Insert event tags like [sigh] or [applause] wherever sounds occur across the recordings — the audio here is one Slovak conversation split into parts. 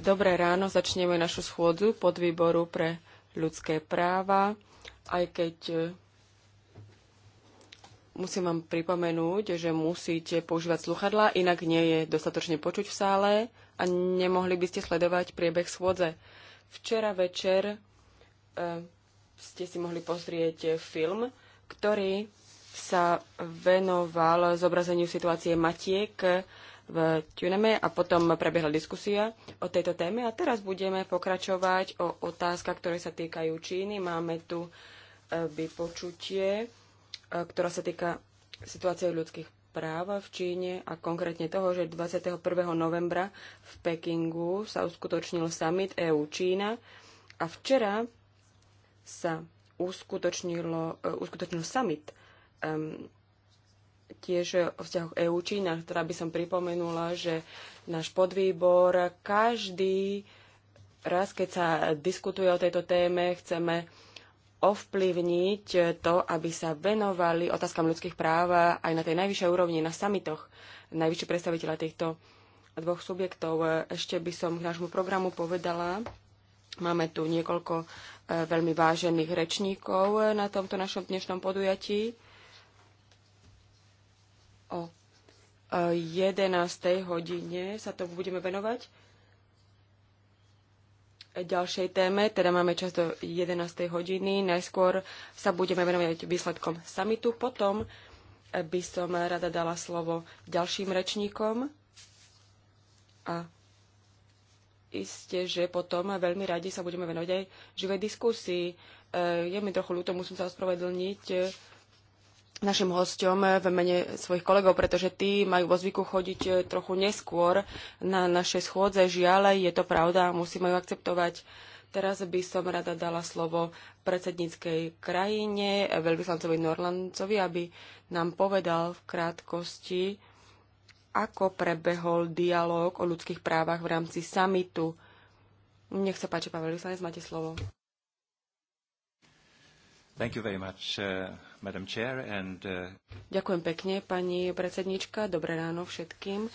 Dobré ráno, začneme našu schôdzu pod výboru pre ľudské práva, aj keď e, musím vám pripomenúť, že musíte používať sluchadla, inak nie je dostatočne počuť v sále a nemohli by ste sledovať priebeh schôdze. Včera večer e, ste si mohli pozrieť film, ktorý sa venoval zobrazeniu situácie matiek v Tuneme a potom prebehla diskusia o tejto téme a teraz budeme pokračovať o otázkach, ktoré sa týkajú Číny. Máme tu e, vypočutie, e, ktorá sa týka situácie ľudských práv v Číne a konkrétne toho, že 21. novembra v Pekingu sa uskutočnil summit EU-Čína a včera sa uskutočnilo, e, uskutočnil summit um, tiež o vzťahoch EU-Čína, ktorá by som pripomenula, že náš podvýbor každý raz, keď sa diskutuje o tejto téme, chceme ovplyvniť to, aby sa venovali otázkam ľudských práv aj na tej najvyššej úrovni, na samitoch najvyššie predstaviteľa týchto dvoch subjektov. Ešte by som k nášmu programu povedala, máme tu niekoľko eh, veľmi vážených rečníkov na tomto našom dnešnom podujatí o 11. E, hodine sa to budeme venovať. E, ďalšej téme, teda máme čas do 11. hodiny. Najskôr sa budeme venovať výsledkom samitu. Potom e, by som rada dala slovo ďalším rečníkom. A isté, že potom veľmi radi sa budeme venovať aj živej diskusii. Je mi trochu ľúto, musím sa ospravedlniť našim hosťom v mene svojich kolegov, pretože tí majú vo zvyku chodiť e, trochu neskôr na naše schôdze. Žiaľ, je to pravda a musíme ju akceptovať. Teraz by som rada dala slovo predsedníckej krajine, e, veľvyslancovi Norlandcovi, aby nám povedal v krátkosti, ako prebehol dialog o ľudských právach v rámci samitu. Nech sa páči, pán veľvyslanec, máte slovo. Thank you very much, uh... Madam Chair, and, uh... Ďakujem pekne, pani predsednička. Dobré ráno všetkým.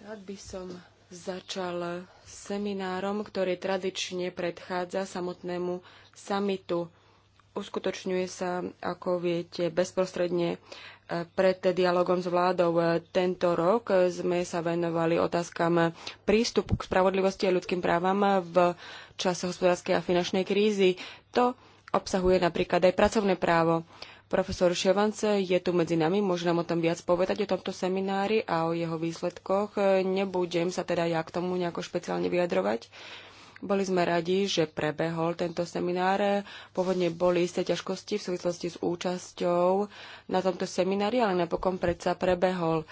Rád by som začal seminárom, ktorý tradične predchádza samotnému samitu. Uskutočňuje sa, ako viete, bezprostredne eh, pred dialogom s vládou tento rok sme sa venovali otázkam prístupu k spravodlivosti a ľudským právam v čase hospodárskej a finančnej krízy. To obsahuje napríklad aj pracovné právo. Profesor Ševance je tu medzi nami, môže nám o tom viac povedať, o tomto seminári a o jeho výsledkoch. Nebudem sa teda ja k tomu nejako špeciálne vyjadrovať. Boli sme radi, že prebehol tento seminár. Pôvodne boli isté ťažkosti v súvislosti s účasťou na tomto seminári, ale napokon predsa prebehol.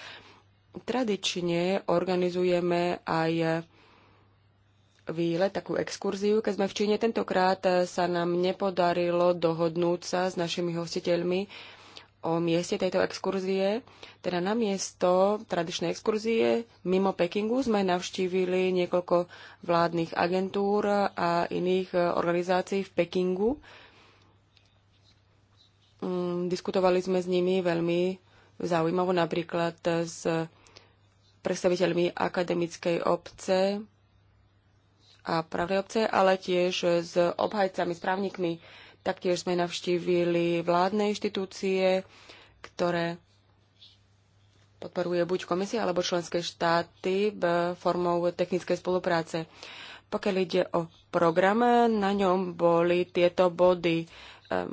Tradične organizujeme aj výlet, takú exkurziu, keď sme v Číne. Tentokrát eh, sa nám nepodarilo dohodnúť sa s našimi hostiteľmi o mieste tejto exkurzie. Teda na miesto tradičnej exkurzie mimo Pekingu sme navštívili niekoľko vládnych agentúr a iných eh, organizácií v Pekingu. Mm, diskutovali sme s nimi veľmi zaujímavo napríklad s predstaviteľmi akademickej obce, a právnej obce, ale tiež s obhajcami, s právnikmi. Taktiež sme navštívili vládne inštitúcie, ktoré podporuje buď komisia alebo členské štáty formou technickej spolupráce. Pokiaľ ide o program, na ňom boli tieto body um,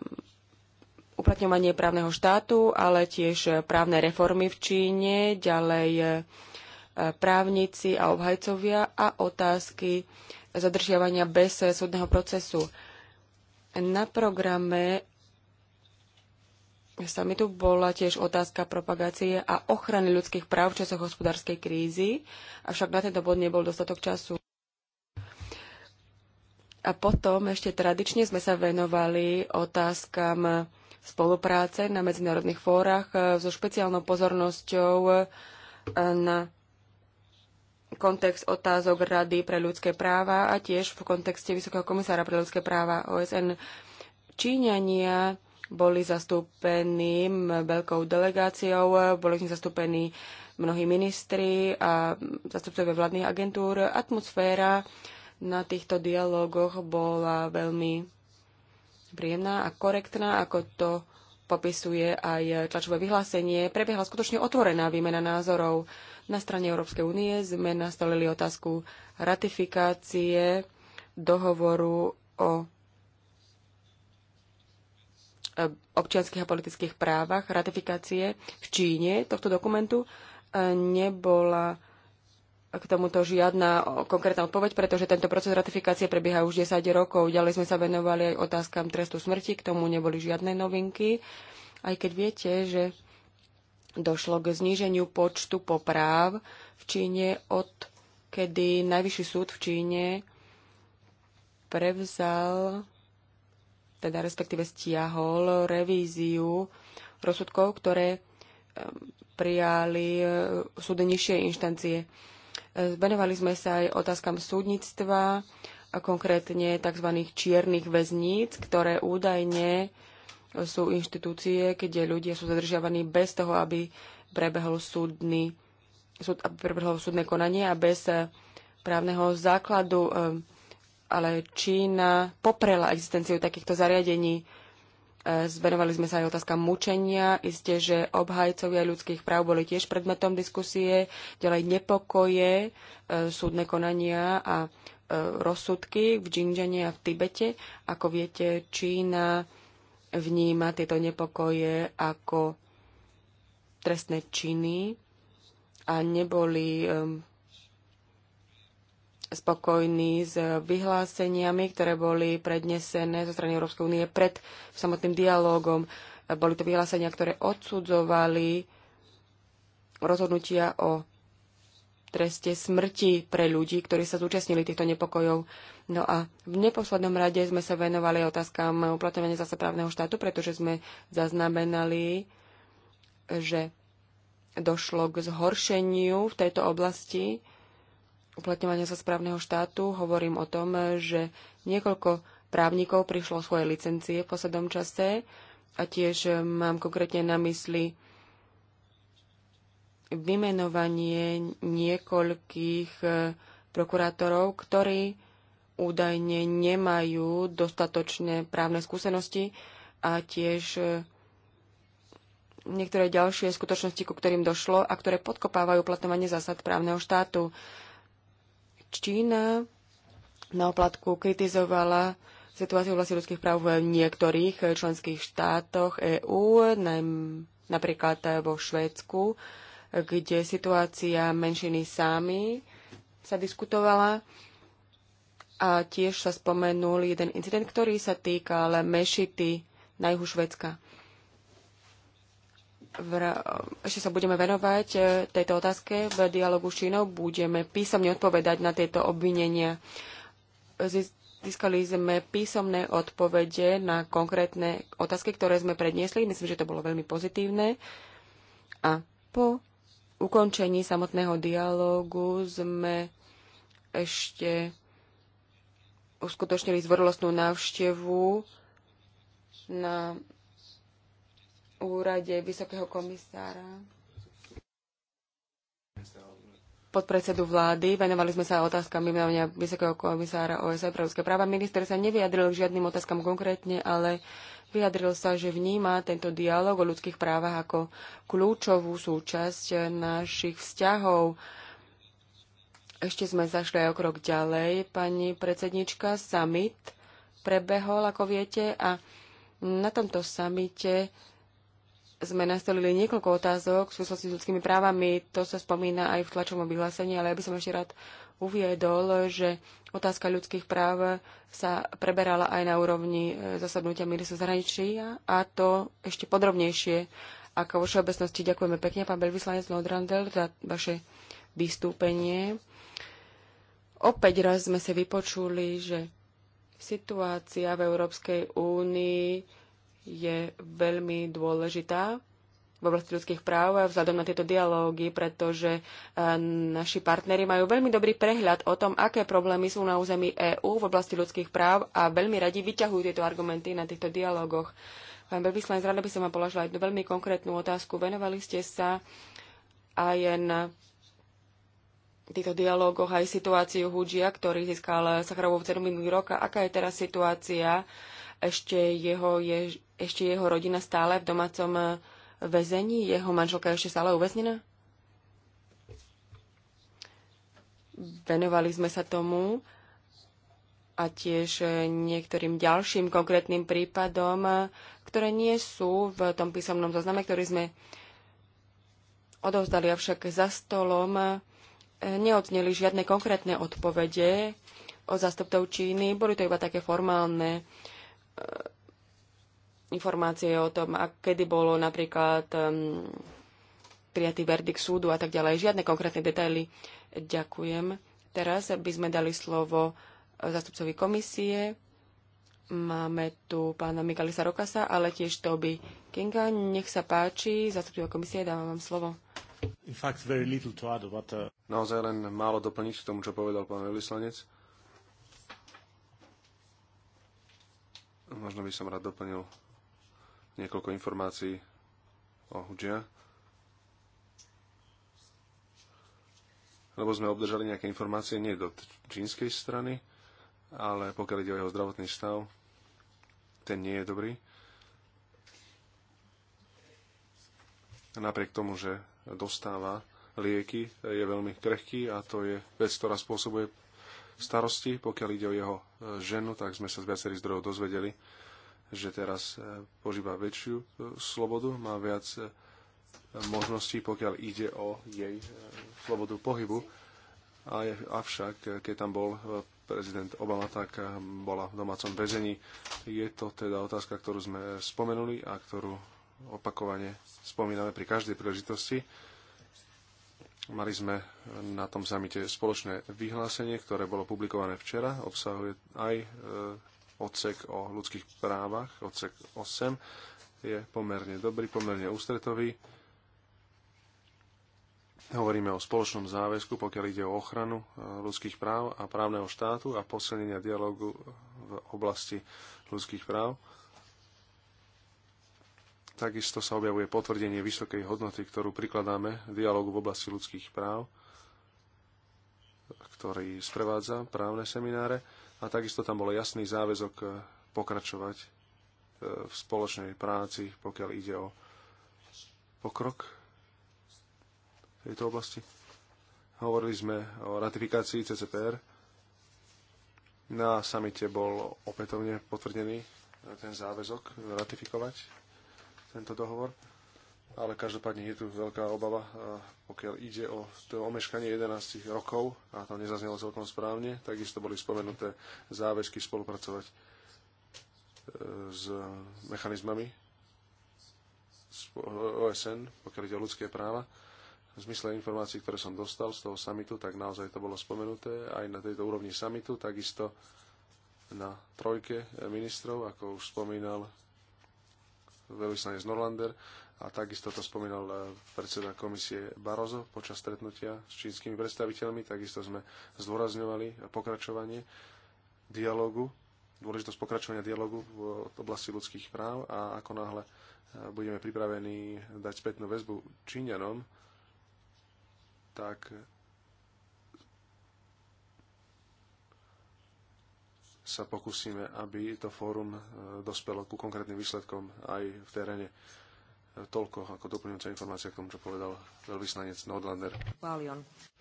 uplatňovanie právneho štátu, ale tiež právne reformy v Číne, ďalej e, právnici a obhajcovia a otázky zadržiavania bez súdneho procesu. Na programe samitu bola tiež otázka propagácie a ochrany ľudských práv v časoch hospodárskej krízy, avšak na tento bod nebol dostatok času. A potom ešte tradične sme sa venovali otázkam spolupráce na medzinárodných fórach e, so špeciálnou pozornosťou e, na kontext otázok Rady pre ľudské práva a tiež v kontexte Vysokého komisára pre ľudské práva OSN. Číňania boli zastúpení veľkou delegáciou, boli v zastúpení mnohí ministri a zastupcovia vládnych agentúr. Atmosféra na týchto dialogoch bola veľmi príjemná a korektná, ako to popisuje aj tlačové vyhlásenie. Prebiehala skutočne otvorená výmena názorov. Na strane Európskej únie sme nastolili otázku ratifikácie dohovoru o e, občianských a politických právach, ratifikácie v Číne tohto dokumentu. E, nebola k tomuto žiadna konkrétna odpoveď, pretože tento proces ratifikácie prebieha už 10 rokov. Ďalej sme sa venovali aj otázkam trestu smrti, k tomu neboli žiadne novinky, aj keď viete, že došlo k zníženiu počtu popráv v Číne od kedy Najvyšší súd v Číne prevzal, teda respektíve stiahol revíziu rozsudkov, ktoré prijali e, súdy nižšie inštancie. Zvenovali e, sme sa aj otázkam súdnictva, a konkrétne tzv. čiernych väzníc, ktoré údajne sú inštitúcie, kde ľudia sú zadržiavaní bez toho, aby prebehol súdny, súd, aby prebehlo súdne konanie a bez eh, právneho základu. Eh, ale Čína poprela existenciu takýchto zariadení. Eh, zvenovali sme sa aj otázka mučenia. Isté, že obhajcovia ľudských práv boli tiež predmetom diskusie. Ďalej nepokoje, súdne konania a rozsudky v Džinžane a v Tibete. Ako viete, Čína vníma tieto nepokoje ako trestné činy a neboli spokojní s vyhláseniami, ktoré boli prednesené zo strany Európskej únie pred samotným dialógom. Boli to vyhlásenia, ktoré odsudzovali rozhodnutia o treste smrti pre ľudí, ktorí sa zúčastnili týchto nepokojov. No a v neposlednom rade sme sa venovali otázkam uplatňovania zase právneho štátu, pretože sme zaznamenali, že došlo k zhoršeniu v tejto oblasti uplatňovania sa správneho štátu. Hovorím o tom, že niekoľko právnikov prišlo svoje licencie v poslednom čase a tiež mám konkrétne na mysli vymenovanie niekoľkých e, prokurátorov, ktorí údajne nemajú dostatočné právne skúsenosti a tiež e, niektoré ďalšie skutočnosti, ku ktorým došlo a ktoré podkopávajú platovanie zásad právneho štátu. Čína na oplatku kritizovala situáciu vlasti ľudských práv v niektorých členských štátoch EÚ, napríklad e, vo Švédsku, kde situácia menšiny sámi sa diskutovala a tiež sa spomenul jeden incident, ktorý sa týkal mešity na juhu Švedska. Ešte sa budeme venovať e, tejto otázke v dialogu s Čínou. Budeme písomne odpovedať na tieto obvinenia. Získali sme písomné odpovede na konkrétne otázky, ktoré sme predniesli. Myslím, že to bolo veľmi pozitívne. A po ukončení samotného dialógu sme ešte uskutočnili zvorlostnú návštevu na úrade Vysokého komisára podpredsedu vlády. Venovali sme sa otázkam vymenovania Vysokého komisára OSN pre ľudské práva. Minister sa nevyjadril k žiadnym otázkam konkrétne, ale Vyjadril sa, že vníma tento dialog o ľudských právach ako kľúčovú súčasť našich vzťahov. Ešte sme zašli o krok ďalej. Pani predsednička, summit prebehol, ako viete, a na tomto samite sme nastolili niekoľko otázok v súvislosti s ľudskými právami. To sa spomína aj v tlačovom vyhlásení, ale ja by som ešte rád uviedol, že otázka ľudských práv sa preberala aj na úrovni e, zasadnutia ministra zahraničia a to ešte podrobnejšie ako vo všeobecnosti. Ďakujeme pekne, pán veľvyslanec Lodrandel, za vaše vystúpenie. Opäť raz sme si vypočuli, že situácia v Európskej únii je veľmi dôležitá v oblasti ľudských práv a vzhľadom na tieto dialógy, pretože eh, naši partnery majú veľmi dobrý prehľad o tom, aké problémy sú na území EÚ v oblasti ľudských práv a veľmi radi vyťahujú tieto argumenty na týchto dialógoch. Pán veľvyslanec, rada by som vám položila jednu veľmi konkrétnu otázku. Venovali ste sa aj na týchto dialógoch aj situáciu Hudžia, ktorý získal Sacharovú cenu minulý rok. A aká je teraz situácia? Ešte jeho je ešte jeho rodina stále v domácom eh, väzení? Jeho manželka ešte stále uväznená? Venovali sme sa tomu a tiež eh, niektorým ďalším konkrétnym prípadom, eh, ktoré nie sú v tom písomnom zozname, ktorý sme odovzdali avšak za stolom, neodzneli žiadne konkrétne odpovede od zástupcov Číny. Boli to iba také formálne informácie o tom, a kedy bolo napríklad um, prijatý verdikt súdu a tak ďalej. Žiadne konkrétne detaily. Ďakujem. Teraz by sme dali slovo e, zastupcovi komisie. Máme tu pána Mikalisa Rokasa, ale tiež Toby Kinga. Nech sa páči, zastupcova komisie, dávam vám slovo. Fact, add, but, uh... Naozaj len málo doplniť k tomu, čo povedal pán veľvyslanec. Možno by som rád doplnil Niekoľko informácií o Hudžia. Lebo sme obdržali nejaké informácie nie do čínskej strany, ale pokiaľ ide o jeho zdravotný stav, ten nie je dobrý. Napriek tomu, že dostáva lieky, je veľmi krehký a to je vec, ktorá spôsobuje starosti. Pokiaľ ide o jeho e, ženu, tak sme sa z viacerých zdrojov dozvedeli, že teraz e, požíva väčšiu e, slobodu, má viac e, možností, pokiaľ ide o jej slobodu pohybu. A je, avšak, keď tam bol prezident Obama, tak bola v domácom väzení. Je to teda otázka, ktorú sme spomenuli a ktorú opakovane spomíname pri každej príležitosti. Mali sme na tom samite spoločné vyhlásenie, ktoré bolo publikované včera. Obsahuje aj odsek o ľudských právach, odsek 8, je pomerne dobrý, pomerne ústretový. Hovoríme o spoločnom záväzku, pokiaľ ide o ochranu e, ľudských práv a právneho štátu a posilnenia dialogu v oblasti ľudských práv. Takisto sa objavuje potvrdenie vysokej hodnoty, ktorú prikladáme dialogu v oblasti ľudských práv, ktorý sprevádza právne semináre. A takisto tam bol jasný záväzok e, pokračovať e, v spoločnej práci, pokiaľ ide o pokrok v tejto oblasti. Hovorili sme o ratifikácii CCPR. Na samite bol opätovne potvrdený ten záväzok ratifikovať tento dohovor ale každopádne je tu veľká obava, pokiaľ ide o to omeškanie 11 rokov, a to nezaznelo celkom správne, takisto boli spomenuté záväzky spolupracovať e, s mechanizmami OSN, pokiaľ ide o ľudské práva. V zmysle informácií, ktoré som dostal z toho samitu, tak naozaj to bolo spomenuté aj na tejto úrovni samitu, takisto na trojke ministrov, ako už spomínal veľvyslanec Norlander a takisto to spomínal eh, predseda komisie Barozo počas stretnutia s čínskymi predstaviteľmi, takisto sme zdôrazňovali pokračovanie dialogu, dôležitosť pokračovania dialogu v oblasti ľudských práv a ako náhle eh, budeme pripravení dať spätnú väzbu Číňanom, tak sa pokúsime, aby to fórum eh, dospelo ku konkrétnym výsledkom aj v teréne. Toľko ako doplňujúca informácia k tomu, čo povedal veľvyslanec Nordlander.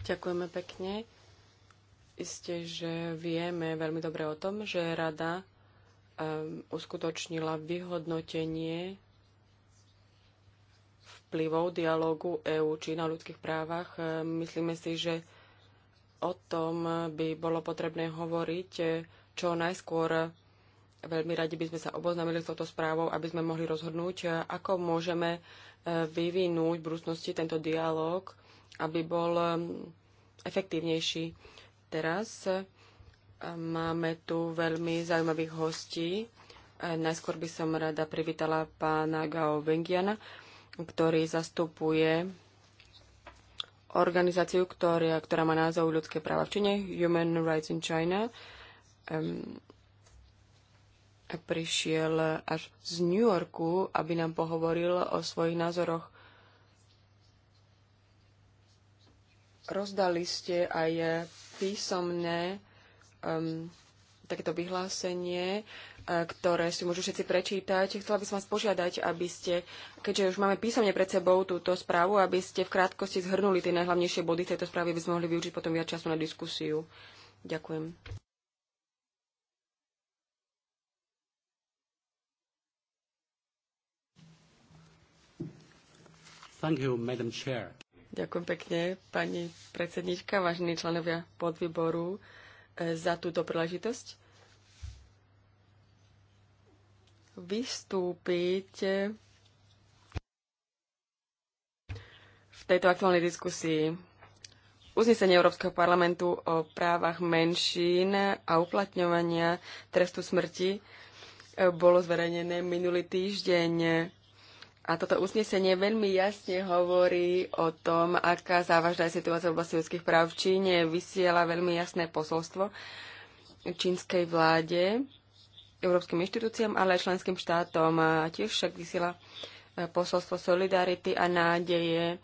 Ďakujeme pekne. Isté, že vieme veľmi dobre o tom, že rada um, uskutočnila vyhodnotenie vplyvov dialógu EÚ či na ľudských právach. Ehm, myslíme si, že o tom by bolo potrebné hovoriť čo najskôr Veľmi radi by sme sa oboznámili s touto správou, aby sme mohli rozhodnúť, e, ako môžeme e, vyvinúť v budúcnosti tento dialog, aby bol e, efektívnejší. Teraz máme tu veľmi zaujímavých hostí. Najskôr by som rada privítala pána Gao Vengiana, ktorý zastupuje organizáciu, ktorá, ktorá má názov ľudské práva v Číne, Human Rights in China prišiel až z New Yorku, aby nám pohovoril o svojich názoroch. Rozdali ste aj písomné um, takéto vyhlásenie, uh, ktoré si môžu všetci prečítať. Chcela by som vás požiadať, aby ste, keďže už máme písomne pred sebou túto správu, aby ste v krátkosti zhrnuli tie najhlavnejšie body tejto správy, aby sme mohli využiť potom viac času na diskusiu. Ďakujem. Thank you, Madam Chair. Ďakujem pekne, pani predsednička, vážení členovia podvýboru, e, za túto príležitosť vystúpiť v tejto aktuálnej diskusii. Uznesenie Európskeho parlamentu o právach menšín a uplatňovania trestu smrti e, bolo zverejnené minulý týždeň a toto uznesenie veľmi jasne hovorí o tom, aká závažná je situácia v oblasti ľudských práv v Číne. Vysiela veľmi jasné posolstvo čínskej vláde, európskym inštitúciám, ale aj členským štátom. A tiež však vysiela e, posolstvo solidarity a nádeje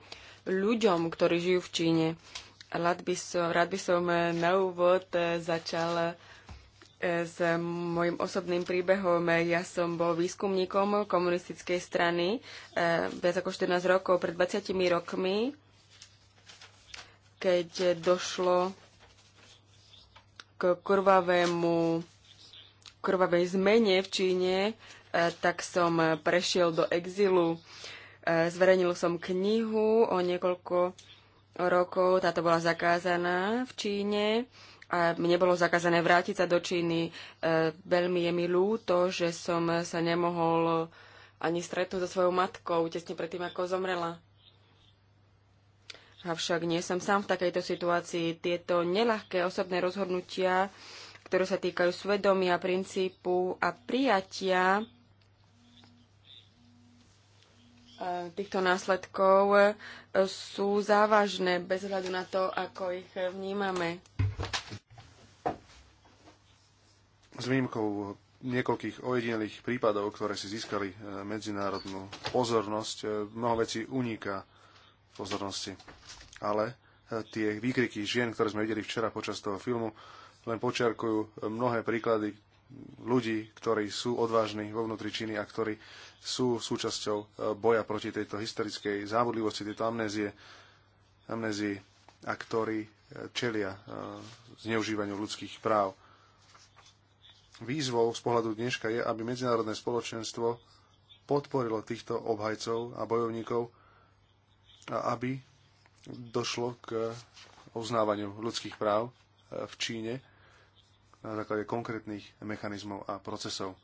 ľuďom, ktorí žijú v Číne. Rád by som, rád by som e, na úvod e, začal s môjim osobným príbehom. Ja som bol výskumníkom komunistickej strany eh, viac ako 14 rokov, pred 20 rokmi, keď došlo k krvavému, krvavej zmene v Číne, eh, tak som prešiel do exilu. Eh, zverejnil som knihu o niekoľko rokov, táto bola zakázaná v Číne a mi nebolo zakázané vrátiť sa do Číny. E, veľmi je mi ľúto, že som sa nemohol ani stretnúť so svojou matkou tesne predtým, ako zomrela. Avšak nie som sám v takejto situácii. Tieto neľahké osobné rozhodnutia, ktoré sa týkajú svedomia, princípu a prijatia, E, týchto následkov e, sú závažné bez hľadu na to, ako ich e, vnímame. S výnimkou niekoľkých ojedinelých prípadov, ktoré si získali medzinárodnú pozornosť, mnoho vecí uniká pozornosti. Ale tie výkriky žien, ktoré sme videli včera počas toho filmu, len počiarkujú mnohé príklady ľudí, ktorí sú odvážni vo vnútri Číny a ktorí sú súčasťou e, boja proti tejto hysterickej závodlivosti, tejto amnézie, amnézii a ktorí e, čelia e, zneužívaniu ľudských práv. Výzvou z pohľadu dneška je, aby medzinárodné spoločenstvo podporilo týchto obhajcov a bojovníkov a aby došlo k uznávaniu ľudských práv v Číne na základe konkrétnych mechanizmov a procesov.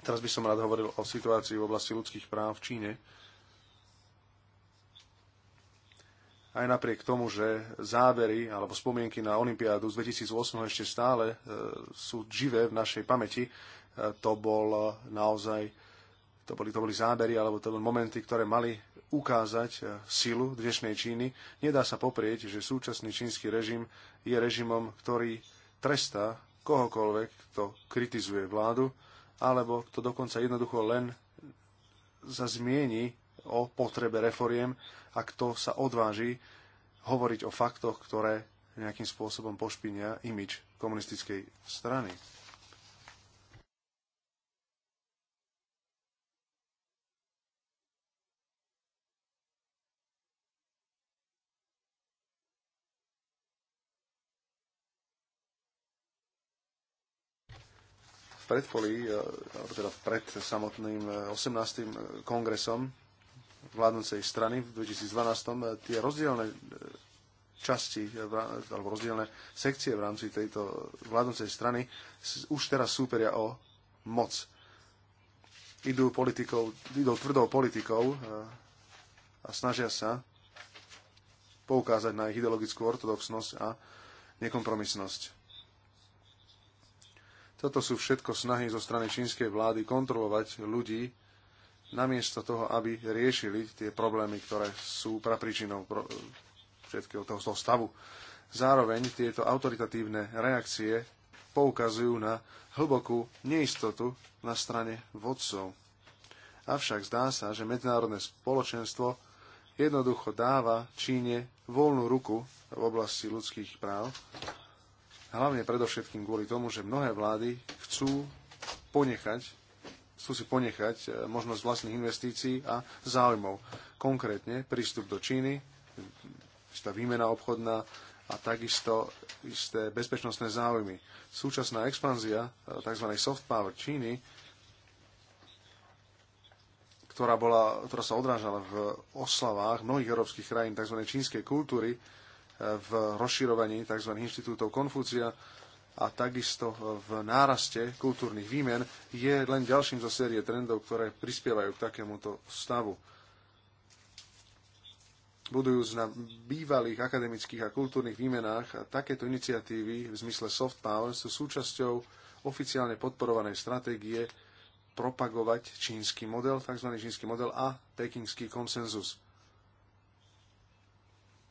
Teraz by som rád hovoril o situácii v oblasti ľudských práv v Číne. Aj napriek tomu, že závery alebo spomienky na Olympiádu z 2008 ešte stále e, sú živé v našej pamäti, e, to bol naozaj to boli, to boli zábery alebo to boli momenty, ktoré mali ukázať e, silu dnešnej Číny. Nedá sa poprieť, že súčasný čínsky režim je režimom, ktorý trestá kohokoľvek, kto kritizuje vládu, alebo kto dokonca jednoducho len sa zmieni o potrebe reforiem a kto sa odváži hovoriť o faktoch, ktoré nejakým spôsobom pošpinia imič komunistickej strany. pred polí, e, teda pred samotným 18. E, e, kongresom vládnúcej strany v 2012. Tie rozdielne časti alebo rozdielne sekcie v rámci tejto vládnúcej strany už teraz súperia o moc. Idú, politikou, idú tvrdou politikou a snažia sa poukázať na ich ideologickú ortodoxnosť a nekompromisnosť toto sú všetko snahy zo strany čínskej vlády kontrolovať ľudí, namiesto toho, aby riešili tie problémy, ktoré sú prapričinou všetkého toho, toho stavu. Zároveň tieto autoritatívne reakcie poukazujú na hlbokú neistotu na strane vodcov. Avšak zdá sa, že medzinárodné spoločenstvo jednoducho dáva Číne voľnú ruku v oblasti ľudských práv Hlavne predovšetkým kvôli tomu, že mnohé vlády chcú ponechať, chcú si ponechať e, možnosť vlastných investícií a záujmov. Konkrétne prístup do Číny, istá výmena obchodná a takisto isté bezpečnostné záujmy. Súčasná expanzia e, tzv. soft power Číny ktorá, bola, ktorá sa odrážala v oslavách mnohých európskych krajín tzv. čínskej kultúry, v rozširovaní tzv. inštitútov Konfúcia a takisto v náraste kultúrnych výmen je len ďalším zo série trendov, ktoré prispievajú k takémuto stavu. Budujúc na bývalých akademických a kultúrnych výmenách, a takéto iniciatívy v zmysle soft power sú súčasťou oficiálne podporovanej stratégie propagovať čínsky model, tzv. čínsky model a pekingský konsenzus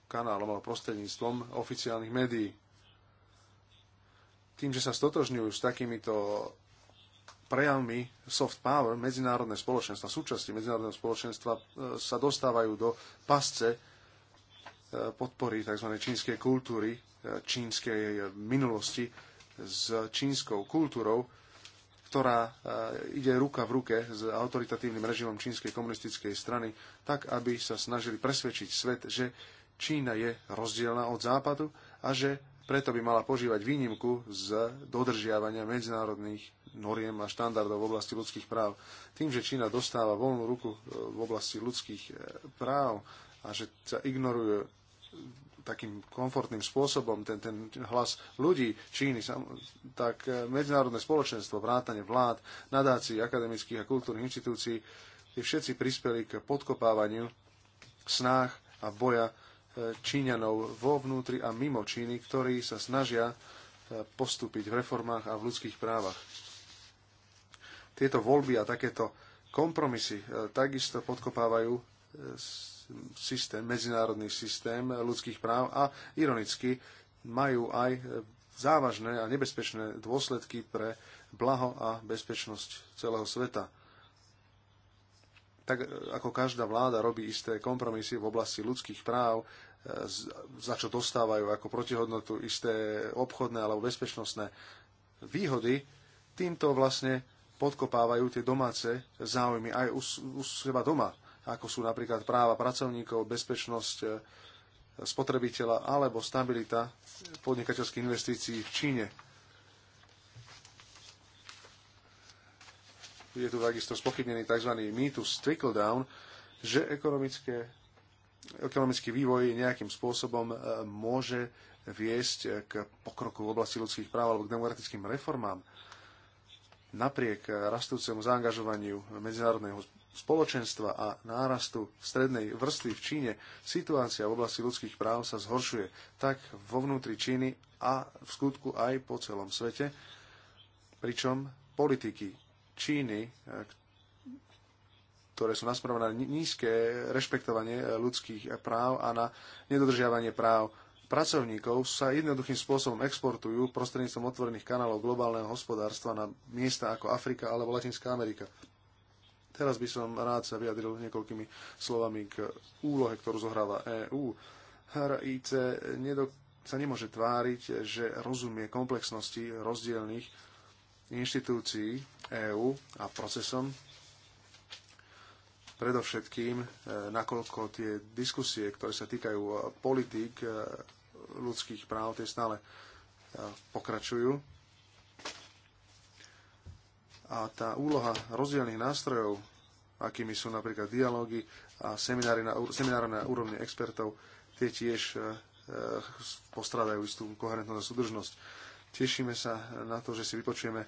kanálom alebo prostredníctvom oficiálnych médií. Tým, že sa stotožňujú s takýmito prejavmi soft power medzinárodné spoločenstva, súčasti medzinárodného spoločenstva e, sa dostávajú do pasce e, podpory tzv. čínskej kultúry, e, čínskej minulosti s čínskou kultúrou, ktorá ide ruka v ruke s autoritatívnym režimom čínskej komunistickej strany, tak aby sa snažili presvedčiť svet, že Čína je rozdielna od západu a že preto by mala požívať výnimku z dodržiavania medzinárodných noriem a štandardov v oblasti ľudských práv. Tým, že Čína dostáva voľnú ruku e, v oblasti ľudských e, práv a že sa ignoruje takým komfortným spôsobom ten, ten hlas ľudí Číny, tak e, medzinárodné spoločenstvo, vrátanie vlád, nadácií, akademických a kultúrnych inštitúcií, tie všetci prispeli k podkopávaniu snách a boja Číňanov vo vnútri a mimo Číny, ktorí sa snažia e, postúpiť v reformách a v ľudských právach. Tieto voľby a takéto kompromisy e, takisto podkopávajú e, systém, medzinárodný systém ľudských práv a ironicky majú aj závažné a nebezpečné dôsledky pre blaho a bezpečnosť celého sveta. Tak ako každá vláda robí isté kompromisy v oblasti ľudských práv, za čo dostávajú ako protihodnotu isté obchodné alebo bezpečnostné výhody, týmto vlastne podkopávajú tie domáce záujmy aj u, u seba doma, ako sú napríklad práva pracovníkov, bezpečnosť e, spotrebiteľa alebo stabilita podnikateľských investícií v Číne. Je tu takisto spochybnený tzv. mýtus trickle-down, že ekonomické ekonomický vývoj nejakým spôsobom e, môže viesť k pokroku v oblasti ľudských práv alebo k demokratickým reformám, napriek rastúcemu zaangažovaniu medzinárodného spoločenstva a nárastu strednej vrstvy v Číne, situácia v oblasti ľudských práv sa zhoršuje tak vo vnútri Číny a v skutku aj po celom svete, pričom politiky Číny, e, ktoré sú nasmerované na nízke rešpektovanie ľudských práv a na nedodržiavanie práv pracovníkov sa jednoduchým spôsobom exportujú prostredníctvom otvorených kanálov globálneho hospodárstva na miesta ako Afrika alebo Latinská Amerika. Teraz by som rád sa vyjadril niekoľkými slovami k úlohe, ktorú zohráva EÚ. HRIC nedok- sa nemôže tváriť, že rozumie komplexnosti rozdielných inštitúcií EÚ a procesom, Predovšetkým, e, nakoľko tie diskusie, ktoré sa týkajú e, politík e, ľudských práv, tie stále pokračujú. A tá úloha rozdielných nástrojov, akými sú napríklad dialógy a semináre na, semináre na úrovni expertov, tie tiež postrádajú istú koherentnosť a súdržnosť. Tešíme sa na to, že si vypočujeme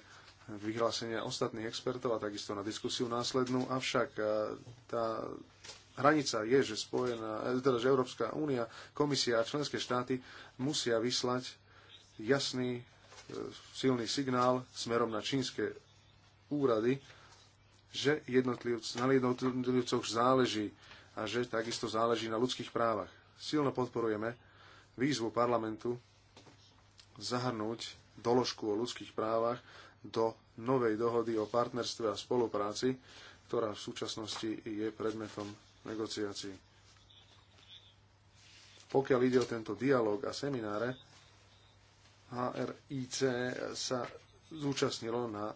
vyhlásenia ostatných expertov a takisto na diskusiu následnú. Avšak e, tá hranica je, že, spojená, e, teda, že Európska únia, komisia a členské štáty musia vyslať jasný, e, silný signál smerom na čínske úrady, že jednotlivc, na jednotlivcoch záleží a že takisto záleží na ľudských právach. Silno podporujeme výzvu parlamentu zahrnúť doložku o ľudských právach do novej dohody o partnerstve a spolupráci, ktorá v súčasnosti je predmetom negociácií. Pokiaľ ide o tento dialog a semináre, HRIC sa zúčastnilo na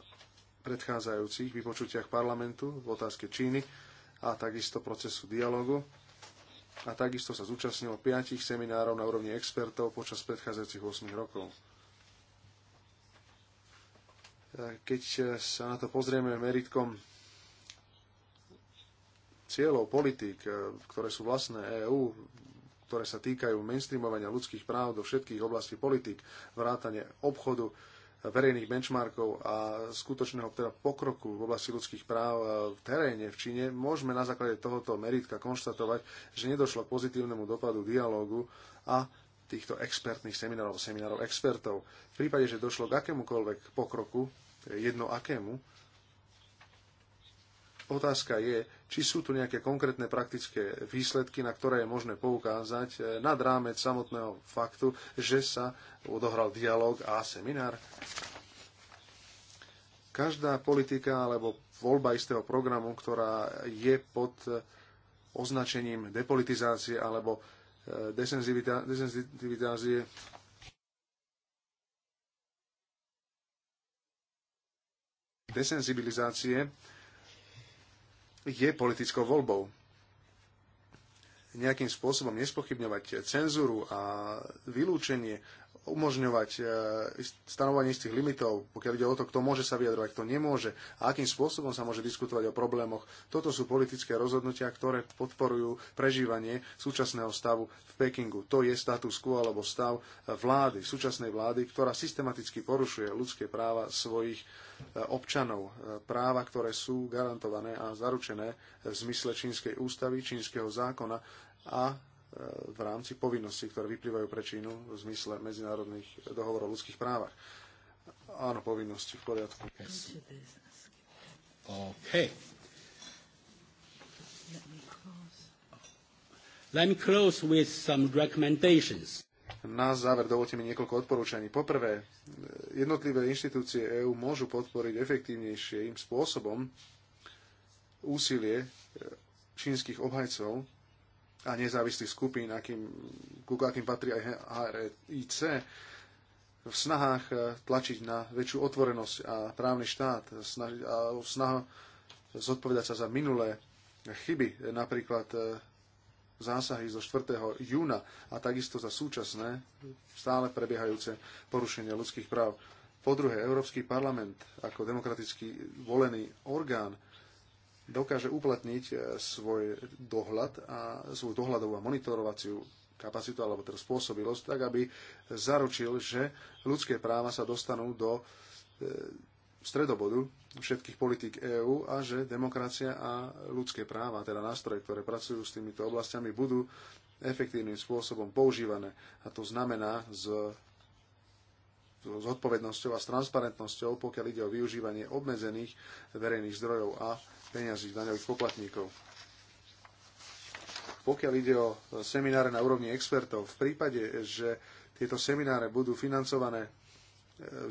predchádzajúcich vypočutiach parlamentu v otázke Číny a takisto procesu dialogu a takisto sa zúčastnilo piatich seminárov na úrovni expertov počas predchádzajúcich 8 rokov. Keď sa na to pozrieme meritkom cieľov politík, e, ktoré sú vlastné EÚ, ktoré sa týkajú mainstreamovania ľudských práv do všetkých oblastí politík, vrátane obchodu, verejných benchmarkov a skutočného teda pokroku v oblasti ľudských práv e, v teréne v Číne, môžeme na základe tohoto meritka konštatovať, že nedošlo k pozitívnemu dopadu dialógu a týchto expertných seminárov, seminárov expertov. V prípade, že došlo k akémukoľvek pokroku jedno akému. Otázka je, či sú tu nejaké konkrétne praktické výsledky, na ktoré je možné poukázať eh, nad rámec samotného faktu, že sa odohral dialog a seminár. Každá politika alebo voľba istého programu, ktorá je pod eh, označením depolitizácie alebo eh, desenzivitázie, desenzibilizácie je politickou voľbou. Nejakým spôsobom nespochybňovať cenzúru a vylúčenie umožňovať e, stanovanie istých limitov, pokiaľ ide o to, kto môže sa vyjadrovať, kto nemôže a akým spôsobom sa môže diskutovať o problémoch. Toto sú politické rozhodnutia, ktoré podporujú prežívanie súčasného stavu v Pekingu. To je status quo alebo stav vlády, súčasnej vlády, ktorá systematicky porušuje ľudské práva svojich e, občanov. E, práva, ktoré sú garantované a zaručené v zmysle čínskej ústavy, čínskeho zákona a v rámci povinností, ktoré vyplývajú pre Čínu v zmysle medzinárodných dohovorov o ľudských právach. Áno, povinnosti v poriadku. Yes. OK. Let me close with some recommendations. Na záver dovolte mi niekoľko odporúčaní. Poprvé, jednotlivé inštitúcie EÚ môžu podporiť efektívnejším spôsobom úsilie čínskych obhajcov a nezávislých skupín, akým, ku akým patrí aj HRIC, v snahách eh, tlačiť na väčšiu otvorenosť a právny štát, snažiť, a snaha zodpovedať sa za minulé chyby, napríklad eh, zásahy zo 4. júna a takisto za súčasné stále prebiehajúce porušenie ľudských práv. Po druhé, Európsky parlament ako demokraticky volený orgán dokáže uplatniť e, svoj dohľad a svoju dohľadovú a monitorovaciu kapacitu alebo teda spôsobilosť, tak aby zaručil, že ľudské práva sa dostanú do e, stredobodu všetkých politík EÚ a že demokracia a ľudské práva, teda nástroje, ktoré pracujú s týmito oblastiami, budú efektívnym spôsobom používané. A to znamená s, s odpovednosťou a s transparentnosťou, pokiaľ ide o využívanie obmedzených verejných zdrojov a peňazí daňových poplatníkov. Pokiaľ ide o semináre na úrovni expertov, v prípade, že tieto semináre budú financované e,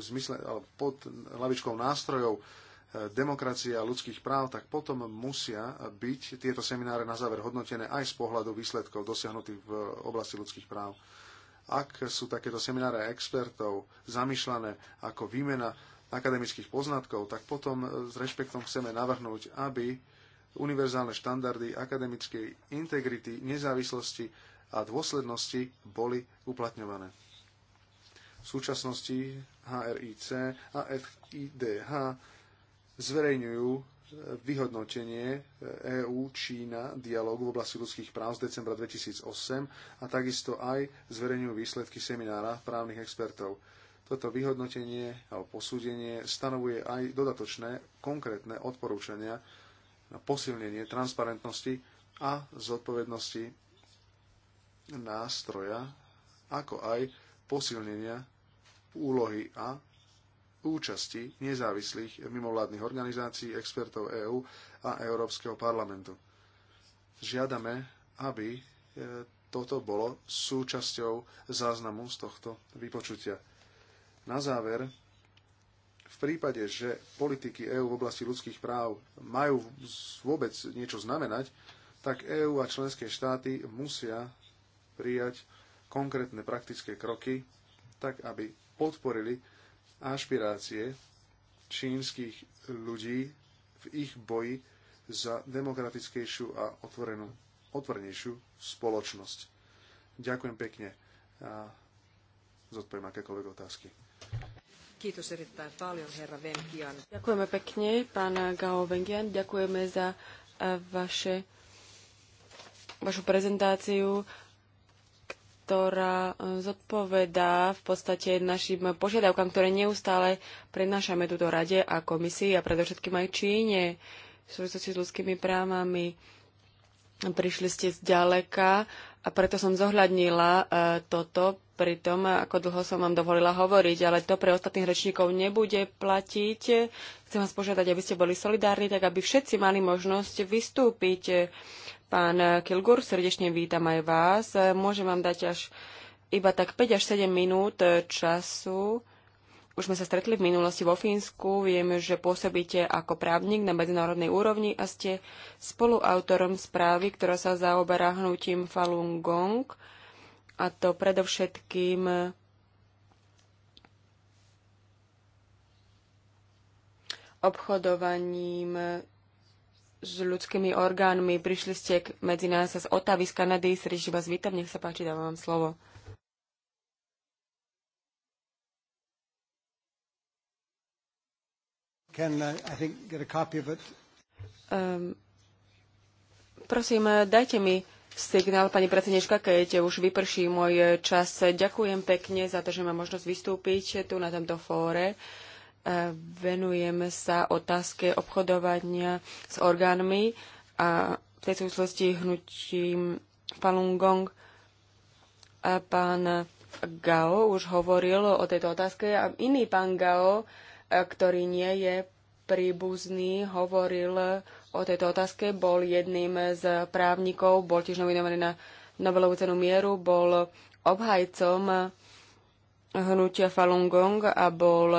v zmysle, pod lavičkou nástrojov e, demokracie a ľudských práv, tak potom musia byť tieto semináre na záver hodnotené aj z pohľadu výsledkov dosiahnutých v oblasti ľudských práv. Ak sú takéto semináre expertov zamýšľané ako výmena akademických poznatkov, tak potom e, s rešpektom chceme navrhnúť, aby univerzálne štandardy akademickej integrity, nezávislosti a dôslednosti boli uplatňované. V súčasnosti HRIC a FIDH zverejňujú e, vyhodnotenie EÚ e Čína dialógu v oblasti ľudských práv z decembra 2008 a takisto aj zverejňujú výsledky seminára právnych expertov. Toto vyhodnotenie alebo posúdenie stanovuje aj dodatočné konkrétne odporúčania na posilnenie transparentnosti a zodpovednosti nástroja, ako aj posilnenia úlohy a účasti nezávislých mimovládnych organizácií, expertov EÚ a Európskeho parlamentu. Žiadame, aby e, toto bolo súčasťou záznamu z tohto vypočutia. Na záver, v prípade, že politiky EÚ v oblasti ľudských práv majú vôbec niečo znamenať, tak EÚ a členské štáty musia prijať konkrétne praktické kroky, tak aby podporili ašpirácie čínskych ľudí v ich boji za demokratickejšiu a otvorenú, otvornejšiu spoločnosť. Ďakujem pekne a zodpoviem akékoľvek otázky. Ďakujeme pekne, pán Gao Vengian. Ďakujeme za eh, vaše, vašu prezentáciu, ktorá eh, zodpovedá v podstate našim požiadavkám, ktoré neustále prednášame túto rade a komisii a predovšetkým aj Číne v súvislosti s ľudskými právami. Prišli ste zďaleka a preto som zohľadnila e, toto pri tom, ako dlho som vám dovolila hovoriť, ale to pre ostatných rečníkov nebude platiť. Chcem vás požiadať, aby ste boli solidárni, tak aby všetci mali možnosť vystúpiť. Pán Kilgur, srdečne vítam aj vás. Môžem vám dať až iba tak 5 až 7 minút času už sme sa stretli v minulosti vo Fínsku, vieme, že pôsobíte ako právnik na medzinárodnej úrovni a ste spoluautorom správy, ktorá sa zaoberá hnutím Falun Gong, a to predovšetkým obchodovaním s ľudskými orgánmi. Prišli ste medzi nás z Otavy, z Kanady, srdečne vás vítam, nech sa páči, dávam vám slovo. can, uh, I think, get a copy of it? Um, prosím, eh, dajte mi signál, pani predsednička, keď už vyprší môj eh, čas. Ďakujem pekne za to, že mám možnosť vystúpiť tu na tomto fóre. Eh, venujem sa otázke obchodovania s orgánmi a v tej súvislosti hnutím Falun Gong a pán Gao už hovoril o tejto otázke a iný pán Gao ktorý nie je príbuzný, hovoril o tejto otázke, bol jedným z právnikov, bol tiež nominovaný na Nobelovú cenu mieru, bol obhajcom hnutia Falun Gong a bol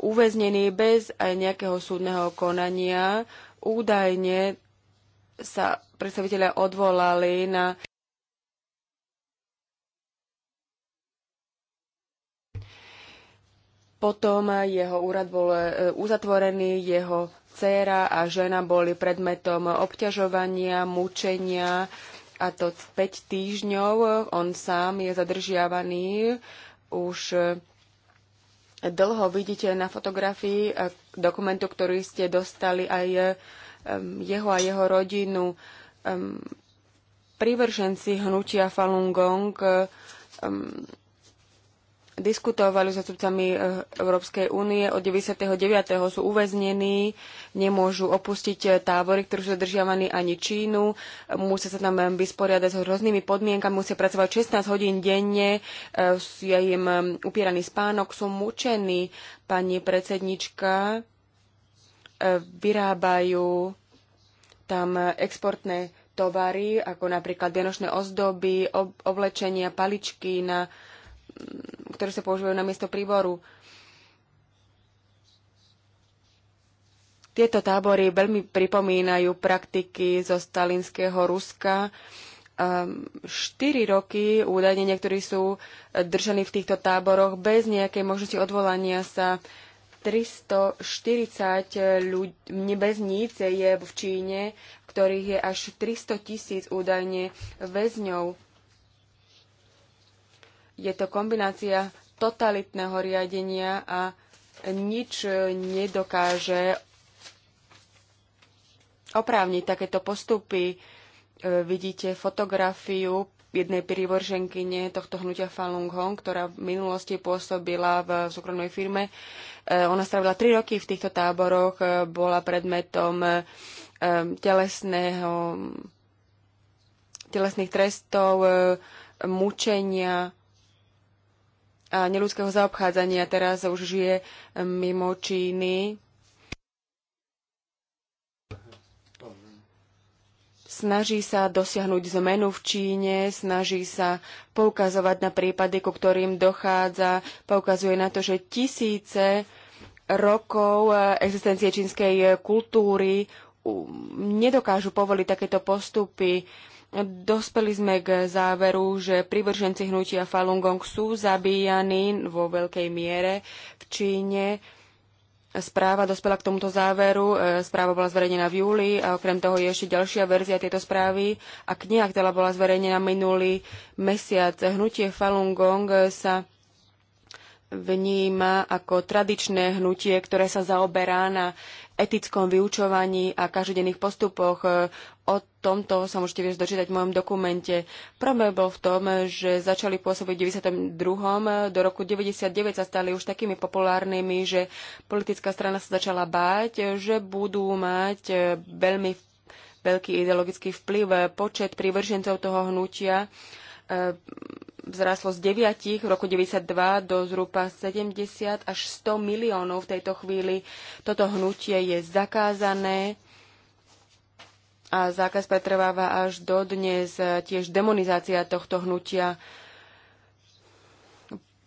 uväznený bez aj nejakého súdneho konania. Údajne sa predstaviteľe odvolali na Potom jeho úrad bol e, uzatvorený, jeho dcéra a žena boli predmetom obťažovania, mučenia a to 5 týždňov. On sám je zadržiavaný už e, dlho vidíte na fotografii e, dokumentu, ktorý ste dostali aj jeho a jeho rodinu. Privrženci hnutia Falun Gong diskutovali s zastupcami eh, Európskej únie. Od 99. sú uväznení, nemôžu opustiť eh, tábory, ktoré sú zadržiavaní ani Čínu, musia sa tam eh, vysporiadať s hroznými podmienkami, musia pracovať 16 hodín denne, je im upieraný spánok, sú mučení. Pani predsednička, vyrábajú tam exportné tovary, ako napríklad vianočné ozdoby, oblečenia, paličky na ktoré sa používajú na miesto príboru. Tieto tábory veľmi pripomínajú praktiky zo stalinského Ruska. Ehm, štyri roky údajne niektorí sú držaní v týchto táboroch bez nejakej možnosti odvolania sa. 340 ľudí, nebezníc je v Číne, v ktorých je až 300 tisíc údajne väzňov. Je to kombinácia totalitného riadenia a nič nedokáže oprávniť takéto postupy. E, vidíte fotografiu jednej prívorženkyne tohto hnutia Falun Gong, ktorá v minulosti pôsobila v súkromnej firme. E, ona strávila tri roky v týchto táboroch, e, bola predmetom telesného, telesných trestov, mučenia, a neľudského zaobchádzania. Teraz už žije mimo Číny. Snaží sa dosiahnuť zmenu v Číne, snaží sa poukazovať na prípady, ku ktorým dochádza, poukazuje na to, že tisíce rokov existencie čínskej kultúry nedokážu povoliť takéto postupy. Dospeli sme k záveru, že prívrženci hnutia Falun Gong sú zabíjani vo veľkej miere v Číne. Správa dospela k tomuto záveru. E, správa bola zverejnená v júli a okrem toho je ešte ďalšia verzia tejto správy a kniha, ktorá bola zverejnená minulý mesiac. Hnutie Falun Gong e, sa vníma ako tradičné hnutie, ktoré sa zaoberá na etickom vyučovaní a každodenných postupoch. E, O tomto sa môžete vieš dočítať v mojom dokumente. Problém bol v tom, že začali pôsobiť v 92. Do roku 99 sa stali už takými populárnymi, že politická strana sa začala báť, že budú mať eh, veľmi veľký ideologický vplyv. Počet prívržencov toho hnutia eh, vzráslo z 9 v roku 92 do zhruba 70 až 100 miliónov v tejto chvíli. Toto hnutie je zakázané a zákaz pretrváva až dodnes. Tiež demonizácia tohto hnutia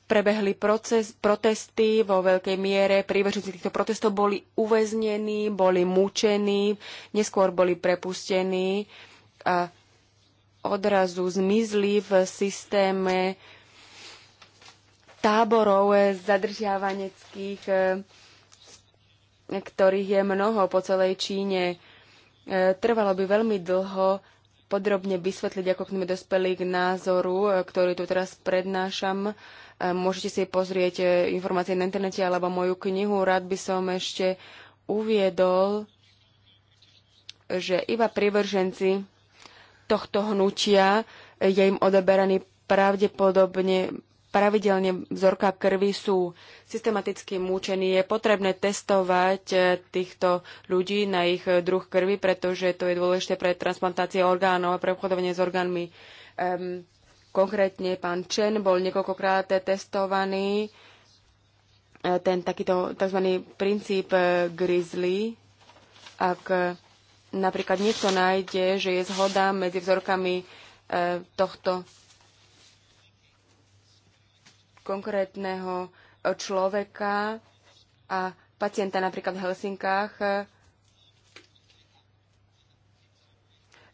prebehli proces, protesty vo veľkej miere. Príbežníci týchto protestov boli uväznení, boli mučení, neskôr boli prepustení a odrazu zmizli v systéme táborov zadržiavaneckých, ktorých je mnoho po celej Číne. E, trvalo by veľmi dlho podrobne vysvetliť, ako sme dospeli k názoru, e, ktorý tu teraz prednášam. E, môžete si pozrieť informácie na internete alebo moju knihu. Rád by som ešte uviedol, že iba privrženci tohto hnutia je im odeberaný pravdepodobne pravidelne vzorka krvi sú systematicky múčení. Je potrebné testovať e, týchto ľudí na ich e, druh krvi, pretože to je dôležité pre transplantácie orgánov a pre obchodovanie s orgánmi. Um, konkrétne pán Chen bol niekoľkokrát testovaný. E, ten takýto tzv. princíp grizzly, ak napríklad niekto nájde, že je zhoda medzi vzorkami tohto konkrétneho e, človeka a pacienta napríklad v Helsinkách,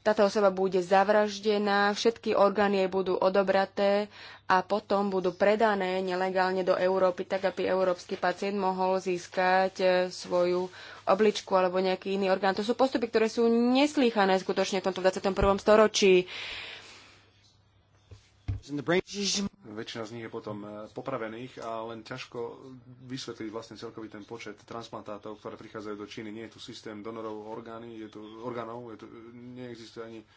táto osoba bude zavraždená, všetky orgány jej budú odobraté a potom budú predané nelegálne do Európy, tak aby európsky pacient mohol získať e, svoju obličku alebo nejaký iný orgán. To sú postupy, ktoré sú neslýchané skutočne v tomto 21. storočí. Väčšina z nich je potom e, popravených a len ťažko vysvetliť vlastne celkový ten počet transplantátov, ktoré prichádzajú do Číny. Nie je tu systém donorov orgány, je tu, orgánov, je tu, neexistuje ani e,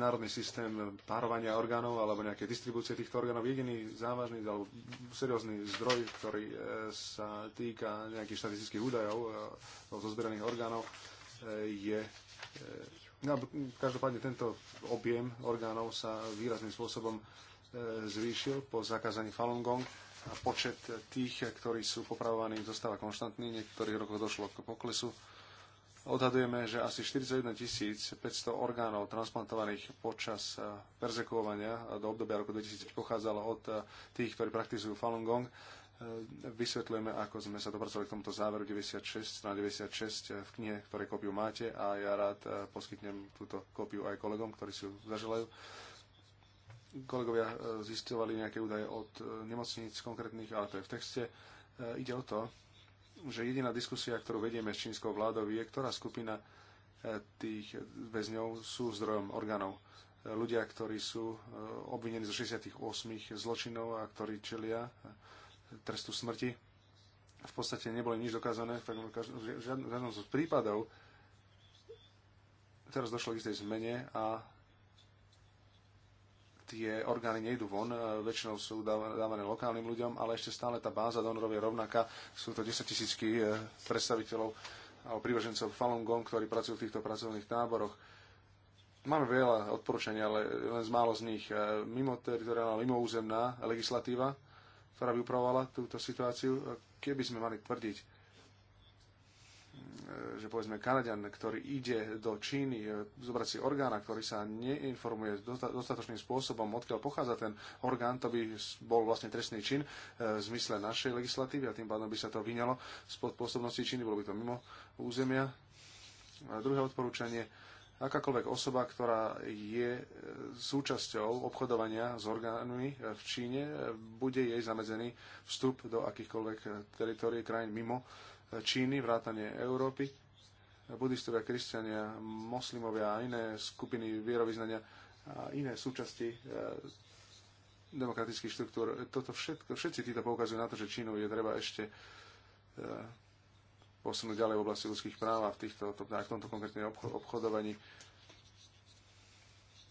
národný systém párovania orgánov alebo nejaké distribúcie týchto orgánov. Jediný závažný alebo seriózny zdroj, ktorý e, sa týka nejakých štatistických údajov o zozberených orgánov, je No, každopádne tento objem orgánov sa výrazným spôsobom e, zvýšil po zakázaní Falun Gong a počet tých, ktorí sú popravovaní, zostáva konštantný. V niektorých rokoch došlo k poklesu. Odhadujeme, že asi 41 500 orgánov transplantovaných počas e, perzekovania do obdobia roku 2000 pochádzalo od e, tých, ktorí praktizujú Falun Gong Vysvetlujeme, ako sme sa dopracovali k tomuto záveru 96, na 96 v knihe, ktoré kópiu máte a ja rád eh, poskytnem túto kópiu aj kolegom, ktorí si ju zaželajú. Kolegovia eh, zistovali nejaké údaje od eh, nemocníc konkrétnych, ale to je v texte. Ide o to, že jediná diskusia, ktorú vedieme s čínskou vládou, je, ktorá skupina tých väzňov sú zdrojom orgánov. Ľudia, ktorí sú obvinení zo 68 zločinov a ktorí čelia trestu smrti. V podstate nebolo nič dokázané, v žiadnom z prípadov teraz došlo k istej zmene a tie orgány nejdú von, e, väčšinou sú dávané lokálnym ľuďom, ale ešte stále tá báza donorov je rovnaká. Sú to 10 tisícky e, predstaviteľov alebo príbežencov Falun Gong, ktorí pracujú v týchto pracovných táboroch. Máme veľa odporúčania, ale len z málo z nich. E, mimo teritoriálna, mimo územná legislatíva, ktorá by upravovala túto situáciu. Keby sme mali tvrdiť, že povedzme Kanadian, ktorý ide do Číny zobrať si orgána, ktorý sa neinformuje dostatočným spôsobom, odkiaľ pochádza ten orgán, to by bol vlastne trestný čin e, v zmysle našej legislatívy a tým pádom by sa to vyňalo spod pôsobnosti Číny, bolo by to mimo územia. A druhé odporúčanie, akákoľvek osoba, ktorá je e, súčasťou obchodovania s orgánmi e, v Číne, e, bude jej zamedzený vstup do akýchkoľvek teritórií krajín mimo Číny, vrátane Európy. Budistovia, kresťania, moslimovia a iné skupiny vierovýznania a iné súčasti demokratických štruktúr. Toto všetko, všetci títo poukazujú na to, že Čínu je treba ešte posunúť ďalej v oblasti ľudských práv a v, týchto, to, v tomto konkrétne obchodovaní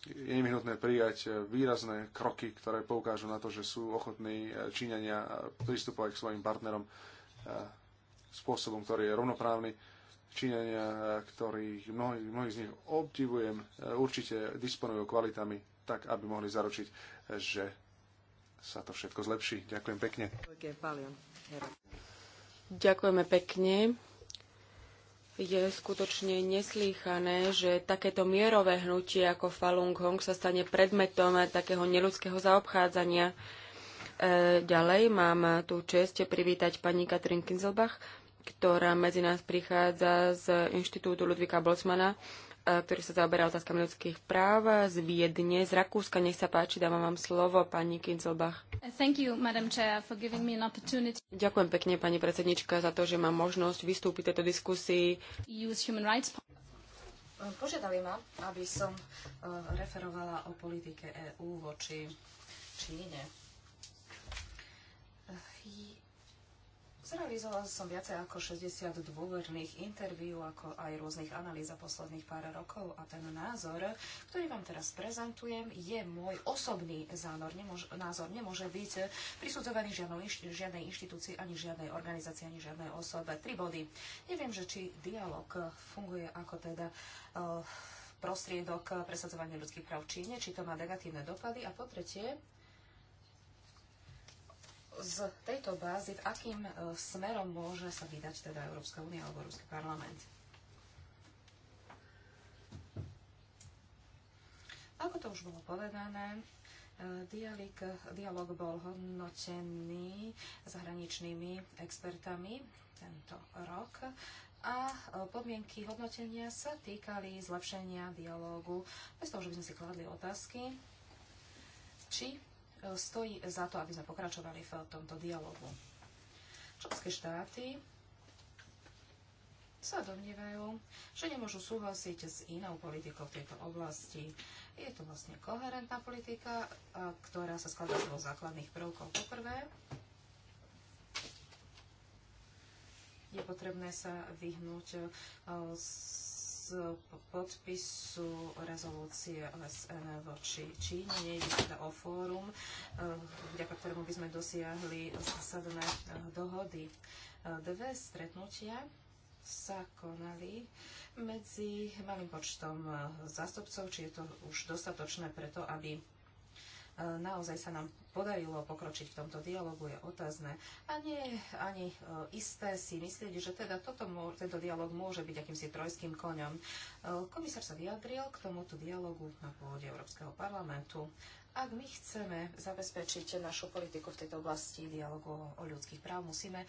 je nevyhnutné prijať výrazné kroky, ktoré poukážu na to, že sú ochotní Číňania pristupovať k svojim partnerom e, spôsobom, ktorý je rovnoprávny. Číňania, e, ktorých mnohých mnohí z nich obdivujem, e, určite disponujú kvalitami tak, aby mohli zaručiť, že sa to všetko zlepší. Ďakujem pekne. Ďakujeme pekne. Je skutočne neslýchané, že takéto mierové hnutie ako Falun Gong sa stane predmetom takého neludského zaobchádzania. E, ďalej mám tú čest privítať pani Katrin Kinzelbach, ktorá medzi nás prichádza z Inštitútu Ludvika Boltzmana E, ktorý sa zaoberá otázkami ľudských práv z Viedne, z Rakúska. Nech sa páči, dávam vám slovo, pani Kinzelbach. You, Chair, Ďakujem pekne, pani predsednička, za to, že mám možnosť vystúpiť tejto diskusii. Požiadali ma, aby som e, referovala o politike EÚ voči Číne. E, Zrealizovala som viacej ako 60 dôverných interviú, ako aj rôznych analýz za posledných pár rokov a ten názor, ktorý vám teraz prezentujem, je môj osobný zánor, nemôž, názor. Nemôže byť prisudzovaný žiadnej, žiadnej inštitúcii, ani žiadnej organizácii, ani žiadnej osobe. Tri body. Neviem, že či dialog funguje ako teda uh, prostriedok presadzovania ľudských práv či Číne, či to má negatívne dopady. A po tretie, z tejto bázy, v akým e, smerom môže sa vydať teda Európska únia alebo Európsky parlament? Ako to už bolo povedané, e, dialog, dialog bol hodnotený zahraničnými expertami tento rok a e, podmienky hodnotenia sa týkali zlepšenia dialógu, bez toho, že by sme si kladli otázky, či E, stojí za to, aby sme pokračovali v tomto dialogu. Členské štáty sa domnievajú, že nemôžu súhlasiť s inou politikou v tejto oblasti. Je to vlastne koherentná politika, e, ktorá sa skladá z dvoch základných prvkov. Poprvé, je potrebné sa vyhnúť e, s z podpisu rezolúcie OSN voči Číne. Nejde teda o fórum, eh, vďaka ktorému by sme dosiahli zásadné eh, dohody. Eh, dve stretnutia sa konali medzi malým počtom zástupcov, či je to už dostatočné preto, aby E, naozaj sa nám podarilo pokročiť v tomto dialogu, je otázne. A nie je ani e, isté si myslieť, že teda toto, tento dialog môže byť akýmsi trojským koňom. E, komisár sa vyjadril k tomuto dialogu na pôde Európskeho parlamentu. Ak my chceme zabezpečiť našu politiku v tejto oblasti dialogu o ľudských práv, musíme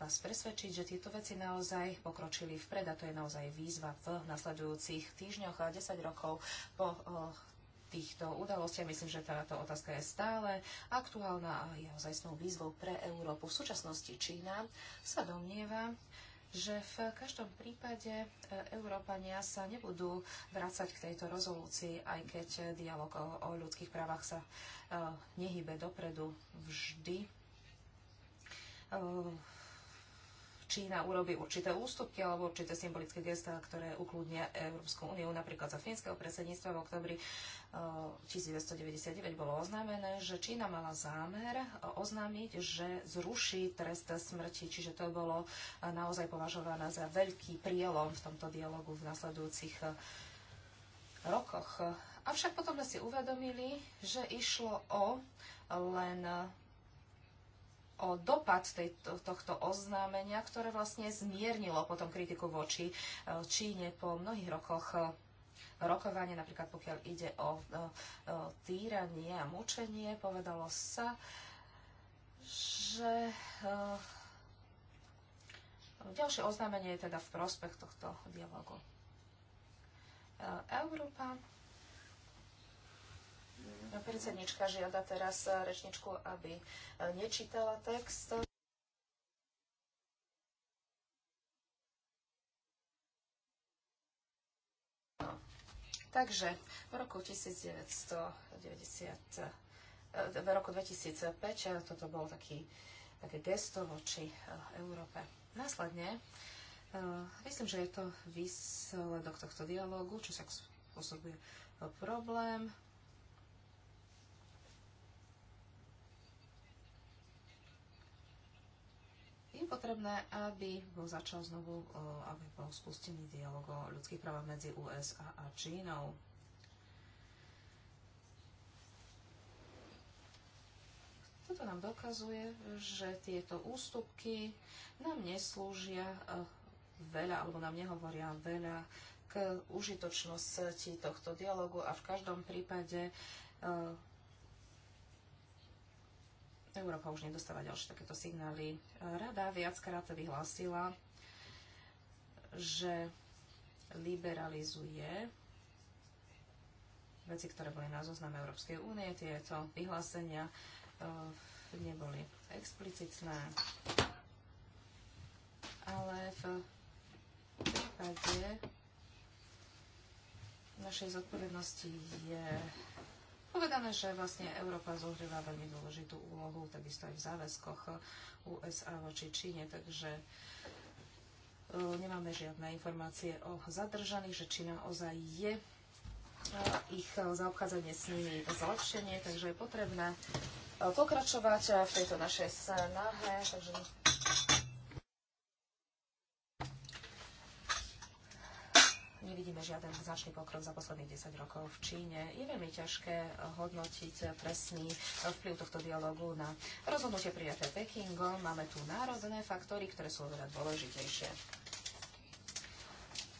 vás presvedčiť, že tieto veci naozaj pokročili vpred a to je naozaj výzva v nasledujúcich týždňoch a 10 rokov po týchto udalostí. Myslím, že táto otázka je stále aktuálna a je ozajstnou výzvou pre Európu. V súčasnosti Čína sa domnieva, že v každom prípade e, Európania sa nebudú vrácať k tejto rozolúcii, aj keď dialog o, o ľudských právach sa uh, nehybe dopredu vždy. Uh, Čína urobí určité ústupky alebo určité symbolické gestá, ktoré ukludnia Európsku úniu. Napríklad za fínskeho predsedníctva v oktobri 1999 eh, bolo oznámené, že Čína mala zámer eh, oznámiť, že zruší trest smrti, čiže to bolo eh, naozaj považované za veľký prielom v tomto dialogu v nasledujúcich rokoch. Avšak potom sme si uvedomili, že išlo o len o dopad tejto, tohto oznámenia, ktoré vlastne zmiernilo potom kritiku voči e, Číne po mnohých rokoch e, rokovanie, napríklad pokiaľ ide o, o, e, o týranie a mučenie, povedalo sa, že o, ďalšie oznámenie je teda v prospech tohto dialogu. Európa No, predsednička žiada teraz eh, rečničku, aby eh, nečítala text. Takže v roku 1990, eh, v roku 2005 toto bol taký, také gesto voči Európe. Následne, myslím, že je to výsledok tohto dialógu, čo sa spôsobuje problém, potrebné, aby bol začal znovu, eh, aby bol spustený dialog o ľudských právach medzi USA a Čínou. Toto nám dokazuje, že tieto ústupky nám neslúžia eh, veľa, alebo nám nehovoria veľa k užitočnosti tohto dialogu a v každom prípade eh, Európa už nedostáva ďalšie takéto signály. Rada viackrát vyhlásila, že liberalizuje veci, ktoré boli na zozname Európskej únie. Tieto vyhlásenia eh, neboli explicitné, ale v prípade našej zodpovednosti je povedané, že vlastne Európa zohrieva veľmi dôležitú úlohu, takisto aj v záväzkoch USA voči Číne, takže e, nemáme žiadne informácie o zadržaných, že Čína ozaj je e, ich zaobchádzanie s nimi zlepšenie, takže je potrebné e, pokračovať v tejto našej snahe, takže nevidíme žiaden značný pokrok za posledných 10 rokov v Číne. Je veľmi ťažké hodnotiť presný vplyv tohto dialogu na rozhodnutie prijaté Pekingom. Máme tu národné faktory, ktoré sú oveľa dôležitejšie.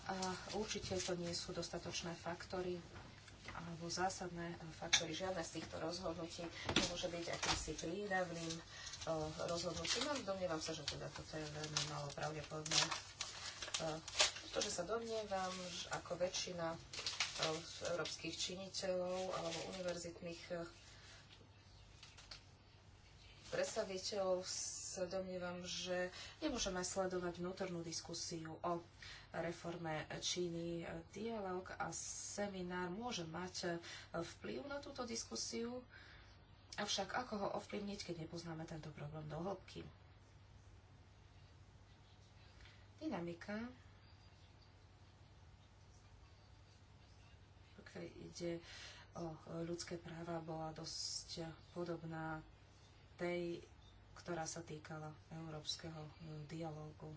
A určite to nie sú dostatočné faktory alebo zásadné faktory. Žiadne z týchto rozhodnutí nemôže byť akýmsi prídavným eh, rozhodnutím. Domnievam sa, že teda toto je veľmi malo pravdepodobné eh, pretože sa domnievam, že ako väčšina eh, európskych činiteľov alebo univerzitných eh, predstaviteľov sa domnievam, že nemôžeme sledovať vnútornú diskusiu o reforme Číny. Dialóg a seminár môže mať eh, vplyv na túto diskusiu, avšak ako ho ovplyvniť, keď nepoznáme tento problém do hĺbky. Dynamika pokiaľ ide o ľudské práva, bola dosť podobná tej, ktorá sa týkala európskeho dialógu.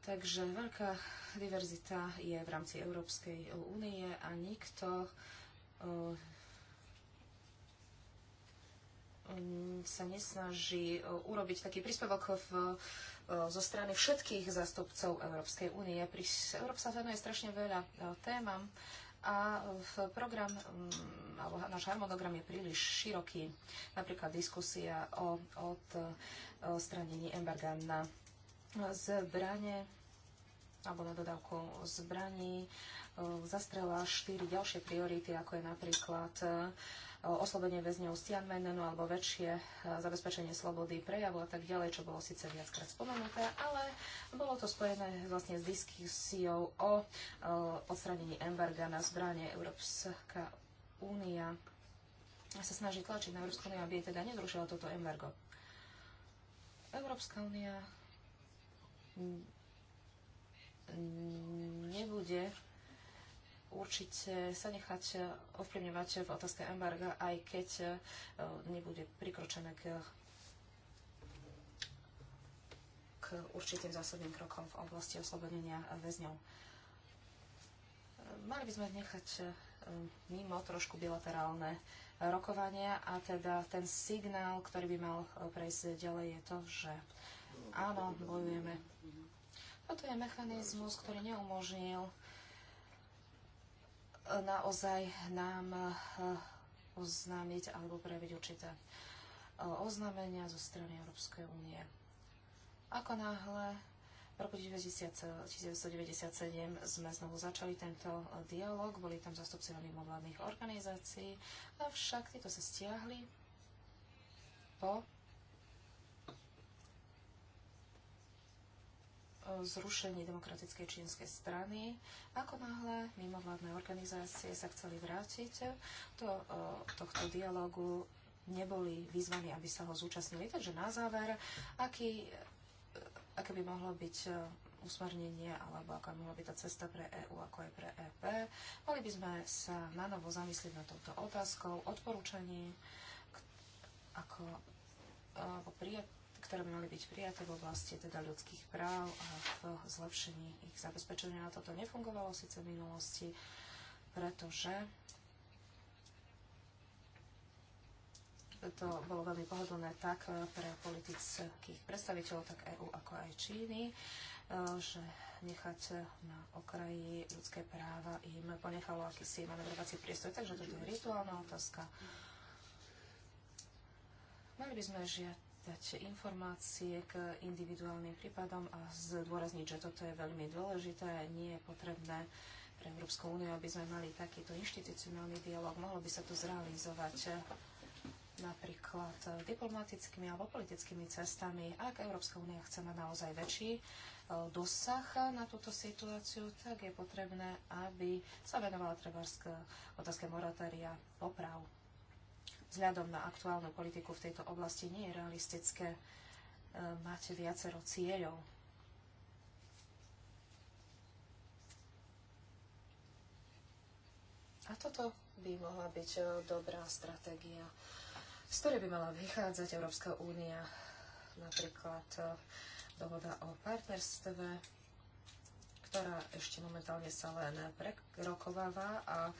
Takže veľká diverzita je v rámci Európskej únie a nikto eh, Mm, sa nesnaží e, urobiť taký príspevok v, e, zo strany všetkých zástupcov Európskej únie. Pri Európsa venuje strašne veľa e, témam a v program, mm, alebo náš harmonogram je príliš široký. Napríklad diskusia o, od stranení embarga na zbranie alebo na dodávku zbraní zastrela štyri ďalšie priority, ako je napríklad uh, oslobodenie väzňov z Tianmenenu alebo väčšie e, zabezpečenie slobody prejavu a tak ďalej, čo bolo síce viackrát spomenuté, ale bolo to spojené vlastne s diskusiou o e, odstranení embarga na zbranie Európska únia sa snaží tlačiť na Európsku úniu, aby jej teda nezrušila toto embargo. Európska únia nebude určite sa nechať e, ovplyvňovať v otázke embarga, aj keď e, nebude prikročené k, k určitým zásadným krokom v oblasti oslobodenia väzňov. E, mali by sme nechať mimo trošku bilaterálne rokovania a teda ten signál, ktorý by mal prejsť ďalej, je to, že áno, bojujeme. Toto je mechanizmus, ktorý neumožnil naozaj nám eh, oznámiť alebo prejaviť určité eh, oznámenia zo strany Európskej únie. Ako náhle v roku 1997 sme znovu začali tento eh, dialog, boli tam zastupci mimovládnych organizácií, avšak tieto sa stiahli po zrušenie demokratickej čínskej strany. Ako náhle mimovládne organizácie sa chceli vrátiť do e, tohto dialogu, neboli vyzvaní, aby sa ho zúčastnili. Takže na záver, aký, e, aké by mohlo byť e, usmernenie alebo aká mohla byť tá cesta pre EÚ ako aj pre EP. Mali by sme sa na novo zamyslieť na touto otázkou, odporúčaním, ako, alebo prijať ktoré mali byť prijaté v oblasti teda ľudských práv a v zlepšení ich zabezpečenia. A toto nefungovalo síce v minulosti, pretože to bolo veľmi pohodlné tak pre politických predstaviteľov, tak EÚ ako aj Číny, e, že nechať na okraji ľudské práva im ponechalo akýsi manevrovací priestor. Takže toto je rituálna otázka. Mali by sme žiať dať informácie k individuálnym prípadom a zdôrazniť, že toto je veľmi dôležité a nie je potrebné pre Európsku úniu, aby sme mali takýto inštitucionálny dialog. Mohlo by sa to zrealizovať napríklad diplomatickými alebo politickými cestami. Ak Európska únia chce mať naozaj väčší e, dosah na túto situáciu, tak je potrebné, aby sa venovala trebárska otázka moratória poprav vzhľadom na aktuálnu politiku v tejto oblasti nie je realistické e, mať viacero cieľov. A toto by mohla byť e, dobrá stratégia, z ktorej by mala vychádzať Európska únia, napríklad e, dohoda o partnerstve ktorá ešte momentálne sa len prekrokováva a e,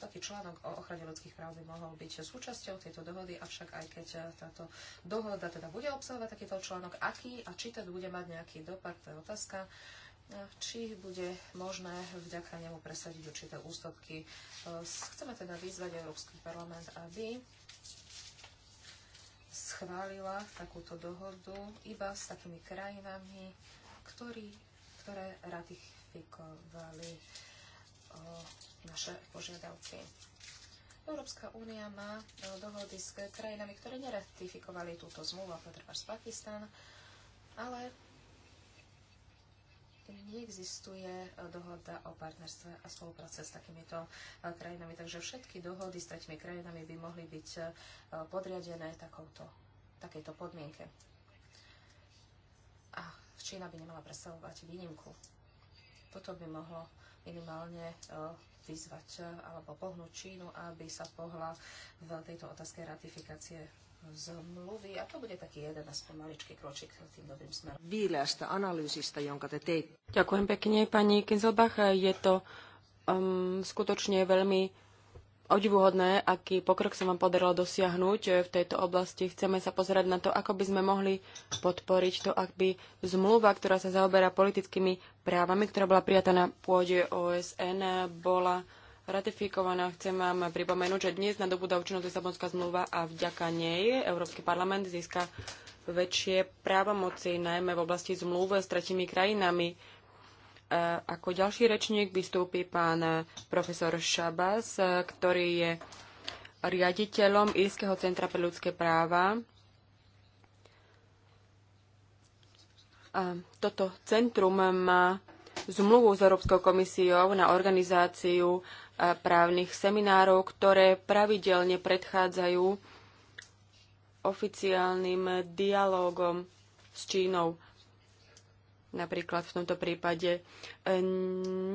taký článok o ochrane ľudských práv by mohol byť súčasťou tejto dohody, avšak aj keď táto dohoda teda bude obsahovať takýto článok, aký a či to bude mať nejaký dopad, to je otázka e, či bude možné vďaka nemu presadiť určité ústupky. E, chceme teda vyzvať Európsky parlament, aby schválila takúto dohodu iba s takými krajinami, ktorí ktoré ratifikovali naše požiadavky. Európska únia má e, dohody s krajinami, ktoré neratifikovali túto zmluvu, ako treba z Pakistan, ale neexistuje e, dohoda o partnerstve a spolupráce s takýmito e, krajinami. Takže všetky dohody s takými krajinami by mohli byť podriadené takouto, takejto podmienke. Čína by nemala predstavovať výnimku. Toto by mohlo minimálne e, vyzvať e, alebo pohnúť Čínu, aby sa pohla v tejto otázke ratifikácie zmluvy. A to bude taký jeden z maličký kročík tým novým smerom. Viileasta analýzista, jonka te Ďakujem pekne, pani Kinzelbach. Je to um, skutočne veľmi Odivuhodné, aký pokrok sa vám podarilo dosiahnuť eh, v tejto oblasti. Chceme sa pozerať na to, ako by sme mohli podporiť to, ak by zmluva, ktorá sa zaoberá politickými právami, ktorá bola prijatá na pôde OSN, bola ratifikovaná. Chcem vám pripomenúť, že dnes na dá účinnosť Lisabonská zmluva a vďaka nej Európsky parlament získa väčšie právomoci, najmä v oblasti zmluv s tretimi krajinami E, ako ďalší rečník vystúpi pán profesor Šabas, e, ktorý je riaditeľom Írskeho centra pre ľudské práva. E, toto centrum má zmluvu s Európskou komisiou na organizáciu právnych seminárov, ktoré pravidelne predchádzajú oficiálnym dialógom s Čínou. Napríklad v tomto prípade e,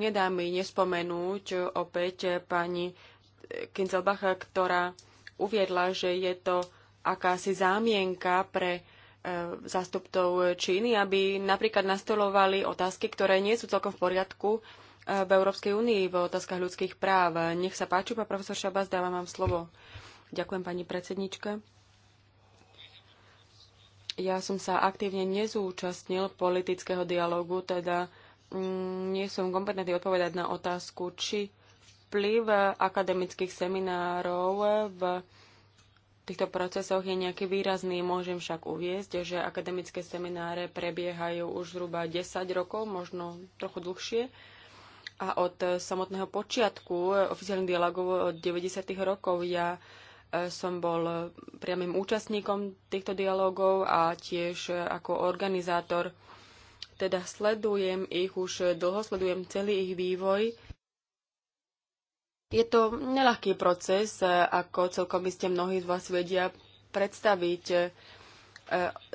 nedá mi nespomenúť opäť pani e, Kinzelbacha, ktorá uviedla, že je to akási zámienka pre e, zástupcov Číny, aby napríklad nastolovali otázky, ktoré nie sú celkom v poriadku v Európskej únii v otázkach ľudských práv. Nech sa páči, pán profesor Šabas, dávam vám slovo. Ďakujem, pani predsednička ja som sa aktívne nezúčastnil politického dialogu, teda mm, nie som kompetentný odpovedať na otázku, či vplyv akademických seminárov v týchto procesoch je nejaký výrazný. Môžem však uviezť, že akademické semináre prebiehajú už zhruba 10 rokov, možno trochu dlhšie. A od samotného počiatku oficiálnych dialogov od 90. rokov ja som bol priamým účastníkom týchto dialogov a tiež ako organizátor. Teda sledujem ich už dlho, sledujem celý ich vývoj. Je to nelahký proces, ako celkom by ste mnohí z vás vedia predstaviť. E,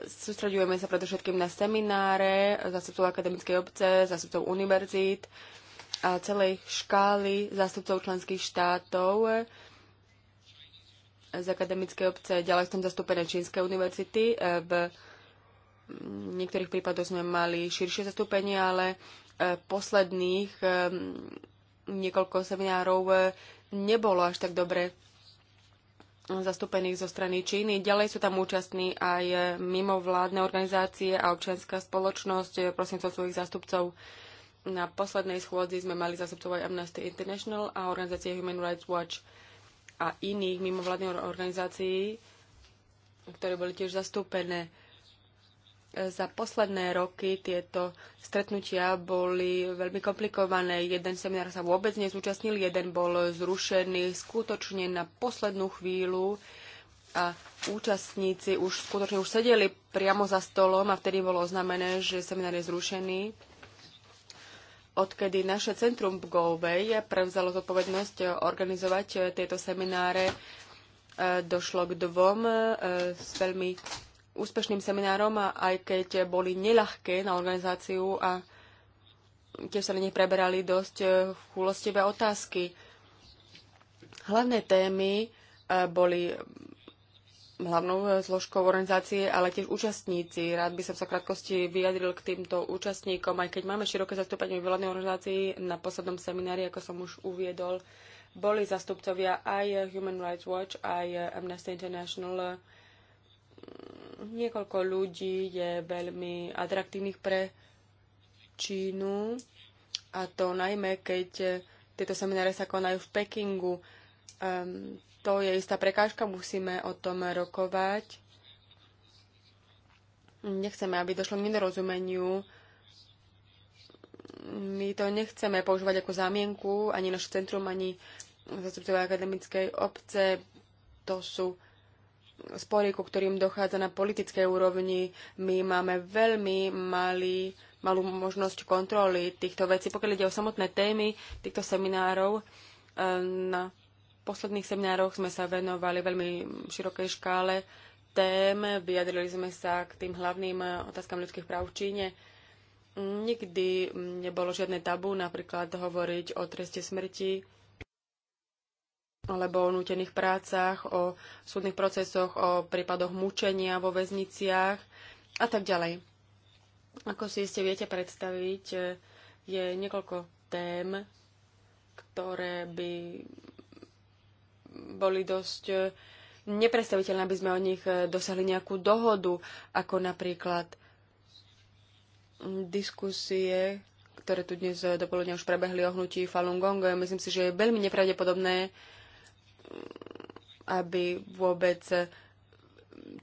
Sústredujeme sa predovšetkým na semináre zástupcov akademickej obce, zástupcov univerzít a celej škály zástupcov členských štátov z akademickej obce, ďalej som zastúpená zastúpené čínske univerzity. E, v niektorých prípadoch sme mali širšie zastúpenie, ale e, posledných e, niekoľko seminárov nebolo až tak dobre zastúpených zo strany Číny. Ďalej sú tam účastní aj mimovládne organizácie a občianská spoločnosť, prosím so svojich zástupcov. Na poslednej schôdzi sme mali zastupcov aj Amnesty International a organizácie Human Rights Watch a iných mimovládnych organizácií, ktoré boli tiež zastúpené. E, za posledné roky tieto stretnutia boli veľmi komplikované. Jeden seminár sa vôbec nezúčastnil, jeden bol zrušený skutočne na poslednú chvíľu a účastníci už skutočne už sedeli priamo za stolom a vtedy bolo oznámené, že seminár je zrušený odkedy naše centrum v Gouvej prevzalo zodpovednosť organizovať tieto semináre, e, došlo k dvom e, s veľmi úspešným seminárom, aj keď boli neľahké na organizáciu a tiež sa na nich preberali dosť e, chulostivé otázky. Hlavné témy boli hlavnou e, zložkou organizácie, ale tiež účastníci. Rád by som sa v krátkosti vyjadril k týmto účastníkom, aj keď máme široké zastúpenie v vládnej organizácií. Na poslednom seminári, ako som už uviedol, boli zastupcovia aj Human Rights Watch, aj Amnesty International. Niekoľko ľudí je veľmi atraktívnych pre Čínu a to najmä, keď tieto semináre sa konajú v Pekingu. Um, to je istá prekážka, musíme o tom rokovať. Nechceme, aby došlo k nedorozumeniu. My to nechceme používať ako zámienku, ani naše centrum, ani zastupcovia akademickej obce. To sú spory, ku ktorým dochádza na politickej úrovni. My máme veľmi malý, malú možnosť kontroly týchto vecí. Pokiaľ ide o samotné témy týchto seminárov, eh, na posledných seminároch sme sa venovali veľmi širokej škále tém, vyjadrili sme sa k tým hlavným eh, otázkam ľudských práv v Číne. Nikdy nebolo žiadne tabu napríklad hovoriť o treste smrti alebo o nútených prácach, o súdnych procesoch, o prípadoch mučenia vo väzniciach a tak ďalej. Ako si ste viete predstaviť, eh, je niekoľko tém, ktoré by boli dosť e, nepredstaviteľné, aby sme o nich e, dosahli nejakú dohodu, ako napríklad diskusie, ktoré tu dnes e, dopoludne už prebehli o hnutí Falun Gong. Myslím si, že je veľmi nepravdepodobné, aby vôbec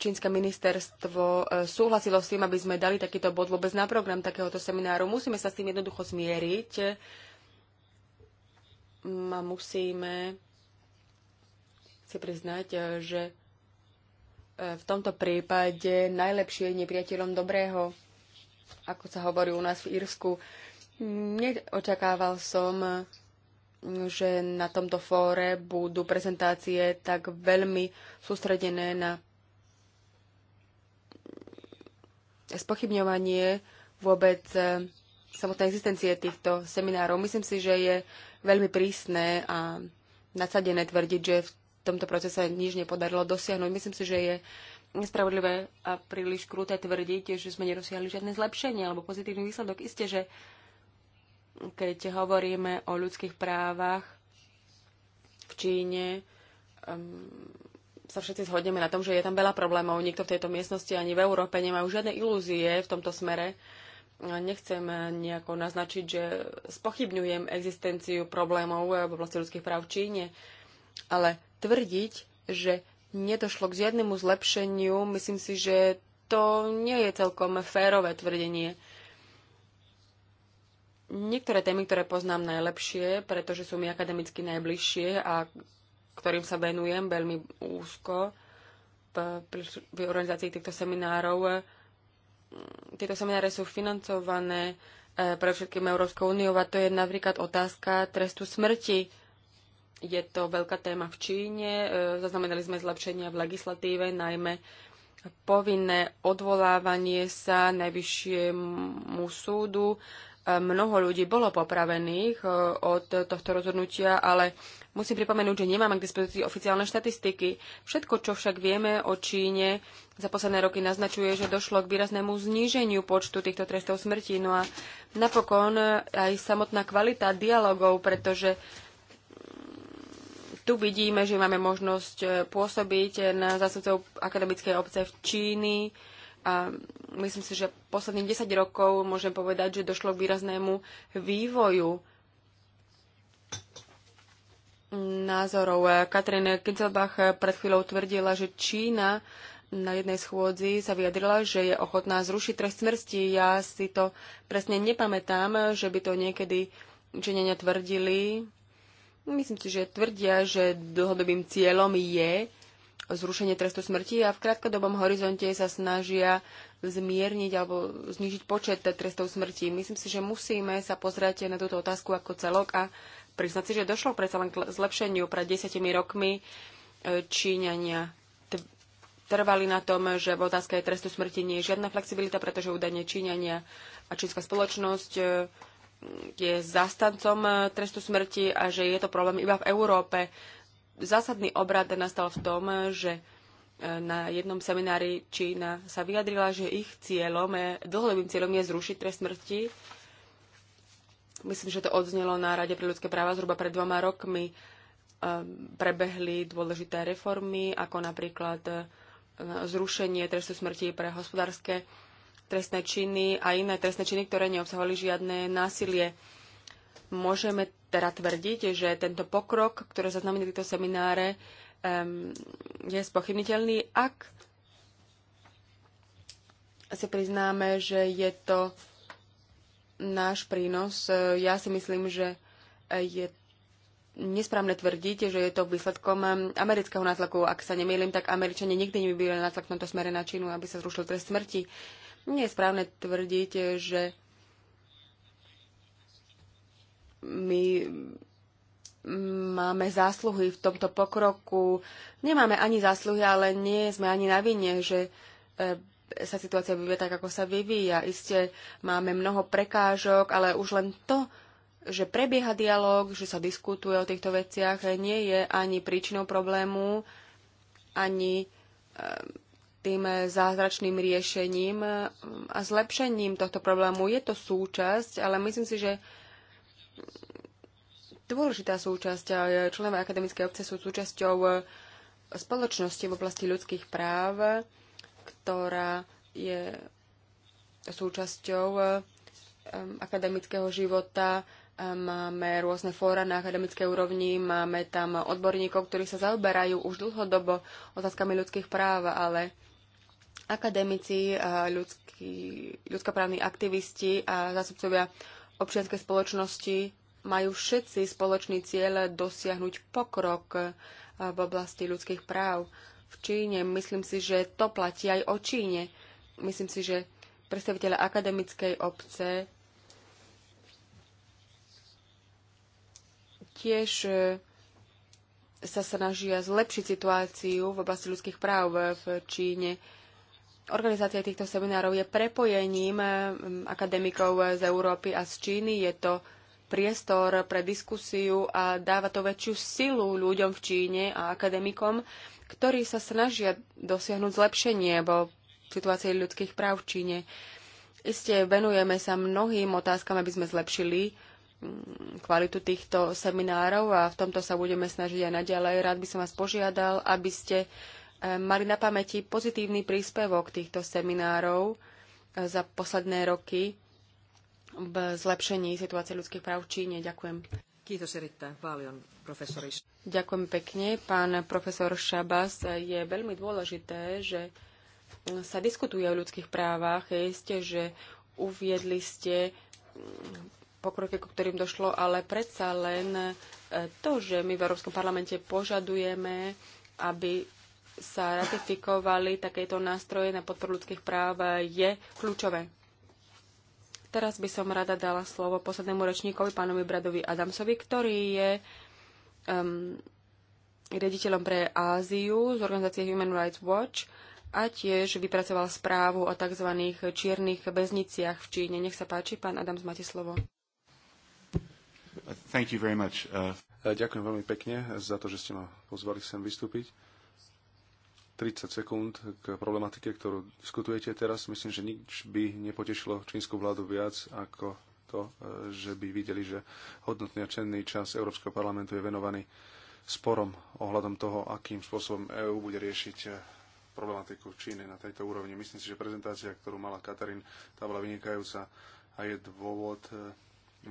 čínske ministerstvo súhlasilo s tým, aby sme dali takýto bod vôbec na program takéhoto semináru. Musíme sa s tým jednoducho smieriť a musíme chce priznať, eh, že eh, v tomto prípade najlepšie je nepriateľom dobrého, ako sa hovorí u nás v Írsku. Neočakával som, eh, že na tomto fóre budú prezentácie tak veľmi sústredené na spochybňovanie vôbec samotnej existencie týchto seminárov. Myslím si, že je veľmi prísne a nadsadené tvrdiť, že v tomto procese nič nepodarilo dosiahnuť. Myslím si, že je nespravodlivé a príliš krúte tvrdiť, že sme nedosiahli žiadne zlepšenie alebo pozitívny výsledok. Isté, že keď hovoríme o ľudských právach v Číne, um, sa všetci zhodneme na tom, že je tam veľa problémov. Nikto v tejto miestnosti ani v Európe nemajú žiadne ilúzie v tomto smere. Nechcem nejako naznačiť, že spochybňujem existenciu problémov v oblasti ľudských práv v Číne, ale tvrdiť, že nedošlo k žiadnemu zlepšeniu, myslím si, že to nie je celkom férové tvrdenie. Niektoré témy, ktoré poznám najlepšie, pretože sú mi akademicky najbližšie a ktorým sa venujem veľmi úzko v organizácii týchto seminárov, tieto semináre sú financované eh, pre všetkým Európskou úniou a to je napríklad otázka trestu smrti je to veľká téma v Číne. E, zaznamenali sme zlepšenia v legislatíve, najmä povinné odvolávanie sa Najvyššiemu súdu. E, mnoho ľudí bolo popravených e, od tohto rozhodnutia, ale musím pripomenúť, že nemáme k dispozícii oficiálne štatistiky. Všetko, čo však vieme o Číne, za posledné roky naznačuje, že došlo k výraznému zníženiu počtu týchto trestov smrti. No a napokon aj samotná kvalita dialogov, pretože tu vidíme, že máme možnosť e, pôsobiť na zástupcov akademickej obce v Číny. A myslím si, že posledných 10 rokov môžem povedať, že došlo k výraznému vývoju názorov. E, Katrin Kinzelbach pred chvíľou tvrdila, že Čína na jednej schôdzi sa vyjadrila, že je ochotná zrušiť trest smrti. Ja si to presne nepamätám, že by to niekedy Číňania tvrdili. Myslím si, že tvrdia, že dlhodobým cieľom je zrušenie trestu smrti a v krátkodobom horizonte sa snažia zmierniť alebo znižiť počet trestov smrti. Myslím si, že musíme sa pozrieť na túto otázku ako celok a priznať si, že došlo predsa len k zlepšeniu. Pred desiatimi rokmi e, Číňania trvali na tom, že v otázke trestu smrti nie je žiadna flexibilita, pretože údajne Číňania a čínska spoločnosť e, je zastancom e, trestu smrti a že je to problém iba v Európe. Zásadný obrad nastal v tom, že e, na jednom seminári Čína sa vyjadrila, že ich cieľom, e, dlhodobým cieľom je zrušiť trest smrti. Myslím, že to odznelo na Rade pre ľudské práva zhruba pred dvoma rokmi. Prebehli dôležité reformy, ako napríklad zrušenie trestu smrti pre hospodárske trestné činy a iné trestné činy, ktoré neobsahovali žiadne násilie. Môžeme teda tvrdiť, že tento pokrok, ktorý zaznamenali tieto semináre, je spochybniteľný, ak si priznáme, že je to náš prínos. Ja si myslím, že je nesprávne tvrdiť, že je to výsledkom amerického nátlaku. Ak sa nemýlim, tak Američania nikdy nevybírali nátlak v tomto smere na Čínu, aby sa zrušil trest smrti. Uh, nie je správne tvrdiť, že my máme zásluhy v tomto pokroku. Nemáme ani zásluhy, ale nie sme ani na vine, že e, sa situácia vyvíja tak, ako sa vyvíja. Isté máme mnoho prekážok, ale už len to, že prebieha dialog, že sa diskutuje o týchto veciach, nie je ani príčinou problému, ani e, tým zázračným riešením a zlepšením tohto problému. Je to súčasť, ale myslím si, že dôležitá súčasť. Členové akademické obce sú súčasťou spoločnosti v oblasti ľudských práv, ktorá je súčasťou um, akademického života. Um, máme rôzne fóra na akademické úrovni, máme tam odborníkov, ktorí sa zaoberajú už dlhodobo otázkami ľudských práv, ale Akademici, ľudskí, ľudskoprávni aktivisti a zásobcovia občianskej spoločnosti majú všetci spoločný cieľ dosiahnuť pokrok v oblasti ľudských práv v Číne. Myslím si, že to platí aj o Číne. Myslím si, že predstaviteľe akademickej obce tiež e, sa snažia zlepšiť situáciu v oblasti ľudských práv v Číne. Organizácia týchto seminárov je prepojením eh, akademikov z Európy a z Číny. Je to priestor pre diskusiu a dáva to väčšiu silu ľuďom v Číne a akademikom, ktorí sa snažia dosiahnuť zlepšenie vo situácii ľudských práv v Číne. Isté venujeme sa mnohým otázkam, aby sme zlepšili mm, kvalitu týchto seminárov a v tomto sa budeme snažiť aj naďalej. Rád by som vás požiadal, aby ste E, mali na pamäti pozitívny príspevok týchto seminárov e, za posledné roky v zlepšení situácie ľudských práv v Číne. Ďakujem. Ďakujem pekne. Pán profesor Šabas, je veľmi dôležité, že sa diskutuje o ľudských právach. Je isté, že uviedli ste mm, pokroky, ku ktorým došlo, ale predsa len e, to, že my v Európskom parlamente požadujeme, aby sa ratifikovali takéto nástroje na podporu ľudských práv je kľúčové. Teraz by som rada dala slovo poslednému rečníkovi, pánovi Bradovi Adamsovi, ktorý je um, riaditeľom pre Áziu z organizácie Human Rights Watch a tiež vypracoval správu o tzv. čiernych bezniciach v Číne. Nech sa páči, pán Adams, máte slovo. Thank you very much. Uh... Ďakujem veľmi pekne za to, že ste ma pozvali sem vystúpiť. 30 sekúnd k problematike, ktorú diskutujete teraz. Myslím, že nič by nepotešilo čínsku vládu viac ako to, e, že by videli, že hodnotný a čenný čas Európskeho parlamentu je venovaný sporom ohľadom toho, akým spôsobom EÚ bude riešiť e, problematiku Číny na tejto úrovni. Myslím si, že prezentácia, ktorú mala Katarín, tá bola vynikajúca a je dôvod e,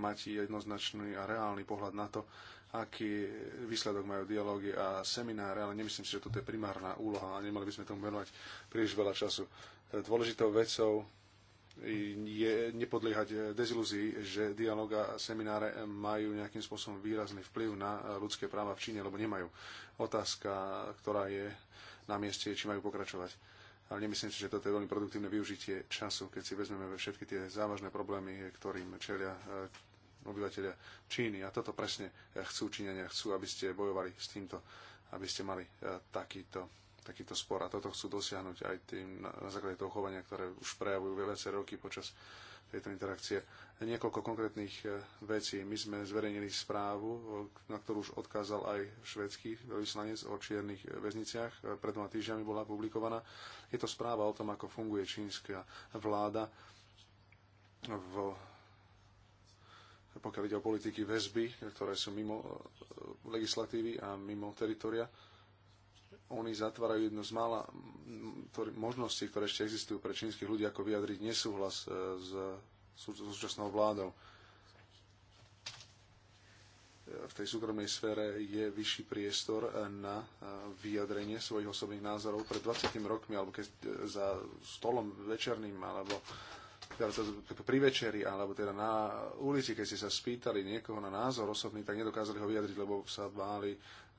mať jednoznačný a reálny pohľad na to, aký výsledok majú dialógy a semináre, ale nemyslím si, že toto je primárna úloha a nemali by sme tomu venovať príliš veľa času. Dôležitou vecou je nepodliehať dezilúzii, že dialóg a semináre majú nejakým spôsobom výrazný vplyv na ľudské práva v Číne, lebo nemajú. Otázka, ktorá je na mieste, či majú pokračovať. Ale nemyslím si, že toto je veľmi produktívne využitie času, keď si vezmeme všetky tie závažné problémy, ktorým čelia obyvateľia Číny. A toto presne e, chcú Číňania, chcú, aby ste bojovali s týmto, aby ste mali e, takýto, takýto spor. A toto chcú dosiahnuť aj tým na, na základe toho chovania, ktoré už prejavujú viaceré roky počas tejto interakcie. Niekoľko konkrétnych e, vecí. My sme zverejnili správu, na ktorú už odkázal aj švedský vyslanec o čiernych väzniciach. Pred dvoma týždňami bola publikovaná. Je to správa o tom, ako funguje čínska vláda v pokiaľ ide o politiky väzby, ktoré sú mimo e, legislatívy a mimo teritoria. Oni zatvárajú jednu z mála možností, ktoré ešte existujú pre čínskych ľudí, ako vyjadriť nesúhlas e, s súčasnou vládou e, v tej súkromnej sfére je vyšší priestor na vyjadrenie svojich osobných názorov. Pred 20 rokmi, alebo keď za stolom večerným, alebo teda pri večeri alebo teda na ulici, keď ste sa spýtali niekoho na názor osobný, tak nedokázali ho vyjadriť, lebo sa báli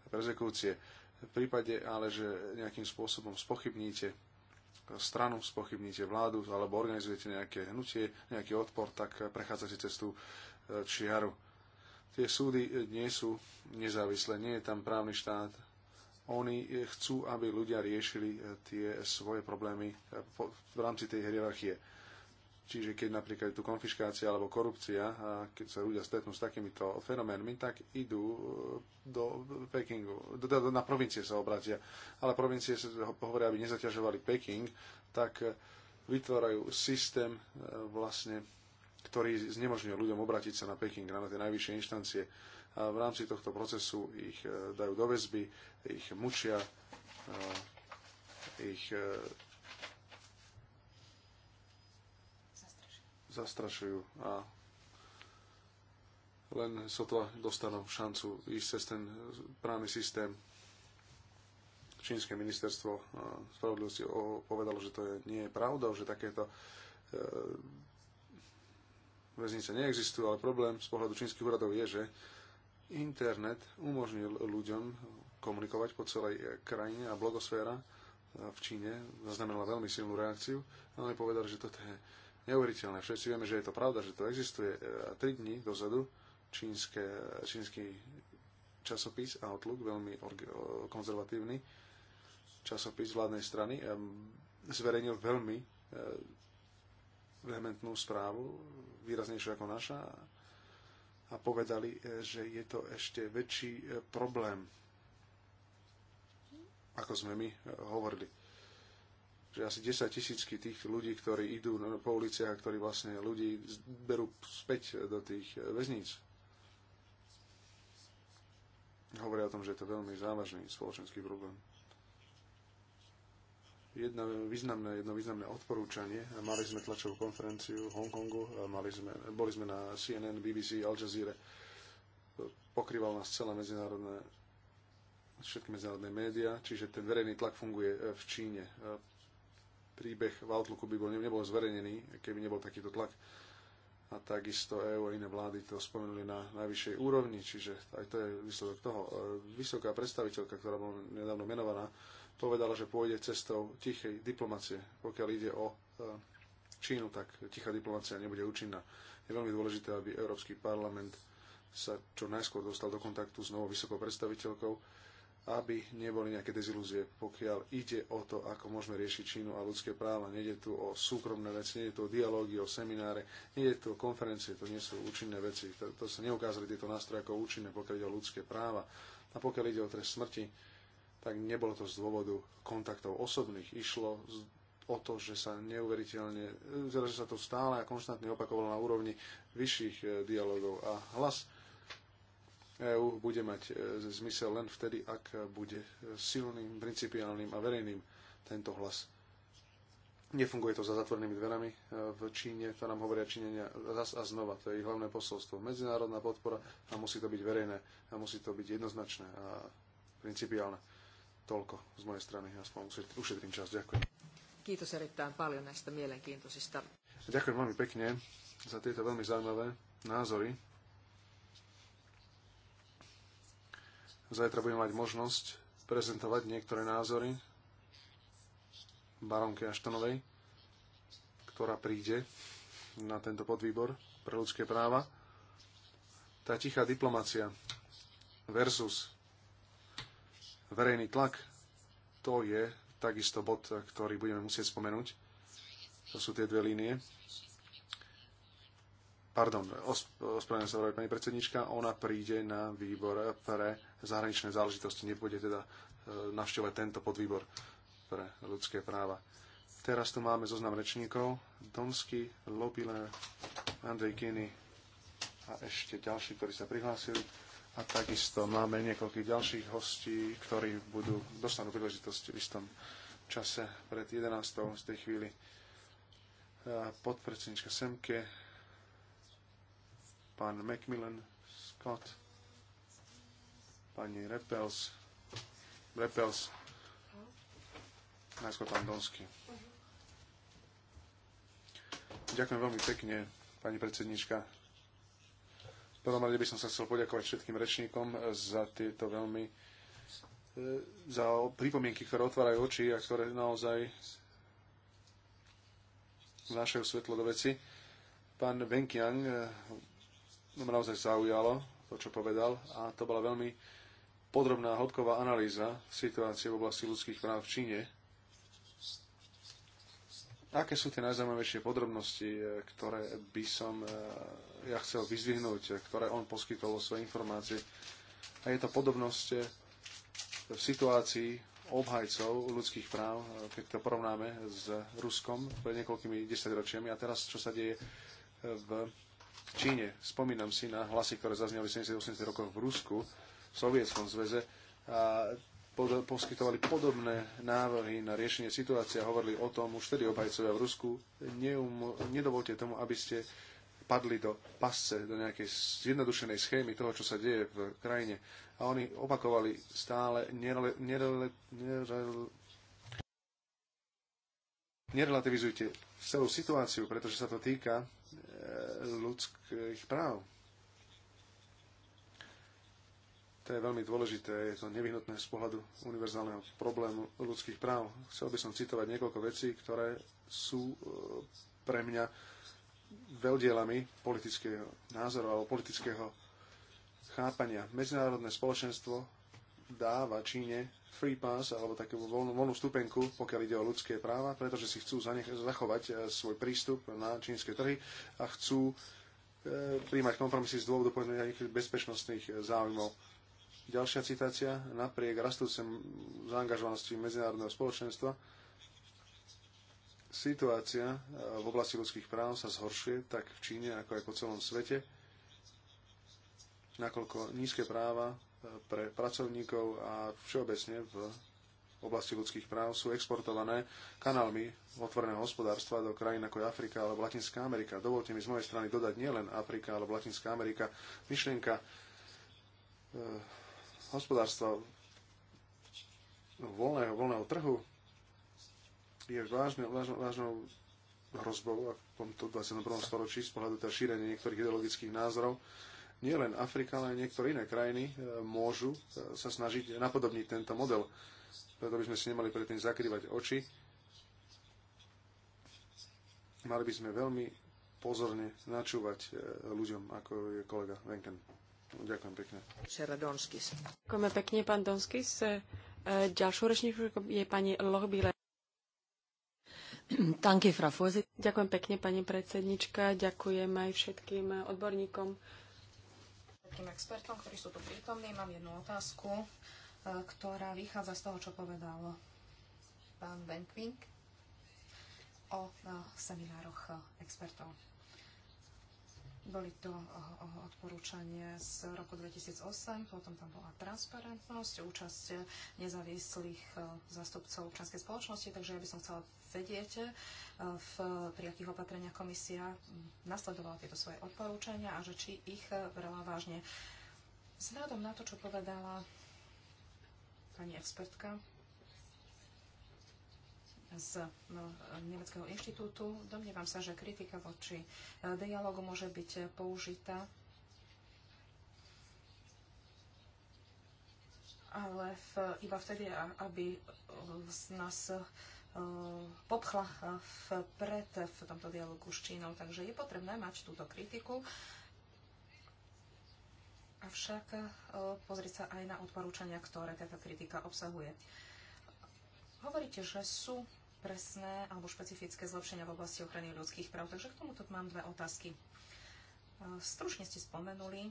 prezekúcie. V prípade ale, že nejakým spôsobom spochybníte stranu, spochybníte vládu alebo organizujete nejaké hnutie, nejaký odpor, tak prechádzate cez tú e, čiaru. Tie súdy e, nie sú nezávislé, nie je tam právny štát. Oni e, chcú, aby ľudia riešili tie svoje problémy v rámci tej hierarchie Čiže keď napríklad je tu konfiškácia alebo korupcia, a keď sa ľudia stretnú s takýmito fenoménmi, tak idú e, do Pekingu, do, do, na provincie sa obrátia. Ale provincie sa hovoria, aby nezaťažovali Peking, tak e, vytvárajú systém e, vlastne, ktorý znemožňuje ľuďom obrátiť sa na Peking, na tie najvyššie inštancie. A v rámci tohto procesu ich dajú do väzby, ich mučia, ich zastrašujú a len sotva dostanú šancu ísť cez ten právny systém. Čínske ministerstvo spravodlivosti povedalo, že to je, nie je pravda, že takéto e, väznice neexistujú, ale problém z pohľadu čínskych úradov je, že internet umožnil ľuďom komunikovať po celej e, krajine a blogosféra e, v Číne zaznamenala veľmi silnú reakciu. Oni povedali, že toto je neuveriteľné. Všetci vieme, že je to pravda, že to existuje. E, a tri dni dozadu čínske, čínsky časopis Outlook, veľmi konzervatívny časopis vládnej strany, e, zverejnil veľmi e, vehementnú správu, výraznejšiu ako naša, a povedali, že je to ešte väčší problém, ako sme my hovorili že asi 10 tisícky tých ľudí, ktorí idú po uliciach a ktorí vlastne ľudí berú späť do tých e, väzníc. Hovoria o tom, že je to veľmi závažný spoločenský problém. Jedno významné, jedno významné odporúčanie. Mali sme tlačovú konferenciu v Hongkongu, mali sme, boli sme na CNN, BBC, Al Jazeera. Pokrýval nás celé medzinárodné všetky medzinárodné médiá, čiže ten verejný tlak funguje e, v Číne e, príbeh v Outlooku by bol, nebol zverejnený, keby nebol takýto tlak. A takisto EU a iné vlády to spomenuli na najvyššej úrovni, čiže aj to je výsledok toho. E, vysoká predstaviteľka, ktorá bola nedávno menovaná, povedala, že pôjde cestou tichej diplomácie, Pokiaľ ide o e, Čínu, tak tichá diplomácia nebude účinná. Je veľmi dôležité, aby Európsky parlament sa čo najskôr dostal do kontaktu s novou vysokou predstaviteľkou aby neboli nejaké dezilúzie, pokiaľ ide o to, ako môžeme riešiť Čínu a ľudské práva. Nede tu o súkromné veci, nejde tu o dialógy, o semináre, nejde tu o konferencie, to nie sú účinné veci. To, to sa neukázali tieto nástroje ako účinné, pokiaľ ide o ľudské práva. A pokiaľ ide o trest smrti, tak nebolo to z dôvodu kontaktov osobných. Išlo o to, že sa neuveriteľne, e, že sa to stále a konštantne opakovalo na úrovni vyšších e, dialogov. A hlas EÚ bude mať e, zmysel len vtedy, ak bude silným, principiálnym a verejným tento hlas. Nefunguje to za zatvorenými dverami e, v Číne, to nám hovoria Čínenia raz a znova, to je ich hlavné posolstvo. Medzinárodná podpora a musí to byť verejné a musí to byť jednoznačné a principiálne. Toľko z mojej strany, aspoň ušetrím čas. Ďakujem. Kiitos erittäin paljon näistä mielenkiintoisista. Ďakujem veľmi pekne za tieto veľmi zaujímavé názory. Zajtra budem mať možnosť prezentovať niektoré názory baronke Aštonovej, ktorá príde na tento podvýbor pre ľudské práva. Tá tichá diplomácia versus verejný tlak, to je takisto bod, ktorý budeme musieť spomenúť. To sú tie dve línie. Pardon, ospravedlňujem sa, pani predsednička, ona príde na výbor pre zahraničné záležitosti nepôjde teda e, navštevovať tento podvýbor pre ľudské práva. Teraz tu máme zoznam rečníkov. Domsky, Lobile, Andrej Kiny a ešte ďalší, ktorí sa prihlásili. A takisto máme niekoľkých ďalších hostí, ktorí budú, dostanú príležitosť v istom čase pred 11. z tej chvíli. Podpredsednička Semke, pán Macmillan, Scott, pani Repels, Repels, najskôr pán Donsky. Ďakujem veľmi pekne, pani predsednička. V prvom rade by som sa chcel poďakovať všetkým rečníkom za tieto veľmi e, za pripomienky, ktoré otvárajú oči a ktoré naozaj vnášajú svetlo do veci. Pán Wenkiang, no e, ma naozaj zaujalo to, čo povedal a to bola veľmi podrobná hodková analýza situácie v oblasti ľudských práv v Číne. Aké sú tie najzaujímavejšie podrobnosti, e, ktoré by som e, ja chcel vyzvihnúť, e, ktoré on poskytol o svoje informácie? A je to podobnosť v situácii obhajcov ľudských práv, keď to porovnáme s Ruskom pred niekoľkými desaťročiami a teraz, čo sa deje v Číne. Spomínam si na hlasy, ktoré zazneli v 70. 80. rokoch v Rusku, Sovietskom zväze a pod, poskytovali podobné návrhy na riešenie situácie a hovorili o tom už vtedy obhajcovia v Rusku. Neum, nedovolte tomu, aby ste padli do pasce, do nejakej zjednodušenej schémy toho, čo sa deje v krajine. A oni opakovali stále nerele, nerele, nerele, nerelativizujte celú situáciu, pretože sa to týka eh, ľudských práv To je veľmi dôležité, je to nevyhnutné z pohľadu univerzálneho problému ľudských práv. Chcel by som citovať niekoľko vecí, ktoré sú e, pre mňa veľdielami politického názoru alebo politického chápania. Medzinárodné spoločenstvo dáva Číne free pass alebo takú voľnú, voľnú stupenku, pokiaľ ide o ľudské práva, pretože si chcú zanech- zachovať e, svoj prístup na čínske trhy a chcú e, príjmať kompromisy z dôvodu povedzme nejakých bezpečnostných e, záujmov. Ďalšia citácia. Napriek rastúcem zaangažovanosti medzinárodného spoločenstva situácia v oblasti ľudských práv sa zhoršuje tak v Číne, ako aj po celom svete, nakoľko nízke práva pre pracovníkov a všeobecne v oblasti ľudských práv sú exportované kanálmi otvoreného hospodárstva do krajín ako je Afrika alebo Latinská Amerika. Dovolte mi z mojej strany dodať nielen Afrika alebo Latinská Amerika myšlienka e, hospodárstva voľného, voľného trhu je vážnou, vážnou, vážnou hrozbou v tomto 21. storočí z pohľadu teda šírenia niektorých ideologických názorov. Nielen Afrika, ale aj niektoré iné krajiny e, môžu e, sa snažiť napodobniť tento model. Preto by sme si nemali predtým zakrývať oči. Mali by sme veľmi pozorne načúvať e, ľuďom, ako je kolega Venken. Ďakujem pekne. Donskis. Ďakujeme pekne, pán Donskis. E, ďalšou rečníčkou je pani Lohbíle. Ďakujem pekne, pani predsednička. Ďakujem aj všetkým odborníkom. Všetkým expertom, ktorí sú tu prítomní, mám jednu otázku, e, ktorá vychádza z toho, čo povedal pán Benkvink o e, seminároch expertov boli to odporúčania z roku 2008, potom tam bola transparentnosť, účasť nezávislých e, zástupcov občanskej spoločnosti, takže ja by som chcela vedieť, e, v, pri akých opatreniach komisia nasledovala tieto svoje odporúčania a že či ich e, brala vážne. Vzhľadom na to, čo povedala pani expertka, z eh, Nemeckého inštitútu. Domnievam sa, že kritika voči eh, dialogu môže byť eh, použitá, ale v, iba vtedy, aby z nás popchla vpred v tomto dialogu s Čínou. Takže je potrebné mať túto kritiku. Avšak pozrieť sa aj na odporúčania, ktoré táto kritika obsahuje. Hovoríte, že sú presné alebo špecifické zlepšenia v oblasti ochrany ľudských práv. Takže k tomuto mám dve otázky. Stručne ste spomenuli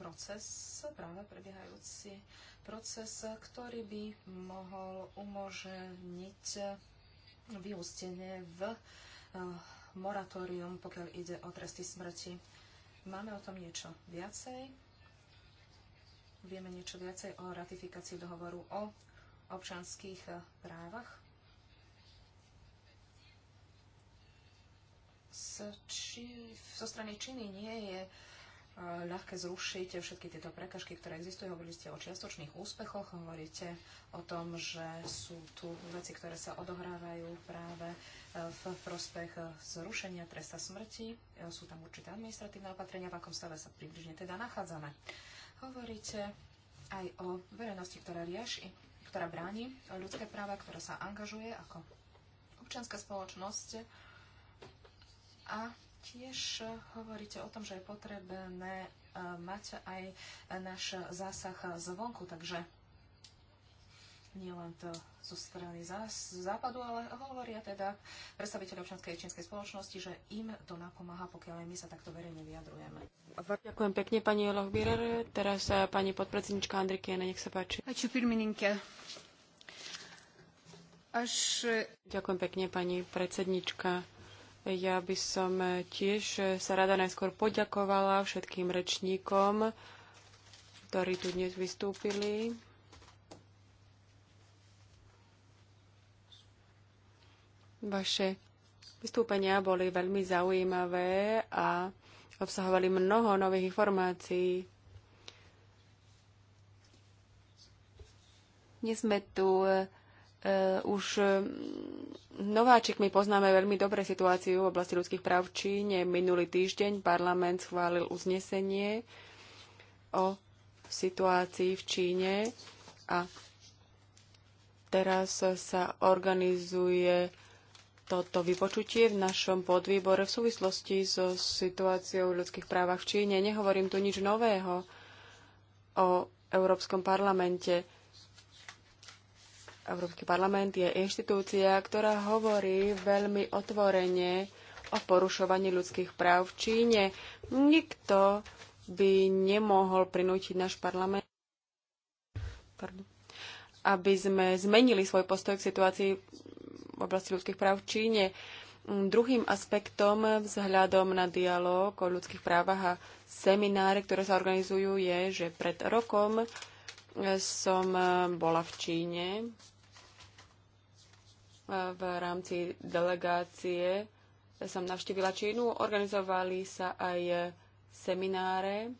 proces, práve prebiehajúci proces, ktorý by mohol umožniť vyústenie v moratórium, pokiaľ ide o tresty smrti. Máme o tom niečo viacej? Vieme niečo viacej o ratifikácii dohovoru o občanských právach či, zo strany Číny nie je e, ľahké zrušiť všetky tieto prekažky, ktoré existujú. Hovorili ste o čiastočných úspechoch, hovoríte o tom, že sú tu veci, ktoré sa odohrávajú práve e, v prospech e, zrušenia tresta smrti. Sú tam určité administratívne opatrenia, v akom stave sa približne teda nachádzame. Hovoríte aj o verejnosti, ktorá rieši, ktorá bráni ľudské práva, ktorá sa angažuje ako občianská spoločnosť a tiež hovoríte o tom, že je potrebné e, mať aj náš zásah zvonku, takže nielen to zo strany západu, ale hovoria teda predstaviteľ občianskej čínskej spoločnosti, že im to napomáha, pokiaľ aj my sa takto verejne vyjadrujeme. Ďakujem pekne, pani Lohbírer. Teraz e, pani podpredsednička Andrikiene, nech sa páči. Až... E, Ďakujem pekne, pani predsednička. Ja by som eh, tiež eh, sa rada najskôr poďakovala všetkým rečníkom, ktorí tu dnes vystúpili. Vaše vystúpenia boli veľmi zaujímavé a obsahovali mnoho nových informácií. Dnes sme tu eh, Eh, už eh, nováčikmi poznáme veľmi dobre situáciu v oblasti ľudských práv v Číne. Minulý týždeň parlament schválil uznesenie o situácii v Číne a teraz sa organizuje toto vypočutie v našom podvýbore v súvislosti so situáciou v ľudských právach v Číne. Nehovorím tu nič nového o Európskom parlamente Európsky parlament je inštitúcia, ktorá hovorí veľmi otvorene o porušovaní ľudských práv v Číne. Nikto by nemohol prinútiť náš parlament, Pardon. aby sme zmenili svoj postoj k situácii v oblasti ľudských práv v Číne. Druhým aspektom vzhľadom na dialog o ľudských právach a semináre, ktoré sa organizujú, je, že pred rokom som bola v Číne v rámci delegácie som navštívila Čínu. Organizovali sa aj semináre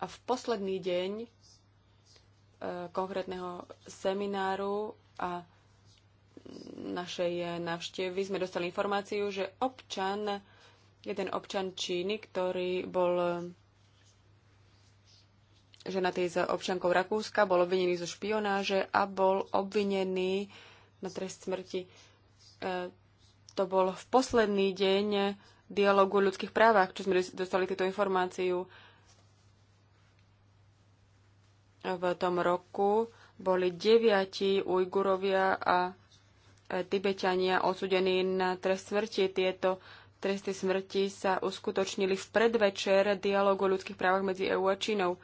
a v posledný deň e, konkrétneho semináru a našej návštevy sme dostali informáciu, že občan, jeden občan Číny, ktorý bol ženatý s občankou Rakúska, bol obvinený zo špionáže a bol obvinený na trest smrti. E, to bol v posledný deň dialogu o ľudských právach, čo sme dostali túto informáciu. V tom roku boli deviati Ujgurovia a Tibetania odsudení na trest smrti. Tieto tresty smrti sa uskutočnili v predvečer dialogu o ľudských právach medzi EU a Čínou.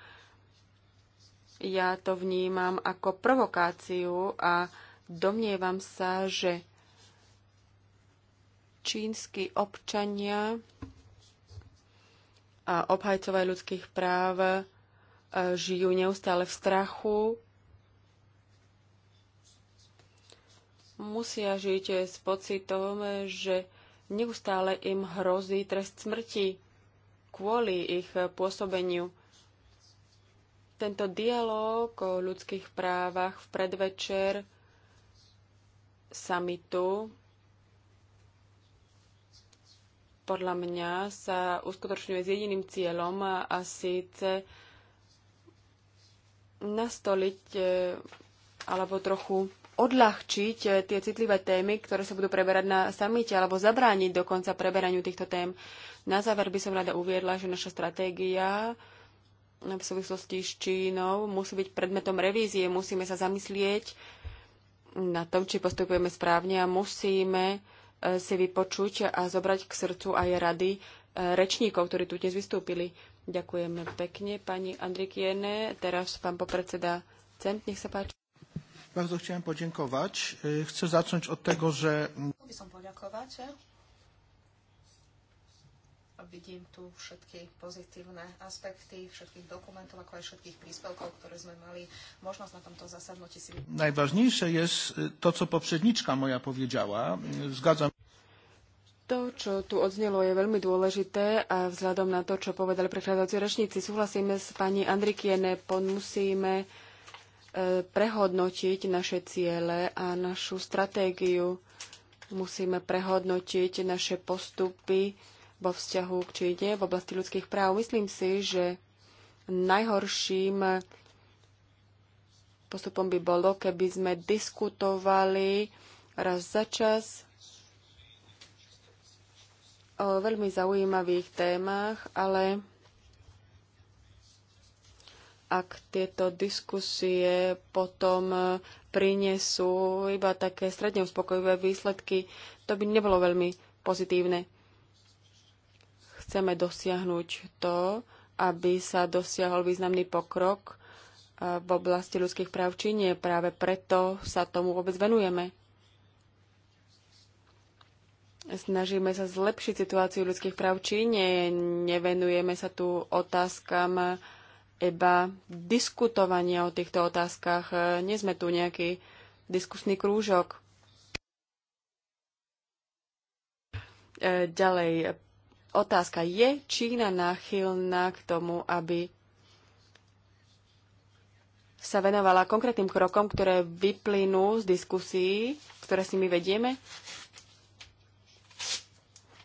Ja to vnímam ako provokáciu a Domnievam sa, že čínsky občania a obhajcovia ľudských práv e, žijú neustále v strachu. Musia žiť s pocitom, že neustále im hrozí trest smrti kvôli ich pôsobeniu. Tento dialog o ľudských právach v predvečer samitu podľa mňa sa uskutočňuje s jediným cieľom a síce nastoliť e, alebo trochu odľahčiť e, tie citlivé témy, ktoré sa budú preberať na samite, alebo zabrániť dokonca preberaniu týchto tém. Na záver by som rada uviedla, že naša stratégia v súvislosti s Čínou musí byť predmetom revízie. Musíme sa zamyslieť na tom, či postupujeme správne a musíme e, si vypočuť a zobrať k srdcu aj rady e, rečníkov, ktorí tu dnes vystúpili. Ďakujeme pekne, pani Andrikiene. Teraz pán popredseda Cent, nech sa páči. Bardzo chciałem podziękować. E, chcę zacząć od tego, że... Chcę podziękować vidím tu všetky pozitívne aspekty všetkých dokumentov, ako aj všetkých príspevkov, ktoré sme mali možnosť na tomto zasadnutí si... Najvážnejšie je e, to, co poprzedniczka moja povedala. E, zgadzam to, čo tu odznelo, je veľmi dôležité a vzhľadom na to, čo povedali prechádzajúci rečníci, súhlasíme s pani Andrikiene, musíme e, prehodnotiť naše ciele a našu stratégiu. Musíme prehodnotiť naše postupy, vo vzťahu k Číne v oblasti ľudských práv. Myslím si, že najhorším postupom by bolo, keby sme diskutovali raz za čas o veľmi zaujímavých témach, ale ak tieto diskusie potom prinesú iba také stredne uspokojivé výsledky, to by nebolo veľmi pozitívne. Chceme dosiahnuť to, aby sa dosiahol významný pokrok eh, v oblasti ľudských práv či nie. Práve preto sa tomu vôbec venujeme. Snažíme sa zlepšiť situáciu ľudských práv či nie. Nevenujeme sa tu otázkam eh, iba diskutovania o týchto otázkach. Eh, nie sme tu nejaký diskusný krúžok. Ďalej, otázka je Čína náchylná k tomu, aby sa venovala konkrétnym krokom, ktoré vyplynú z diskusí, ktoré si my vedieme?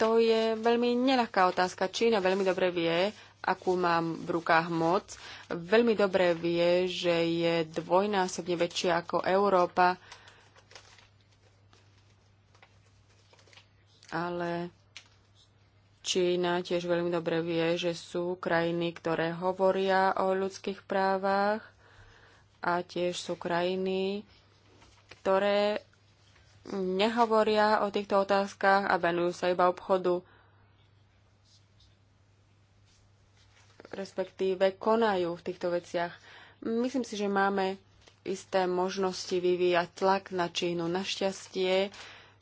To je veľmi nelahká otázka. Čína veľmi dobre vie, akú mám v rukách moc. Veľmi dobre vie, že je dvojnásobne väčšia ako Európa. Ale Čína tiež veľmi dobre vie, že sú krajiny, ktoré hovoria o ľudských právach a tiež sú krajiny, ktoré nehovoria o týchto otázkach a venujú sa iba obchodu, respektíve konajú v týchto veciach. Myslím si, že máme isté možnosti vyvíjať tlak na Čínu. Našťastie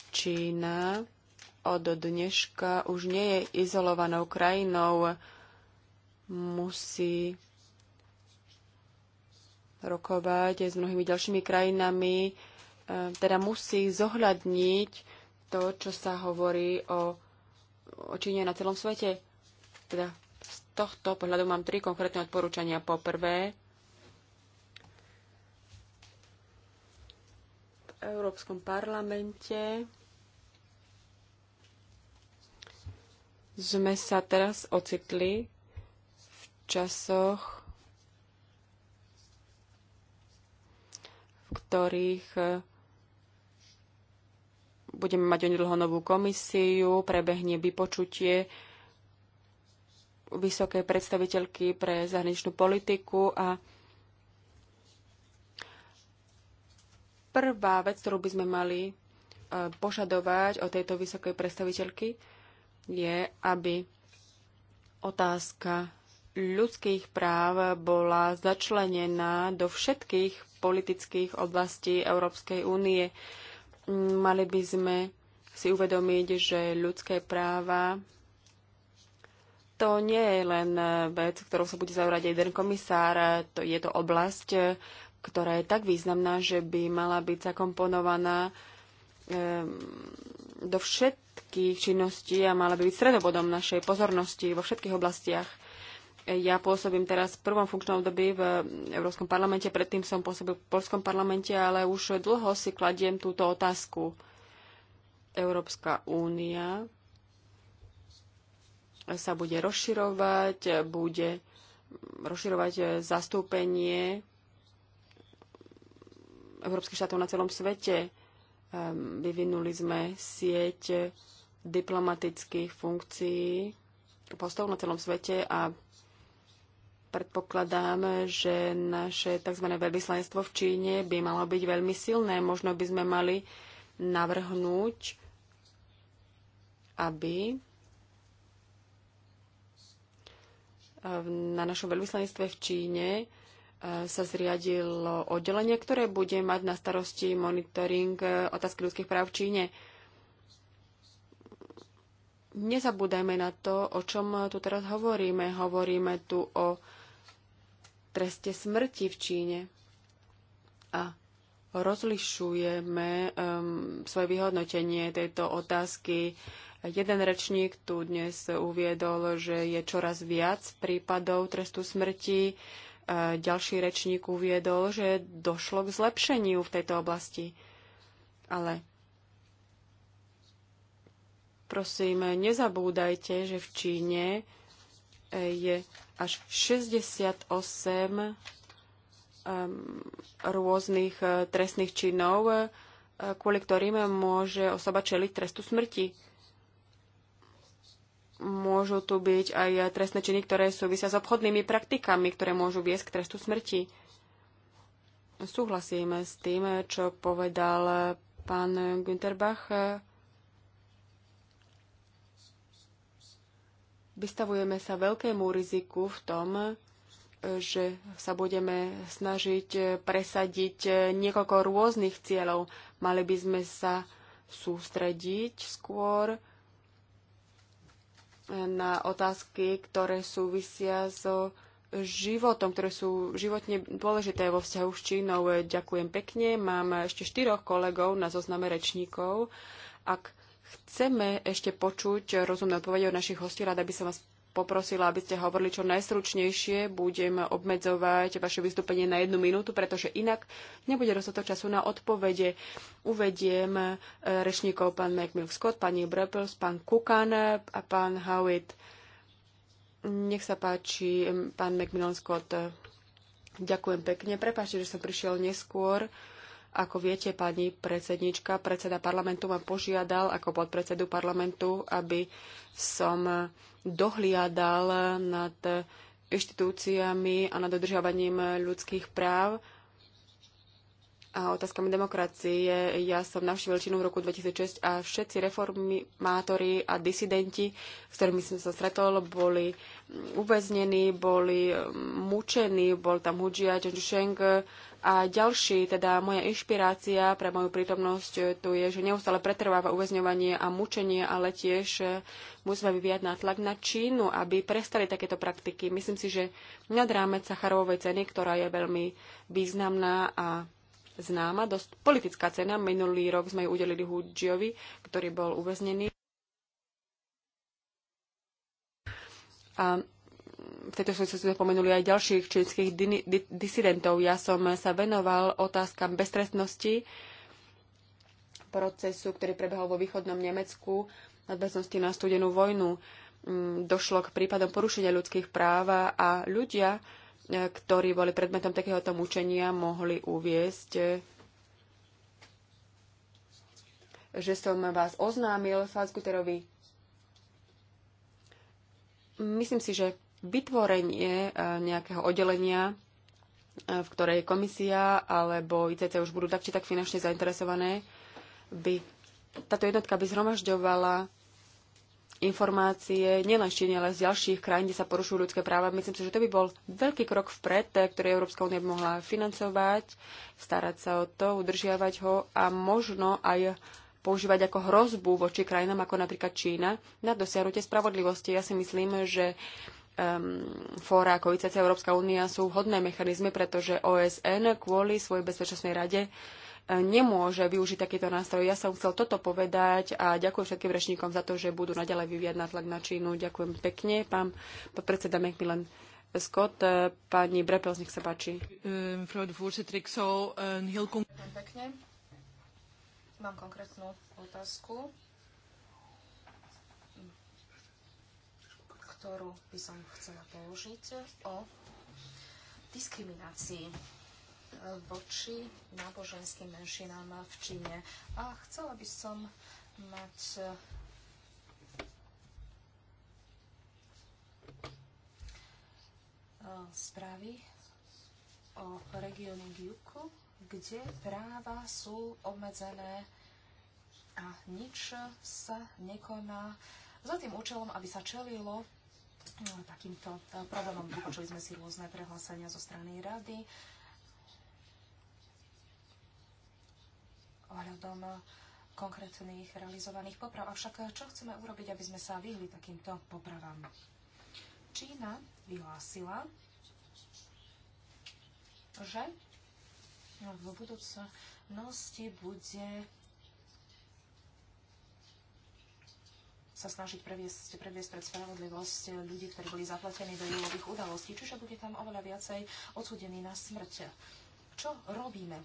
Čína od dneška už nie je izolovanou krajinou, musí rokovať s mnohými ďalšími krajinami, e, teda musí zohľadniť to, čo sa hovorí o, o Číne na celom svete. Teda z tohto pohľadu mám tri konkrétne odporúčania. Po prvé, v Európskom parlamente sme sa teraz ocitli v časoch, v ktorých eh, budeme mať onedlho novú komisiu, prebehne vypočutie vysokej predstaviteľky pre zahraničnú politiku a prvá vec, ktorú by sme mali eh, požadovať od tejto vysokej predstaviteľky, je, aby otázka ľudských práv bola začlenená do všetkých politických oblastí Európskej únie. Mali by sme si uvedomiť, že ľudské práva to nie je len vec, ktorou sa bude zaurať jeden komisár, to je to oblasť, ktorá je tak významná, že by mala byť zakomponovaná ehm, do všetkých činností a mala by byť stredobodom našej pozornosti vo všetkých oblastiach. Ja pôsobím teraz v prvom funkčnom období v Európskom parlamente, predtým som pôsobil v Polskom parlamente, ale už dlho si kladiem túto otázku. Európska únia sa bude rozširovať, bude rozširovať zastúpenie európskych štátov na celom svete. Ehm, vyvinuli sme sieť diplomatických funkcií postov na celom svete a predpokladám, že naše tzv. veľvyslanectvo v Číne by malo byť veľmi silné. Možno by sme mali navrhnúť, aby ehm, na našom veľvyslanectve v Číne sa zriadilo oddelenie, ktoré bude mať na starosti monitoring e, otázky ľudských práv v Číne. Nezabúdajme na to, o čom tu teraz hovoríme. Hovoríme tu o treste smrti v Číne. A rozlišujeme um, svoje vyhodnotenie tejto otázky. Jeden rečník tu dnes uviedol, že je čoraz viac prípadov trestu smrti. Uh, ďalší rečník uviedol, že došlo k zlepšeniu v tejto oblasti. Ale prosím, nezabúdajte, že v Číne e, je až 68 e, rôznych e, trestných činov, kvôli ktorým môže osoba čeliť trestu smrti môžu tu byť aj trestné činy, ktoré súvisia s obchodnými praktikami, ktoré môžu viesť k trestu smrti. Súhlasíme s tým, čo povedal pán Günterbach. Vystavujeme sa veľkému riziku v tom, že sa budeme snažiť presadiť niekoľko rôznych cieľov. Mali by sme sa sústrediť skôr na otázky, ktoré súvisia so životom, ktoré sú životne dôležité vo vzťahu s Čínou. Ďakujem pekne. Mám ešte štyroch kolegov na zozname rečníkov. Ak chceme ešte počuť rozumné odpovede od našich hostí, rada by som vás poprosila, aby ste hovorili čo najstručnejšie. Budem obmedzovať vaše vystúpenie na jednu minútu, pretože inak nebude dostatok času na odpovede. Uvediem e, rečníkov pán Macmill Scott, pani Brepels, pán Kukan a pán Howitt. Nech sa páči, pán McMillan Scott. Ďakujem pekne. Prepáčte, že som prišiel neskôr. Ako viete, pani predsednička, predseda parlamentu ma požiadal ako podpredsedu parlamentu, aby som dohliadal nad inštitúciami a nad dodržiavaním ľudských práv a otázkami demokracie. Ja som navštívil Čínu v roku 2006 a všetci reformátori a disidenti, s ktorými som sa stretol, boli uväznení, boli mm, mučení, bol tam Hujia, Zheng a ďalší. Teda moja inšpirácia pre moju prítomnosť tu je, že neustále pretrváva uväzňovanie a mučenie, ale tiež e, musíme vyvíjať nátlak na Čínu, aby prestali takéto praktiky. Myslím si, že nad rámec Sacharovej ceny, ktorá je veľmi významná a známa, dosť politická cena. Minulý rok sme ju udelili Hujiovi, ktorý bol uväznený. A v tejto súvislosti sme spomenuli aj ďalších čínskych di- di- disidentov. Ja som sa venoval otázkam beztrestnosti procesu, ktorý prebehol vo východnom Nemecku beznosti na studenú vojnu. Mm, došlo k prípadom porušenia ľudských práv a ľudia, ktorí boli predmetom takéhoto mučenia, mohli uviesť, že som vás oznámil Fazguterovi. Myslím si, že vytvorenie e, nejakého oddelenia, e, v ktorej komisia alebo ICC už budú tak či tak finančne zainteresované, by táto jednotka by zhromažďovala informácie nielen z Číny, ale z ďalších krajín, kde sa porušujú ľudské práva. Myslím si, že to by bol veľký krok vpred, eh, ktorý Európska únia by mohla financovať, starať sa o to, udržiavať ho a možno aj používať ako hrozbu voči krajinám ako napríklad Čína na dosiahnutie spravodlivosti. Ja si myslím, že um, fóra ako ICC Európska únia sú hodné mechanizmy, pretože OSN kvôli svojej bezpečnostnej rade uh, nemôže využiť takýto nástroj. Ja som chcel toto povedať a ďakujem všetkým rečníkom za to, že budú naďalej vyvíjať nátlak na Čínu. Ďakujem pekne, pán predseda Macmillan. Scott, pani Brepels, nech sa páči. Ehm, pekne. Mám konkrétnu otázku, ktorú by som chcela položiť o diskriminácii voči náboženským menšinám v Číne. A chcela by som mať eh, správy o regióne Gyuku, kde práva sú obmedzené a nič sa nekoná za tým účelom, aby sa čelilo eh, takýmto eh, problémom. Vypočuli sme si rôzne prehlásenia zo strany rady, ohľadom konkrétnych realizovaných poprav. Avšak čo chceme urobiť, aby sme sa vyhli takýmto popravám? Čína vyhlásila, že v budúcnosti bude sa snažiť previesť, previesť pred spravodlivosť ľudí, ktorí boli zaplatení do júlových udalostí, čiže bude tam oveľa viacej odsudení na smrť. Čo robíme?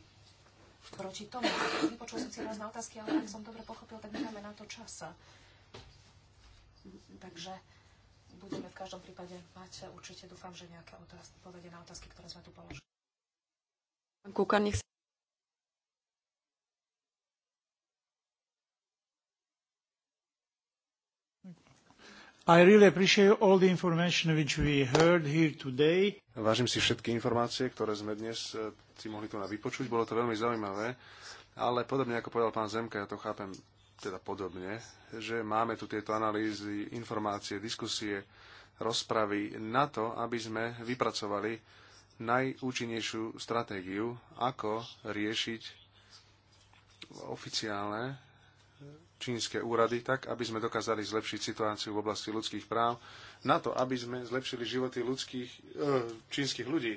proti tomu. Vypočul som si rôzne otázky, ale ak som dobre pochopil, tak necháme na to časa. Takže budeme v každom prípade mať určite, dúfam, že nejaké odpovede na otázky, ktoré sme tu položili. Kúka, nech sa... I really appreciate all the information which we heard here today. Vážim si všetky informácie, ktoré sme dnes eh, si mohli tu na vypočuť. Bolo to veľmi zaujímavé, ale podobne ako povedal pán Zemka, ja to chápem teda podobne, že máme tu tieto analýzy, informácie, diskusie, rozpravy na to, aby sme vypracovali najúčinnejšiu stratégiu, ako riešiť oficiálne čínske úrady tak, aby sme dokázali zlepšiť situáciu v oblasti ľudských práv, na to, aby sme zlepšili životy ľudských, e, čínskych ľudí.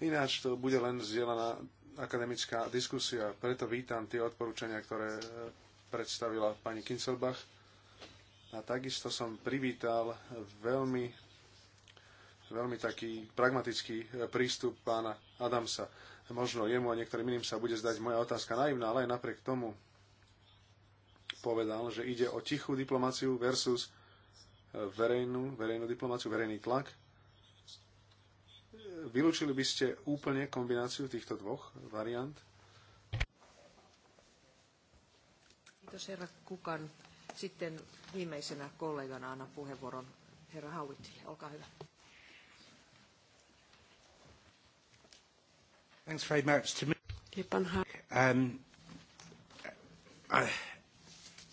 Ináč to bude len zdieľaná akademická diskusia. Preto vítam tie odporúčania, ktoré e, predstavila pani Kincelbach. A takisto som privítal veľmi, veľmi taký pragmatický e, prístup pána Adamsa. Možno jemu a niektorým iným sa bude zdať moja otázka naivná, ale aj napriek tomu povedal, že ide o tichú diplomáciu versus eh, verejnú, verejnú diplomáciu, verejný tlak. Vylúčili by ste úplne kombináciu týchto dvoch variant? Kiitos herra Kukan. Sitten viimeisenä kollegana annan puheenvuoron herra Hauitille. Olkaa hyvä. Thanks very much to me. Um, I,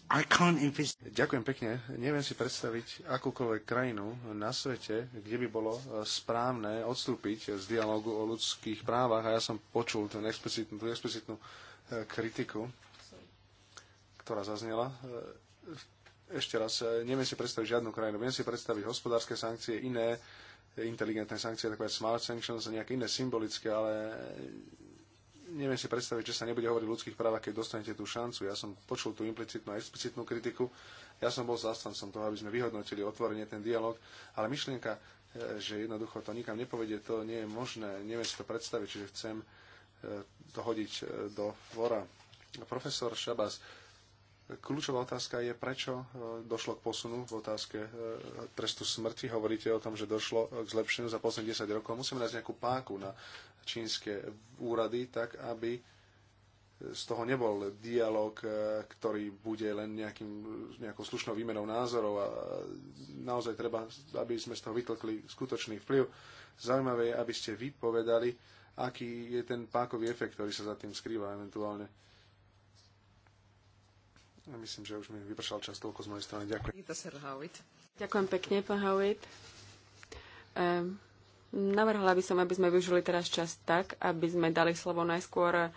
Ďakujem pekne. Neviem si predstaviť akúkoľvek krajinu na svete, kde by bolo e, správne odstúpiť z dialogu o ľudských právach. A ja som počul ten explicitnú, tú explicitnú e, kritiku, ktorá zaznela. E, ešte raz, neviem si predstaviť žiadnu krajinu. Viem si predstaviť hospodárske sankcie, iné inteligentné sankcie, takové smart sanctions a nejaké iné symbolické, ale neviem si predstaviť, že sa nebude hovoriť o ľudských právach, keď dostanete tú šancu. Ja som počul tú implicitnú a explicitnú kritiku. Ja som bol zastancom toho, aby sme vyhodnotili otvorene ten dialog, ale myšlienka, e, že jednoducho to nikam nepovedie, to nie je možné. Neviem si to predstaviť, čiže chcem e, to hodiť e, do fora. Profesor Šabas, Kľúčová otázka je, prečo e, došlo k posunu v otázke e, trestu smrti. Hovoríte o tom, že došlo e, k zlepšeniu za posledných 10 rokov. Musíme dať nejakú páku na čínske úrady, tak aby z toho nebol dialog, ktorý bude len nejakým, nejakou slušnou výmenou názorov a naozaj treba, aby sme z toho vytlkli skutočný vplyv. Zaujímavé je, aby ste vypovedali, aký je ten pákový efekt, ktorý sa za tým skrýva eventuálne Myslím, že už mi vypršal čas toľko z mojej strany. Ďakujem. Ďakujem pekne, pán Howitt. Um, navrhla by som, aby sme využili teraz čas tak, aby sme dali slovo najskôr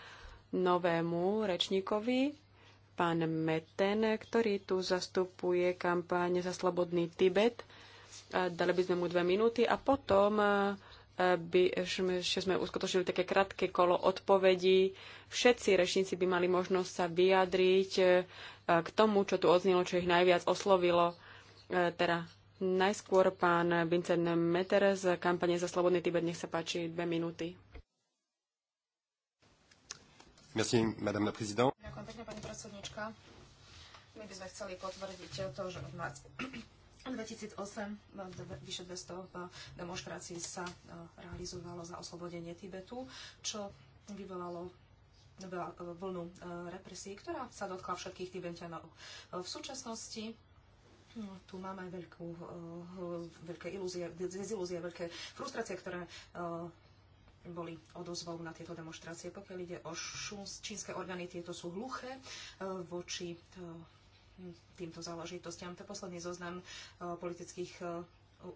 novému rečníkovi, pán Meten, ktorý tu zastupuje kampáň za slobodný Tibet. Dali by sme mu dve minúty a potom uh, by sme, že sme uskutočnili také krátke kolo odpovedí. Všetci rečníci by mali možnosť sa vyjadriť e, k tomu, čo tu odznelo, čo ich najviac oslovilo. E, teda najskôr pán Vincent Meter z kampane za Slobodný Tibet. Nech sa páči, dve minúty. Merci, madame la présidente. Ďakujem pekne, pani predsednička. My by sme chceli potvrdiť to, že 2008 eh, vyše 200 eh, demonstrácií sa eh, realizovalo za oslobodenie Tibetu, čo vyvolalo vlnu represí, ktorá sa dotkla všetkých Tibetanov. V súčasnosti hm, tu máme aj hm, veľké ilúzie, dezilúzie, veľké frustrácie, ktoré boli odozvou na tieto demonstrácie. Pokiaľ ide o čínske orgány, tieto sú hluché voči týmto záležitostiam. Ten posledný zoznam e, politických e,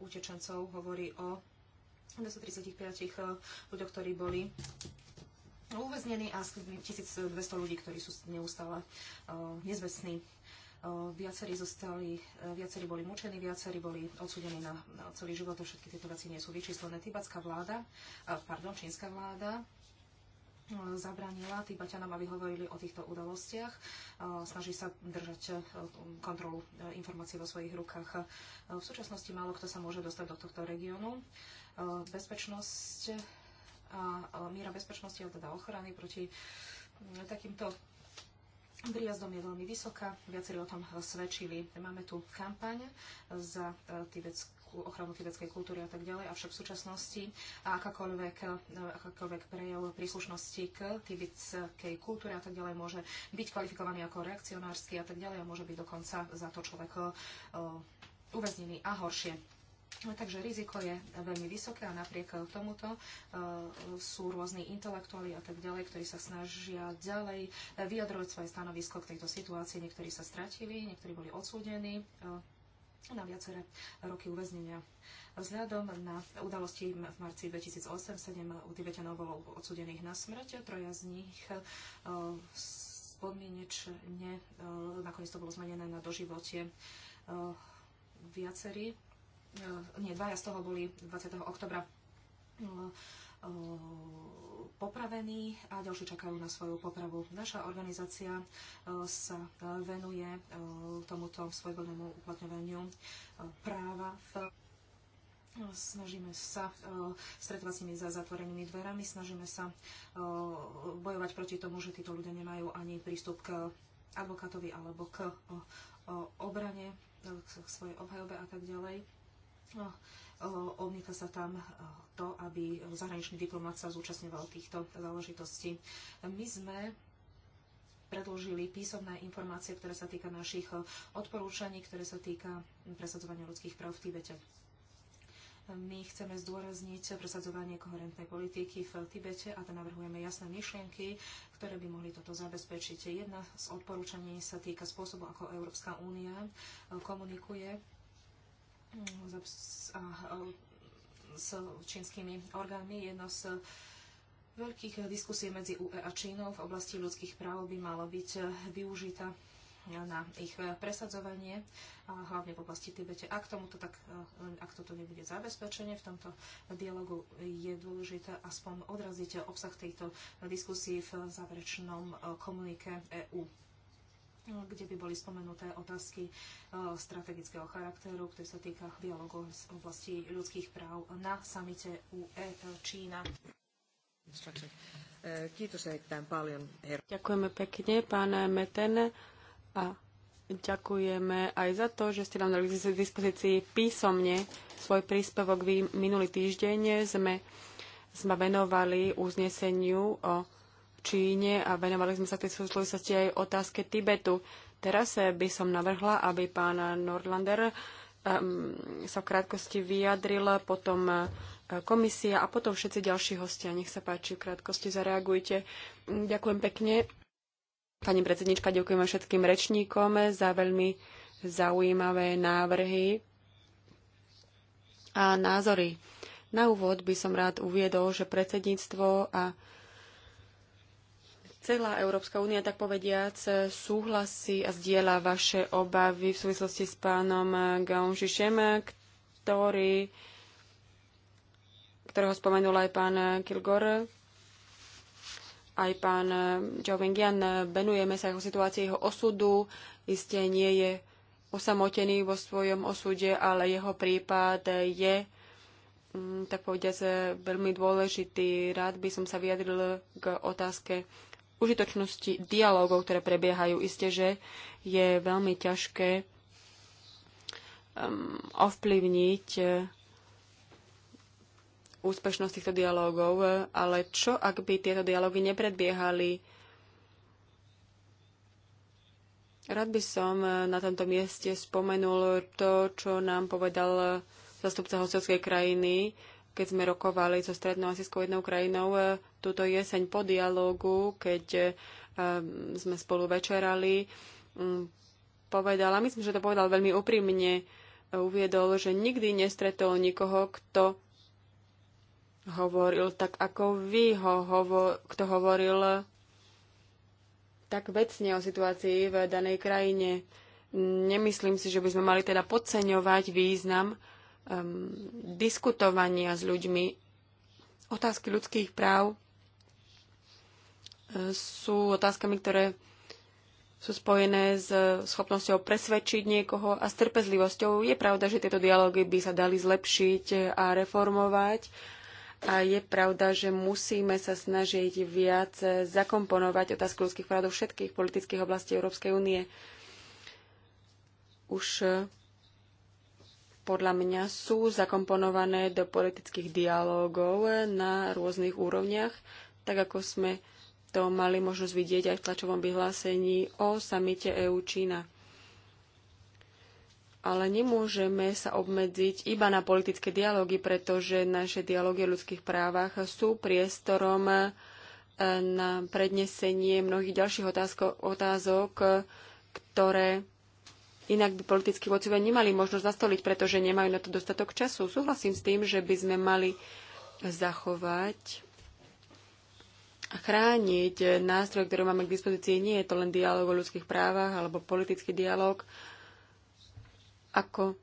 utečencov hovorí o 235 e, ľuďoch, ktorí boli uväznení a 1200 ľudí, ktorí sú neustále nezvestní. Viacerí, zostali, viacerí boli mučení, viacerí boli odsudení na, na celý život a všetky tieto veci nie sú vyčíslené. Tibetská vláda, pardon, čínska vláda zabranila Tibetanom, aby hovorili o týchto udalostiach. Snaží sa držať e, kontrolu e, informácií vo svojich rukách. E, v súčasnosti málo kto sa môže dostať do tohto regiónu. Bezpečnosť a míra bezpečnosti, a teda ochrany proti takýmto Príjazdom je veľmi vysoká, viacerí o tom svedčili. Máme tu kampaň za tibetskú ochranu tibetskej kultúry a tak ďalej. Avšak v súčasnosti a akákoľvek, e, akákoľvek prejav príslušnosti k tibetskej kultúre a tak ďalej môže byť kvalifikovaný ako reakcionársky a tak ďalej a môže byť dokonca za to človek e, uväznený a horšie. No, takže riziko je veľmi vysoké a napriek tomuto e, sú rôzni intelektuáli a tak ďalej, ktorí sa snažia ďalej vyjadrovať svoje stanovisko k tejto situácii. Niektorí sa stratili, niektorí boli odsúdení na viaceré roky uväznenia. Vzhľadom na udalosti v marci 2008 sedem Tibetanov bolo odsudených na smrť, troja z nich e, podmienečne, e, nakoniec to bolo zmenené na doživote, e, viacerí, nie, dvaja z toho boli 20. oktobra popravení a ďalší čakajú na svoju popravu. Naša organizácia e, sa e, venuje e, tomuto svojvoľnému uplatňovaniu práva v Snažíme sa uh, stretovať s nimi za zatvorenými dverami, snažíme sa uh, bojovať proti tomu, že títo ľudia nemajú ani prístup k advokátovi alebo k uh, obrane, k svojej obhajobe a tak ďalej. Odmieta sa tam to, aby zahraničný diplomat sa zúčastňoval týchto záležitostí. My sme predložili písomné informácie, ktoré sa týka našich odporúčaní, ktoré sa týka presadzovania ľudských práv v Tibete. My chceme zdôrazniť presadzovanie koherentnej politiky v Tibete a to navrhujeme jasné myšlienky, ktoré by mohli toto zabezpečiť. Jedna z odporúčaní sa týka spôsobu, ako Európska únia komunikuje s, e, s čínskymi orgánmi. Jedno z veľkých diskusí medzi UE a Čínou v oblasti ľudských práv by malo byť využitá na ich presadzovanie, hlavne v oblasti Tibete. Ak, tomuto tak, e, ak toto nebude zabezpečenie v tomto dialogu, je dôležité aspoň odraziť obsah tejto diskusie v záverečnom e, komunike EÚ kde by boli spomenuté otázky e, strategického charakteru, ktorý sa týka dialogu z oblasti ľudských práv na samite UE Čína. E, ďakujeme pekne, pán Meten, a ďakujeme aj za to, že ste nám dali k dispozícii písomne svoj príspevok. Vy minulý týždeň sme, sme venovali uzneseniu o Číne a venovali sme sa tej súvislosti aj otázke Tibetu. Teraz eh, by som navrhla, aby pán Nordlander um, ehm, sa v krátkosti vyjadril, potom eh, komisia a potom všetci ďalší hostia. Nech sa páči, v krátkosti zareagujte. Ďakujem pekne. Pani predsednička, ďakujem všetkým rečníkom za veľmi zaujímavé návrhy a názory. Na úvod by som rád uviedol, že predsedníctvo a Celá Európska únia, tak povediac, súhlasí a zdieľa vaše obavy v súvislosti s pánom Gaunžišem, ktorý, ktorého spomenul aj pán Kilgore aj pán Zhao venujeme sa jeho situácii, jeho osudu. Isté nie je osamotený vo svojom osude, ale jeho prípad je, mm, tak povediať, veľmi dôležitý. Rád by som sa vyjadril k otázke užitočnosti dialogov, ktoré prebiehajú. Isté, že je veľmi ťažké um, ovplyvniť eh, úspešnosť týchto dialogov, ale čo ak by tieto dialógy nepredbiehali? Rád by som eh, na tomto mieste spomenul to, čo nám povedal zastupca hostovskej krajiny keď sme rokovali so strednou Asijskou jednou krajinou e, túto jeseň po dialógu, keď e, sme spolu večerali, povedala, myslím, že to povedal veľmi úprimne, e, uviedol, že nikdy nestretol nikoho, kto hovoril tak, ako vy ho hovo- kto hovoril tak vecne o situácii v danej krajine. Nemyslím si, že by sme mali teda podceňovať význam um, diskutovania s ľuďmi. Otázky ľudských práv eh, sú otázkami, ktoré sú spojené s schopnosťou presvedčiť niekoho a s trpezlivosťou. Je pravda, že tieto dialógy by sa dali zlepšiť a reformovať. A je pravda, že musíme sa snažiť viac zakomponovať otázky ľudských práv do všetkých politických oblastí Európskej únie. Už eh, podľa mňa sú zakomponované do politických dialógov na rôznych úrovniach, tak ako sme to mali možnosť vidieť aj v tlačovom vyhlásení o samite EU-Čína. Ale nemôžeme sa obmedziť iba na politické dialógy, pretože naše dialógy o ľudských právach sú priestorom e, na prednesenie mnohých ďalších otázok, ktoré Inak by politickí vodcovia nemali možnosť nastoliť, pretože nemajú na to dostatok času. Súhlasím s tým, že by sme mali zachovať a chrániť nástroj, ktorý máme k dispozícii. Nie je to len dialog o ľudských právach alebo politický dialog. Ako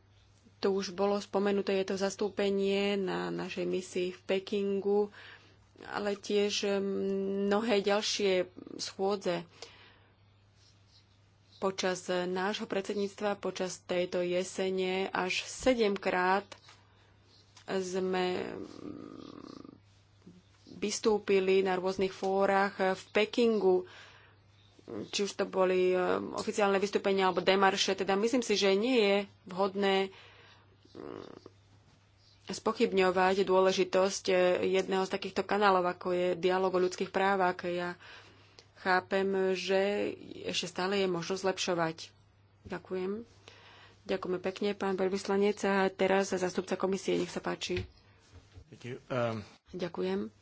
to už bolo spomenuté, je to zastúpenie na našej misii v Pekingu, ale tiež mnohé ďalšie schôdze Počas nášho predsedníctva, počas tejto jesene, až sedemkrát sme vystúpili na rôznych fórach v Pekingu, či už to boli eh, oficiálne vystúpenia alebo demarše. Teda myslím si, že nie je vhodné mm, spochybňovať dôležitosť eh, jedného z takýchto kanálov, ako je dialog o ľudských právach. Ja chápem, že ešte stále je možno zlepšovať. Ďakujem. Ďakujeme pekne, pán veľvyslanec. A teraz zastupca komisie, nech sa páči. Um... Ďakujem.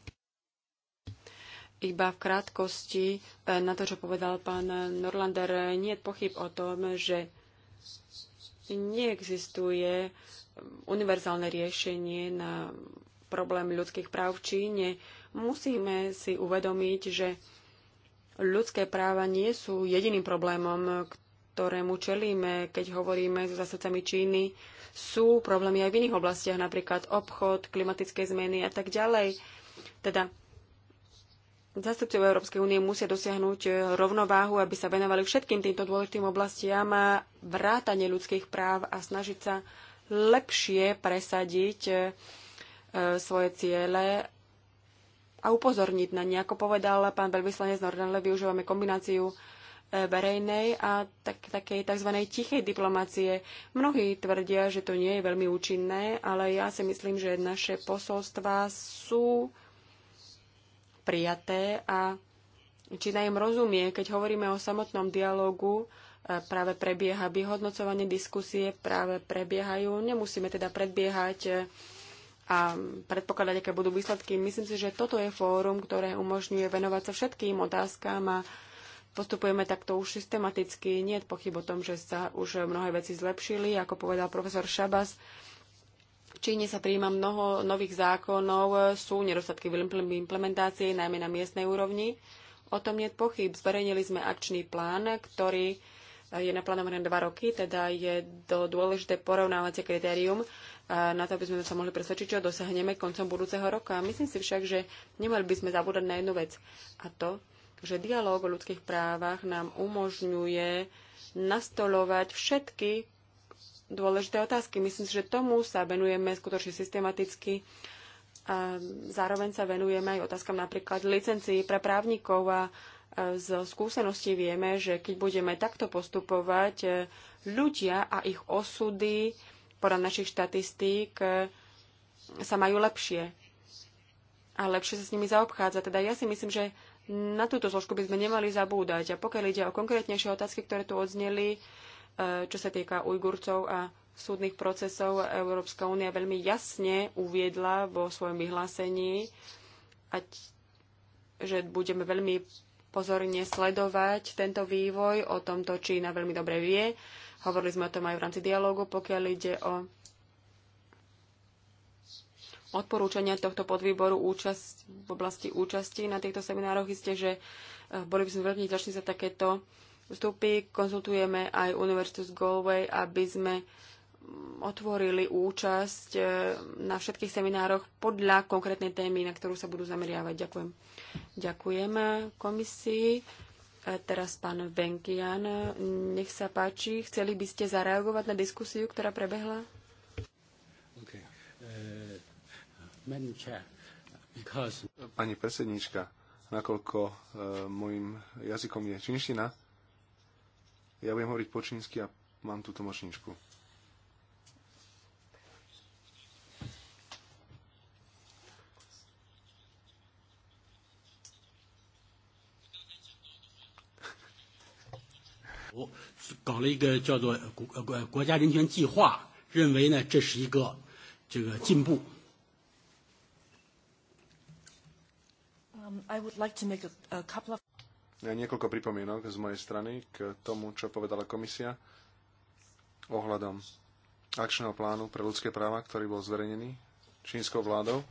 Iba v krátkosti eh, na to, čo povedal pán Norlander, nie je pochyb o tom, že neexistuje univerzálne riešenie na problém ľudských práv v Číne. Musíme si uvedomiť, že ľudské práva nie sú jediným problémom, ktorému čelíme, keď hovoríme so zasadcami Číny. Sú problémy aj v iných oblastiach, napríklad obchod, klimatické zmeny a tak ďalej. Teda zástupcov Európskej únie musia dosiahnuť rovnováhu, aby sa venovali všetkým týmto dôležitým oblastiam a vrátanie ľudských práv a snažiť sa lepšie presadiť e, svoje ciele a upozorniť na ne. Ako povedal pán veľvyslanec Nordenle, využívame kombináciu e, verejnej a tak, takej tzv. tichej diplomácie. Mnohí tvrdia, že to nie je veľmi účinné, ale ja si myslím, že naše posolstvá sú prijaté a Čína im rozumie, keď hovoríme o samotnom dialogu, e, práve prebieha vyhodnocovanie diskusie, práve prebiehajú. Nemusíme teda predbiehať e, a predpokladať, aké budú výsledky. Myslím si, že toto je fórum, ktoré umožňuje venovať sa všetkým otázkam a postupujeme takto už systematicky. Nie je pochyb o tom, že sa už mnohé veci zlepšili, ako povedal profesor Šabas. V Číne sa príjma mnoho nových zákonov, sú nedostatky v implementácii, najmä na miestnej úrovni. O tom nie je pochyb. Zverejnili sme akčný plán, ktorý eh, je naplánované dva roky, teda je to dôležité porovnávacie kritérium na to, aby sme sa mohli presvedčiť, čo dosiahneme koncom budúceho roka. Myslím si však, že nemali by sme zabúdať na jednu vec a to, že dialóg o ľudských právach nám umožňuje nastolovať všetky dôležité otázky. Myslím si, že tomu sa venujeme skutočne systematicky a zároveň sa venujeme aj otázkam napríklad licencií pre právnikov a e, z skúseností vieme, že keď budeme takto postupovať, e, ľudia a ich osudy podľa našich štatistík e, sa majú lepšie a lepšie sa s nimi zaobchádza. Teda ja si myslím, že na túto zložku by sme nemali zabúdať. A pokiaľ ide o konkrétnejšie otázky, ktoré tu odzneli, e, čo sa týka Ujgurcov a súdnych procesov, Európska únia veľmi jasne uviedla vo svojom vyhlásení, ať, že budeme veľmi pozorne sledovať tento vývoj. O tomto Čína veľmi dobre vie Hovorili sme o tom aj v rámci dialógu, pokiaľ ide o odporúčania tohto podvýboru účasť, v oblasti účasti na týchto seminároch. Isté, že eh, boli by sme veľmi vďační za takéto vstupy. Konzultujeme aj Univerzitu z Galway, aby sme mm, otvorili účasť eh, na všetkých seminároch podľa konkrétnej témy, na ktorú sa budú zameriavať. Ďakujem. Ďakujem komisii teraz pán Venkian, nech sa páči, chceli by ste zareagovať na diskusiu, ktorá prebehla? Uh, Pani predsednička, nakoľko e, môjim jazykom je čínština, ja budem hovoriť po čínsky a mám tu tlmočníčku. 搞了一个叫做国国国家人权计划，认为呢这是一个这个进步。Um, would like to make a, couple of niekoľko pripomienok z mojej strany k tomu, čo povedala komisia ohľadom akčného plánu pre ľudské práva, ktorý bol zverejnený čínskou vládou.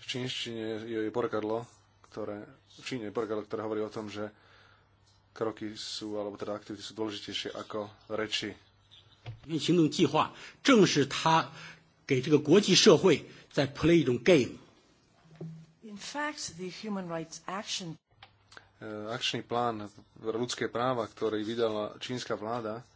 V čínštine je porkadlo, ktoré, v Číne je porkadlo, ktoré hovorí o tom, že kroky sú, alebo teda aktivity sú dôležitejšie ako reči. 行动计划正是他给这个国际社会在 fact, the human rights action eh, akčný plán pre ľudské práva, ktorý vydala čínska vláda,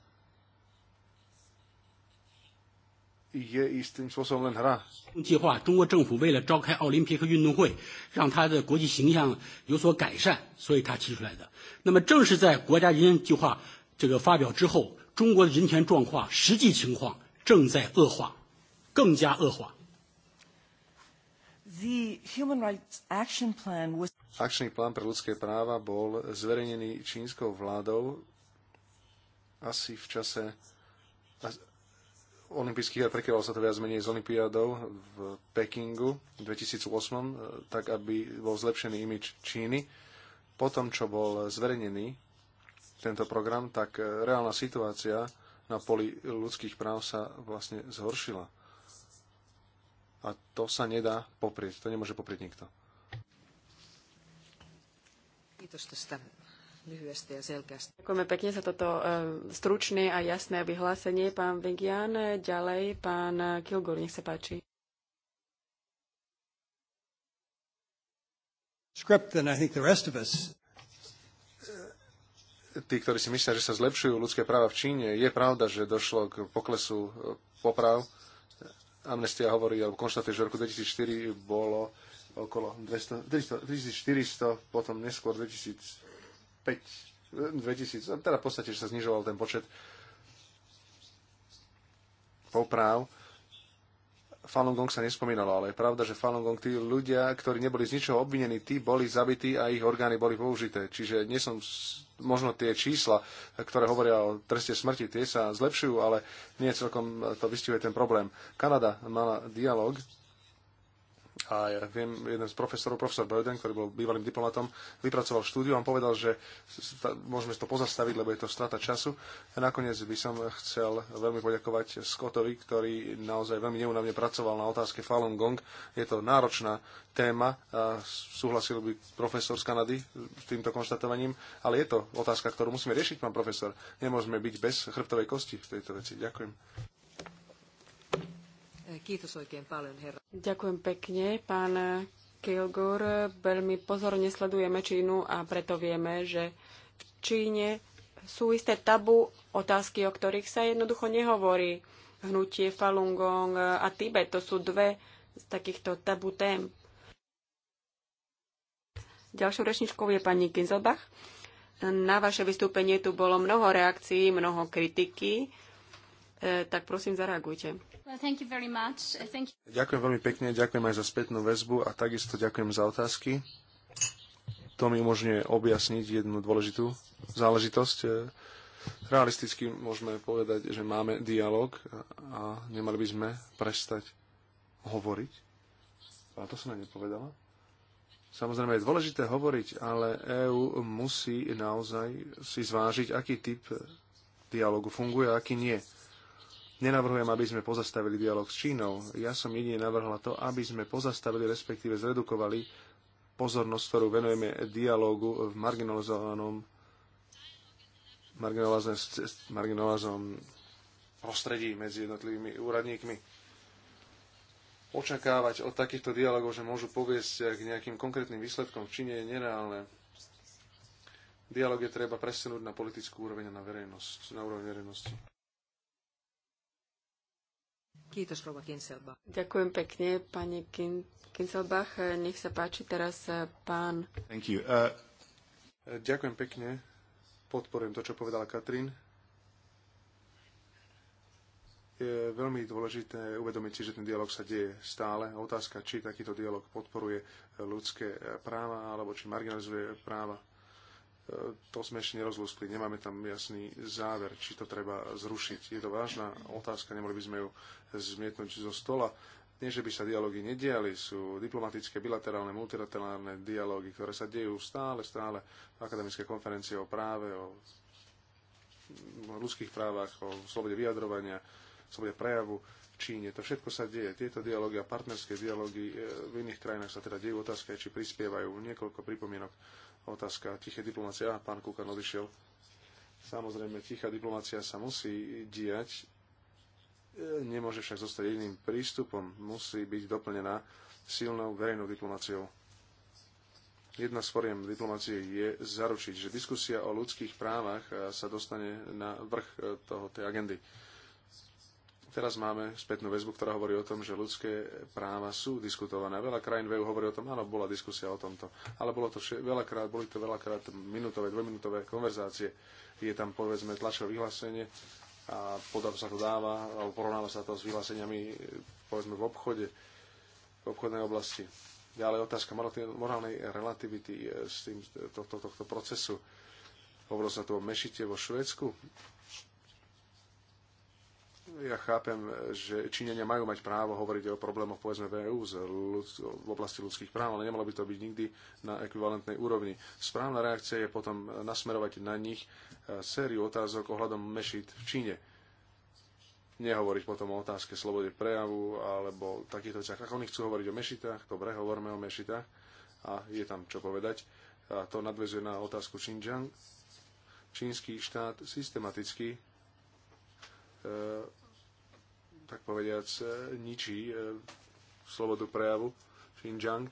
je istým spôsobom len hra. 计划，中国政府为了召开奥林匹克运动会，让它的国际形象有所改善，所以它提出来的。那么，正是在国家人权计划这个发表之后，中国的人权状况实际情况正在恶化，更加恶化。The Human Rights Action Plan was Akčný plán pre ľudské práva bol zverejnený čínskou vládou asi v čase olympijských a prekrývalo sa to viac menej z olympiádou v Pekingu v 2008, e, tak aby bol zlepšený imič Číny. Po tom, čo bol zverejnený tento program, tak e, reálna situácia na poli ľudských práv sa vlastne zhoršila. A to sa nedá poprieť, to nemôže poprieť nikto. Ďakujeme pekne za toto e, stručné a jasné vyhlásenie. Pán Vigian, ďalej pán kilgur, nech sa páči. Script, and I think the rest of us e, tí, ktorí si myslia, že sa zlepšujú ľudské práva v Číne, je pravda, že došlo k poklesu e, poprav. Amnestia hovorí, alebo konštatuje, že v roku 2004 bolo okolo 200, 300, 1400, potom neskôr 2000, 5 2000, teda v podstate, že sa znižoval ten počet popráv. Falun Gong sa nespomínalo, ale je pravda, že Falun Gong, tí ľudia, ktorí neboli z ničoho obvinení, tí boli zabití a ich orgány boli použité. Čiže nie som, možno tie čísla, ktoré hovoria o treste smrti, tie sa zlepšujú, ale nie celkom to vystihuje ten problém. Kanada mala dialog a ja viem, jeden z profesorov, profesor Böden, ktorý bol bývalým diplomatom, vypracoval štúdiu a povedal, že môžeme to pozastaviť, lebo je to strata času. A nakoniec by som chcel veľmi poďakovať Scottovi, ktorý naozaj veľmi neunavne pracoval na otázke Falun Gong. Je to náročná téma. A súhlasil by profesor z Kanady s týmto konštatovaním, ale je to otázka, ktorú musíme riešiť, pán profesor. Nemôžeme byť bez chrbtovej kosti v tejto veci. Ďakujem. Kiitos oikein paljon, herra Ďakujem pekne, pán Kilgore. Veľmi pozorne sledujeme Čínu a preto vieme, že v Číne sú isté tabu otázky, o ktorých sa jednoducho nehovorí. Hnutie Falun Gong a Tibet, to sú dve z takýchto tabu tém. Ďalšou rečničkou je pani Kinzelbach. Na vaše vystúpenie tu bolo mnoho reakcií, mnoho kritiky Eh, tak prosím zareagujte. Eh, ďakujem veľmi pekne, ďakujem aj za spätnú väzbu a takisto ďakujem za otázky. To mi umožňuje objasniť jednu dôležitú záležitosť. Eh, realisticky môžeme povedať, že máme dialog a nemali by sme prestať hovoriť. A to som aj nepovedala. Samozrejme je dôležité hovoriť, ale EÚ musí naozaj si zvážiť, aký typ dialogu funguje a aký nie Nenavrhujem, aby sme pozastavili dialog s Čínou. Ja som jedine navrhla to, aby sme pozastavili, respektíve zredukovali pozornosť, ktorú venujeme dialógu v marginalizovanom marginalizovanom prostredí medzi jednotlivými úradníkmi. Očakávať od takýchto dialogov, že môžu poviesť k nejakým konkrétnym výsledkom v Číne je nereálne. Dialóg je treba presenúť na politickú úroveň a na verejnosť, na úroveň verejnosti. Ďakujem pekne, pani Kinselbach. Nech sa páči teraz eh, pán. Thank you. Uh... Ďakujem pekne. Podporujem to, čo povedala Katrin. Je veľmi dôležité uvedomiť si, že ten dialog sa deje stále. Otázka, či takýto dialog podporuje ľudské práva alebo či marginalizuje práva to sme ešte nerozlúskli, nemáme tam jasný záver, či to treba zrušiť. Je to vážna otázka, nemohli by sme ju zmietnúť zo stola. Nie, že by sa dialógy nediali, sú diplomatické, bilaterálne, multilaterálne dialógy, ktoré sa dejú stále, stále v akademické konferencie o práve, o ľudských právach, o slobode vyjadrovania, slobode prejavu v Číne. To všetko sa deje. Tieto dialógy a partnerské dialógy eh, v iných krajinách sa teda dejú. Otázka či prispievajú niekoľko pripomienok otázka tiché diplomácie. Aha pán Kukan odišiel. Samozrejme, tichá diplomácia sa musí diať, e, nemôže však zostať jediným prístupom, musí byť doplnená silnou verejnou diplomáciou. Jedna z foriem diplomácie je zaručiť, že diskusia o ľudských právach e, sa dostane na vrch e, toho, tej agendy Teraz máme spätnú väzbu, ktorá hovorí o tom, že ľudské práva sú diskutované. Veľa krajín v EU hovorí o tom, áno, bola diskusia o tomto. Ale bolo to veľakrát, boli to veľakrát minútové, dvojminútové konverzácie. Je tam, povedzme, tlačové vyhlásenie a potom sa to dáva, alebo porovnáva sa to s vyhláseniami, povedzme, v obchode, v obchodnej oblasti. Ďalej otázka morálnej relativity e, s tým, e, to, to, tohto procesu. Hovorilo sa tu o mešite vo Švedsku ja chápem, že Číňania majú mať právo hovoriť o problémoch povedzme v EU v oblasti ľudských práv, ale nemalo by to byť nikdy na ekvivalentnej úrovni. Správna reakcia je potom nasmerovať na nich e, sériu otázok ohľadom Mešit v Číne. Nehovoriť potom o otázke slobode prejavu alebo takýchto veciach. Ak oni chcú hovoriť o mešitách, dobre, hovorme o mešitách a je tam čo povedať. A to nadvezuje na otázku Xinjiang. Čínsky štát systematicky e, tak povediac, e, ničí e, slobodu prejavu Xinjiang.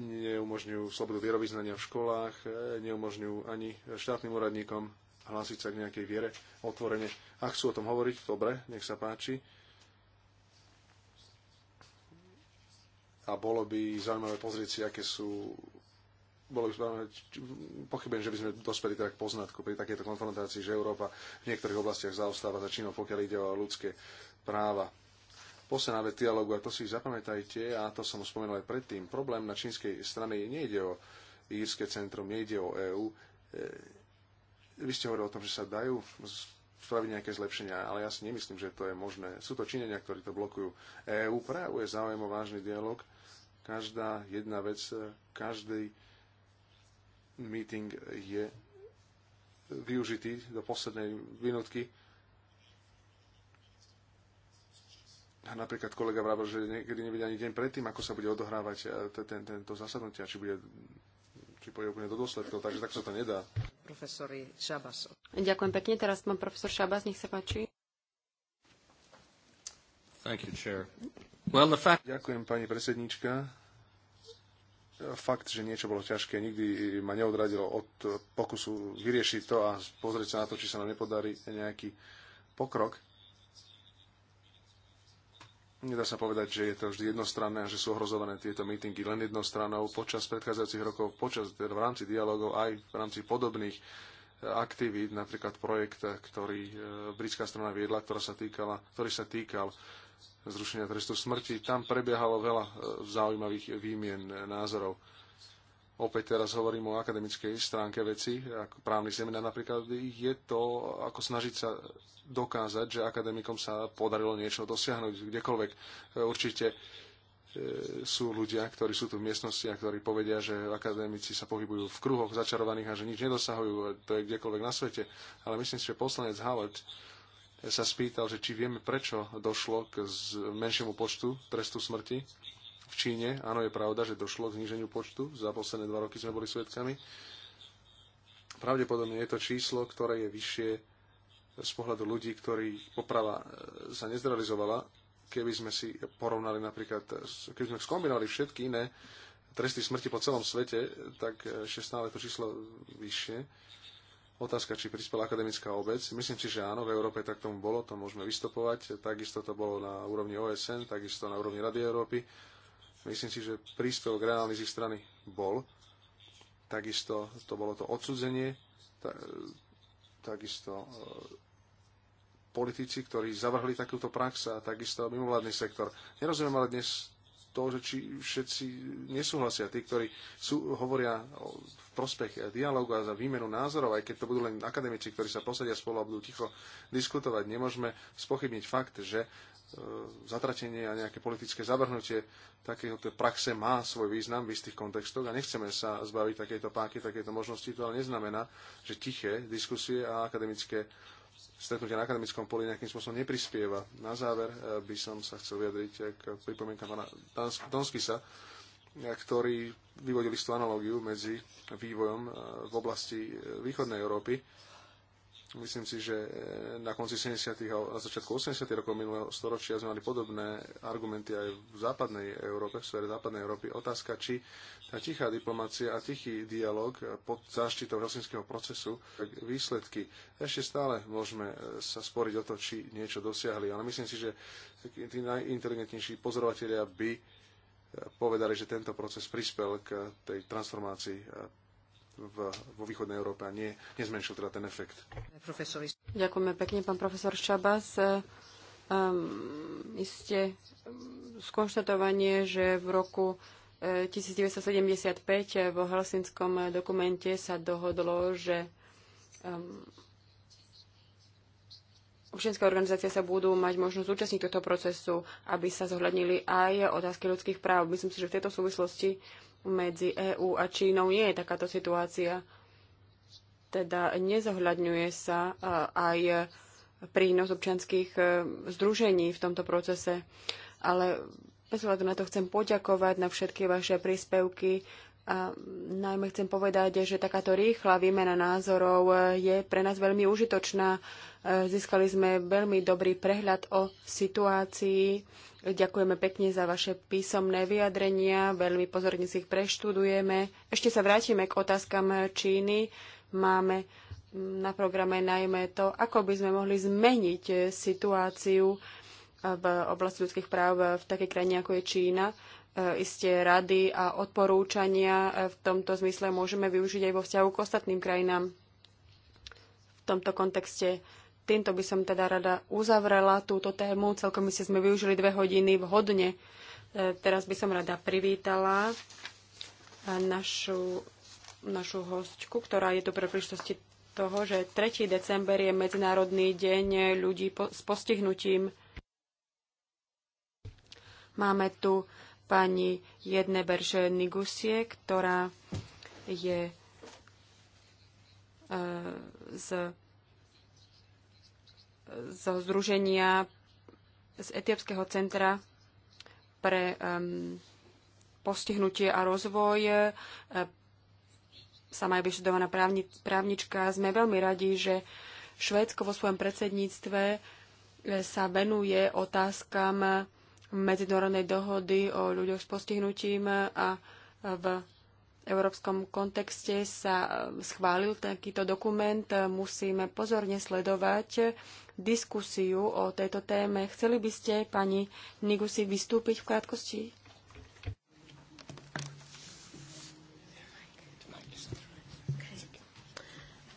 Neumožňujú slobodu vierovýznania v školách, e, neumožňujú ani štátnym úradníkom hlásiť sa k nejakej viere otvorene. Ak chcú o tom hovoriť, dobre, nech sa páči. A bolo by zaujímavé pozrieť si, aké sú bolo by správne, pochybujem, že by sme dospeli teda k poznatku pri takejto konfrontácii, že Európa v niektorých oblastiach zaostáva za Čínou, pokiaľ ide o ľudské práva. Posledná vec dialogu, a to si zapamätajte, a to som spomenul aj predtým, problém na čínskej strane nejde o írske centrum, nejde o EÚ. E, vy ste hovorili o tom, že sa dajú spraviť nejaké zlepšenia, ale ja si nemyslím, že to je možné. Sú to činenia, ktorí to blokujú. EÚ prejavuje záujem o vážny dialog. Každá jedna vec, e, každý meeting je využitý do poslednej minútky. A napríklad kolega vravil, že niekedy nevidia ani deň predtým, ako sa bude odohrávať e, ten, tento zasadnutie, či bude či pôjde úplne do dôsledkov, takže tak sa to nedá. Profesori Šabas. Ďakujem pekne. Teraz pán profesor Šabas, nech sa páči. Thank you, chair. Well, the fact... Ďakujem, pani predsednička fakt, že niečo bolo ťažké, nikdy ma neodradilo od pokusu vyriešiť to a pozrieť sa na to, či sa nám nepodarí nejaký pokrok. Nedá sa povedať, že je to vždy jednostranné a že sú ohrozované tieto mítingy len jednostranou, Počas predchádzajúcich rokov, počas, teda v rámci dialogov, aj v rámci podobných e, aktivít, napríklad projekt, ktorý e, britská strana viedla, ktorá sa týkala, ktorý sa týkal zrušenia trestu smrti. Tam prebiehalo veľa e, zaujímavých výmien e, názorov. Opäť teraz hovorím o akademickej stránke veci, ako právny seminár napríklad. Je to, ako snažiť sa dokázať, že akademikom sa podarilo niečo dosiahnuť kdekoľvek. E, určite sú ľudia, ktorí sú tu v miestnosti a ktorí povedia, že akademici sa pohybujú v kruhoch začarovaných a že nič nedosahujú, to je kdekoľvek na svete. Ale myslím si, že poslanec Howard sa spýtal, že či vieme, prečo došlo k menšiemu počtu trestu smrti v Číne. Áno, je pravda, že došlo k zníženiu počtu. Za posledné dva roky sme boli svedkami. Pravdepodobne je to číslo, ktoré je vyššie z pohľadu ľudí, ktorí poprava e, sa nezrealizovala. Keby sme si porovnali napríklad, keby sme skombinovali všetky iné tresty smrti po celom svete, tak e, ešte stále to číslo vyššie Otázka, či prispela akademická obec. Myslím si, že áno, v Európe tak tomu bolo, to môžeme vystupovať. Takisto to bolo na úrovni OSN, takisto na úrovni Rady Európy. Myslím si, že k reálny z ich strany bol. Takisto to bolo to odsudzenie, takisto e, politici, ktorí zavrhli takúto prax a takisto mimovládny sektor. Nerozumiem ale dnes to, že či všetci nesúhlasia, tí, ktorí sú, hovoria v prospech dialogu a za výmenu názorov, aj keď to budú len akademici, ktorí sa posadia spolu a budú ticho diskutovať, nemôžeme spochybniť fakt, že e, zatratenie a nejaké politické zavrhnutie takéhoto praxe má svoj význam v istých kontextoch a nechceme sa zbaviť takejto páky, takejto možnosti. To ale neznamená, že tiché diskusie a akademické stretnutia na akademickom poli nejakým spôsobom neprispieva. Na záver eh, by som sa chcel vyjadriť eh, k pripomienkam pána Donskisa, eh, ktorý vyvodil istú analógiu medzi vývojom v oblasti východnej Európy Myslím si, že e, na konci 70. a na začiatku 80. rokov minulého storočia sme mali podobné argumenty aj v západnej Európe, v sfére západnej Európy. Otázka, či tá tichá diplomácia a tichý dialog pod záštitou helsinského procesu, výsledky, ešte stále môžeme e, sa sporiť o to, či niečo dosiahli. Ale myslím si, že tí najinteligentnejší pozorovatelia by e, povedali, že tento proces prispel k tej transformácii v, vo východnej Európe a nie, nezmenšil teda ten efekt. Ďakujeme pekne, pán profesor Šabas. Um, iste ehm, skonštatovanie, že v roku 1975 eh, vo helsinskom dokumente sa dohodlo, že um, ehm, občianské organizácie sa budú mať možnosť zúčastniť tohto procesu, aby sa zohľadnili aj otázky ľudských práv. Myslím si, že v tejto súvislosti uh, medzi EÚ a Čínou nie je takáto situácia. Teda nezohľadňuje sa aj prínos občianských e, združení v tomto procese. Ale bez na to chcem poďakovať na všetky vaše príspevky. A najmä chcem povedať, že takáto rýchla výmena názorov e, je pre nás veľmi užitočná. E, získali sme veľmi dobrý prehľad o situácii. Ďakujeme pekne za vaše písomné vyjadrenia, veľmi pozorne si ich preštudujeme. Ešte sa vrátime k otázkam Číny. Máme na programe najmä to, ako by sme mohli zmeniť situáciu v oblasti ľudských práv v takej krajine, ako je Čína. E, isté rady a odporúčania e, v tomto zmysle môžeme využiť aj vo vzťahu k ostatným krajinám. V tomto kontexte týmto by som teda rada uzavrela túto tému. Celkom si sme využili dve hodiny vhodne. E, teraz by som rada privítala našu, našu hostku, ktorá je tu pre príštosti toho, že 3. december je Medzinárodný deň ľudí po, s postihnutím. Máme tu pani Jedne Berže Nigusie, ktorá je e, z, zo združenia z Etiopského centra pre um, postihnutie a rozvoj e, sama je vyštudovaná právni, právnička. Sme veľmi radi, že Švédsko vo svojom predsedníctve e, sa venuje otázkam medzinárodnej dohody o ľuďoch s postihnutím a v európskom kontexte sa schválil takýto dokument. Musíme pozorne sledovať diskusiu o tejto téme. Chceli by ste, pani Nigusi, vystúpiť v krátkosti? Okay.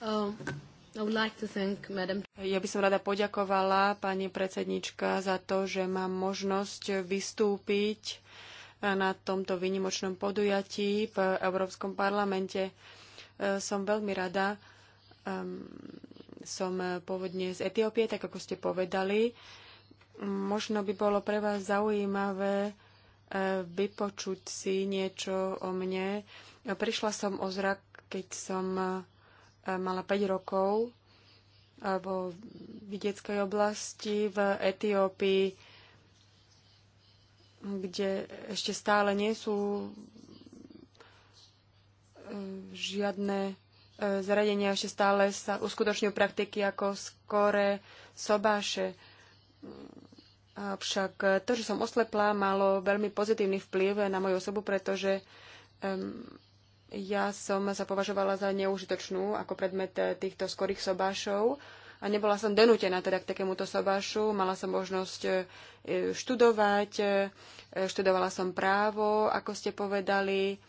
Oh, um like thank, ja by som rada poďakovala pani predsednička za to, že mám možnosť vystúpiť na tomto výnimočnom podujatí v Európskom parlamente. Som veľmi rada. Ehm, som pôvodne z Etiópie, tak ako ste povedali. Možno by bolo pre vás zaujímavé ehm, vypočuť si niečo o mne. Prišla som o zrak, keď som E, mala 5 rokov e, vo vidieckej oblasti v Etiópii, kde ešte stále nie sú e, žiadne zariadenia, ešte stále sa uskutočňujú praktiky ako skore sobáše. Avšak to, že som oslepla, malo veľmi pozitívny vplyv na moju osobu, pretože um, ja som sa považovala za neužitočnú ako predmet eh, týchto skorých sobášov a nebola som donútená teda k takémuto sobášu. Mala som možnosť eh, eh, študovať, študovala som právo, ako ste povedali.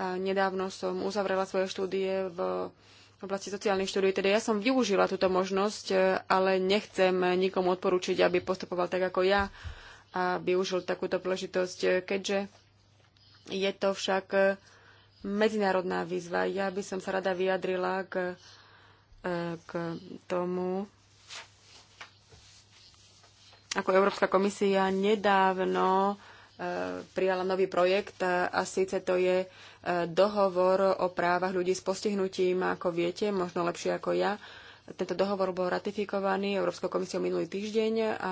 A nedávno som uzavrela svoje štúdie v v oblasti sociálnych štúdií. Teda ja som využila túto možnosť, ale nechcem nikomu odporúčiť, aby postupoval tak ako ja a využil takúto príležitosť, keďže je to však medzinárodná výzva. Ja by som sa rada vyjadrila k, e, k tomu, ako Európska komisia nedávno e, prijala nový projekt a síce to je e, dohovor o právach ľudí s postihnutím, ako viete, možno lepšie ako ja. Tento dohovor bol ratifikovaný Európskou komisiou minulý týždeň a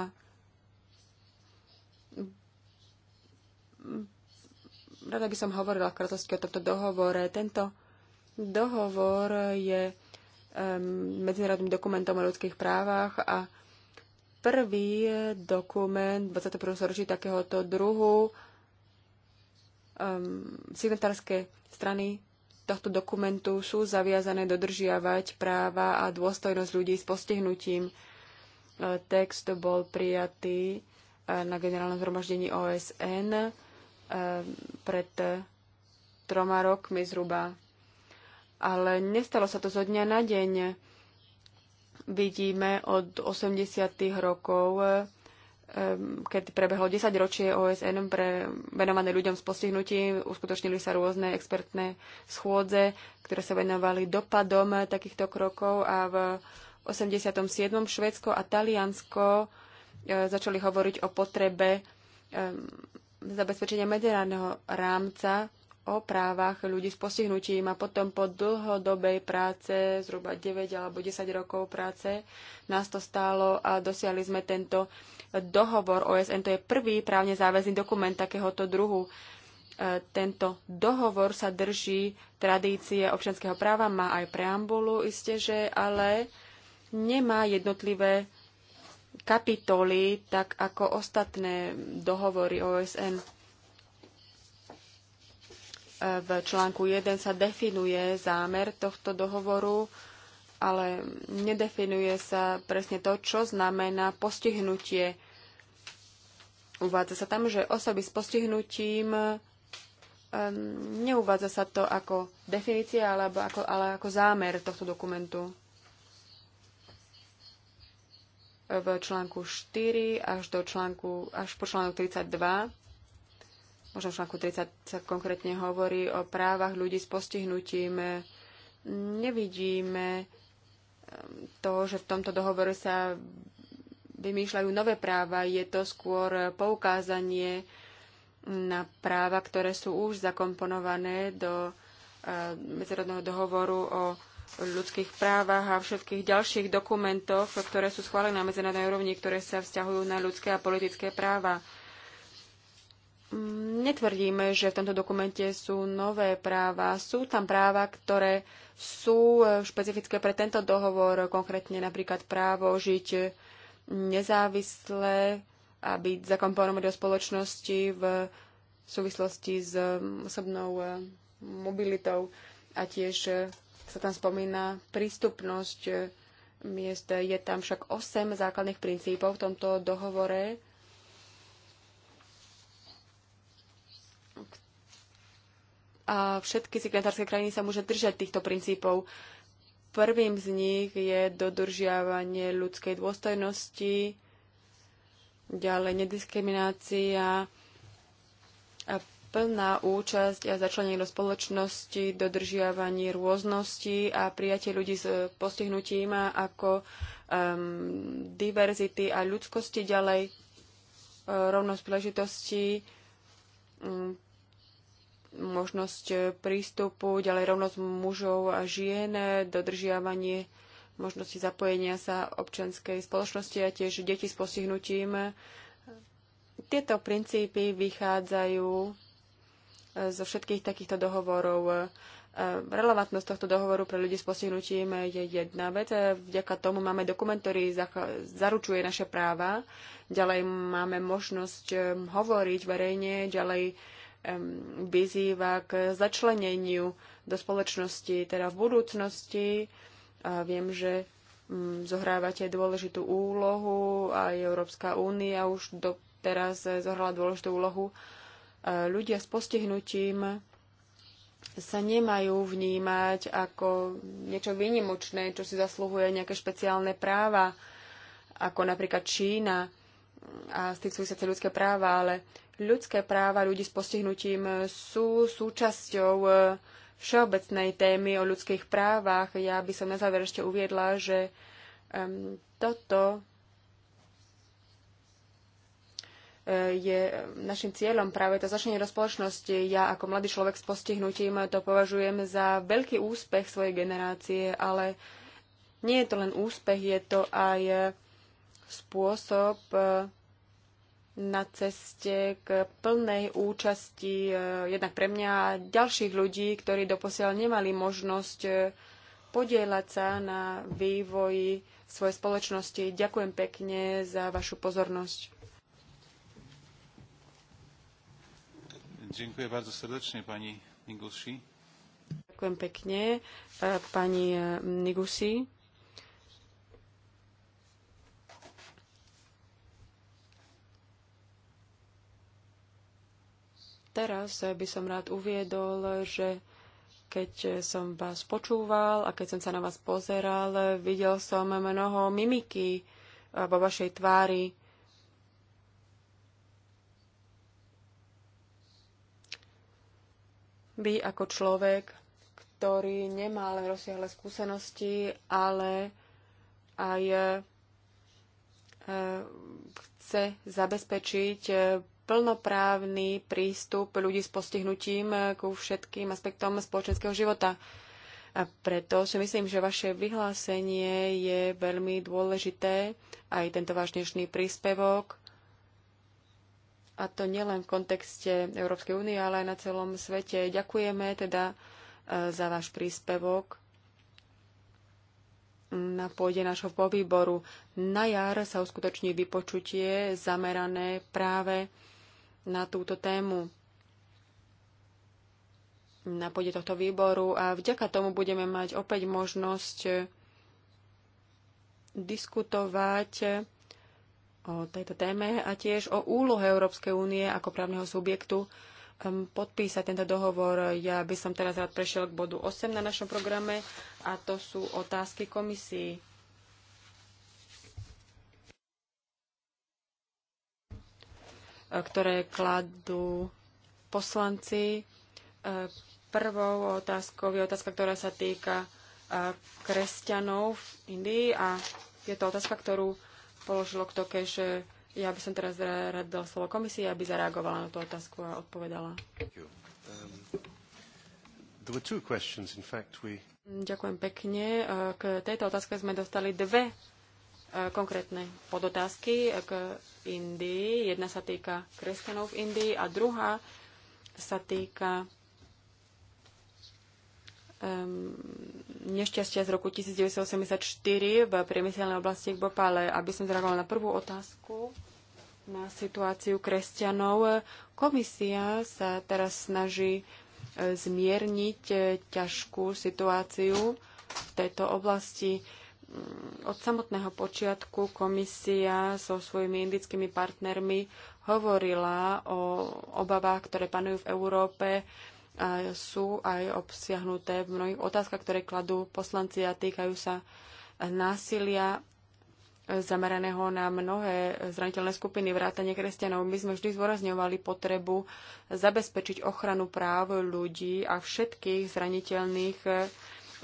Rada by som hovorila v krátkosti o tomto dohovore. Tento dohovor je um, medzinárodným dokumentom o ľudských právach a prvý dokument 21. storočí takéhoto druhu um, signatárske strany tohto dokumentu sú zaviazané dodržiavať práva a dôstojnosť ľudí s postihnutím. E, text bol prijatý e, na generálnom zhromaždení OSN Eh, pred troma rokmi zhruba. Ale nestalo sa to zo dňa na deň. Vidíme od 80. rokov, eh, eh, keď prebehlo 10 ročie OSN pre venované ľuďom s postihnutím, uskutočnili sa rôzne expertné schôdze, ktoré sa venovali dopadom takýchto krokov a v 87. Švédsko a Taliansko začali hovoriť o potrebe zabezpečenia medzinárodného rámca o právach ľudí s postihnutím a potom po dlhodobej práce, zhruba 9 alebo 10 rokov práce, nás to stálo a dosiahli sme tento dohovor OSN. To je prvý právne záväzný dokument takéhoto druhu. E, tento dohovor sa drží tradície občanského práva, má aj preambulu, isteže, ale nemá jednotlivé kapitoly, tak ako ostatné dohovory OSN. V článku 1 sa definuje zámer tohto dohovoru, ale nedefinuje sa presne to, čo znamená postihnutie. Uvádza sa tam, že osoby s postihnutím um, neuvádza sa to ako definícia, alebo ako, ale ako zámer tohto dokumentu v článku 4 až, do článku, až po článok 32. Možno v článku 30 sa konkrétne hovorí o právach ľudí s postihnutím. Nevidíme ehm, to, že v tomto dohovore sa vymýšľajú nové práva, je to skôr poukázanie na práva, ktoré sú už zakomponované do ehm, medzirodného dohovoru o ľudských právach a všetkých ďalších dokumentoch, ktoré sú schválené na medzinárodnej úrovni, ktoré sa vzťahujú na ľudské a politické práva. Netvrdíme, že v tomto dokumente sú nové práva. Sú tam práva, ktoré sú e, špecifické pre tento dohovor, konkrétne napríklad právo žiť nezávisle a byť zakomponovaný do spoločnosti v súvislosti s mm, osobnou e, mobilitou a tiež e, sa tam spomína prístupnosť e, miest. Je tam však 8 základných princípov v tomto dohovore, a všetky signatárske krajiny sa môžu držať týchto princípov. Prvým z nich je dodržiavanie ľudskej dôstojnosti, ďalej nediskriminácia, a plná účasť a začlenie do spoločnosti, dodržiavanie rôznosti a prijatie ľudí s postihnutím ako um, diverzity a ľudskosti ďalej, uh, rovnosť príležitosti, um, možnosť prístupu, ďalej rovnosť mužov a žien, dodržiavanie možnosti zapojenia sa občianskej spoločnosti a tiež deti s postihnutím. Tieto princípy vychádzajú zo všetkých takýchto dohovorov. E, relevantnosť tohto dohovoru pre ľudí s postihnutím je jedna vec. E, vďaka tomu máme dokument, ktorý zaručuje naše práva. Ďalej máme možnosť e, hovoriť verejne, ďalej vyzýva k začleneniu do spoločnosti, teda v budúcnosti. A viem, že mm, zohrávate dôležitú úlohu, aj Európska únia už doteraz zohrala dôležitú úlohu ľudia s postihnutím sa nemajú vnímať ako niečo výnimočné, čo si zasluhuje nejaké špeciálne práva, ako napríklad Čína a z tých súvisiace ľudské práva, ale ľudské práva ľudí s postihnutím sú súčasťou e, všeobecnej témy o ľudských právach. Ja by som na záver ešte uviedla, že um, toto je našim cieľom práve to začlenie do spoločnosti. Ja ako mladý človek s postihnutím to považujem za veľký úspech svojej generácie, ale nie je to len úspech, je to aj spôsob e, na ceste k plnej účasti e, jednak pre mňa a ďalších ľudí, ktorí doposiaľ nemali možnosť e, podielať sa na vývoji svojej spoločnosti. Ďakujem pekne za vašu pozornosť. Dziękuję bardzo serdecznie pani Migusi. Ďakujem pekne e, pani Nigusi. E, Teraz e, by som rád uviedol, že keď som vás počúval a keď som sa na vás pozeral, videl som mnoho mimiky vo vašej tvári by ako človek, ktorý nemá len rozsiahle skúsenosti, ale aj e, chce zabezpečiť e, plnoprávny prístup ľudí s postihnutím ku všetkým aspektom spoločenského života. A preto si myslím, že vaše vyhlásenie je veľmi dôležité, aj tento váš dnešný príspevok a to nielen v kontexte Európskej únie, ale aj na celom svete. Ďakujeme teda e, za váš príspevok na pôde nášho povýboru. Na jar sa uskutoční vypočutie zamerané práve na túto tému na pôde tohto výboru a vďaka tomu budeme mať opäť možnosť diskutovať o tejto téme a tiež o úlohe Európskej únie ako právneho subjektu um, podpísať tento dohovor. Ja by som teraz rád prešiel k bodu 8 na našom programe a to sú otázky komisii. ktoré kladú poslanci. Uh, prvou otázkou je otázka, ktorá sa týka uh, kresťanov v Indii a je to otázka, ktorú položilo k toke, že ja by som teraz rád dal slovo komisii, aby zareagovala na tú otázku a odpovedala. Um, Ďakujem pekne. K tejto otázke sme dostali dve e, konkrétne podotázky k Indii. Jedna sa týka kresťanov v Indii a druhá sa týka um, nešťastia z roku 1984 v priemyselnej oblasti v Bopále. Aby som zareagovala na prvú otázku na situáciu kresťanov, komisia sa teraz snaží e, zmierniť e, ťažkú situáciu v tejto oblasti. Mm, od samotného počiatku komisia so svojimi indickými partnermi hovorila o obavách, ktoré panujú v Európe sú aj obsiahnuté v mnohých otázkach, ktoré kladú poslanci a týkajú sa násilia zameraného na mnohé zraniteľné skupiny vrátane kresťanov. My sme vždy zdôrazňovali potrebu zabezpečiť ochranu práv ľudí a všetkých zraniteľných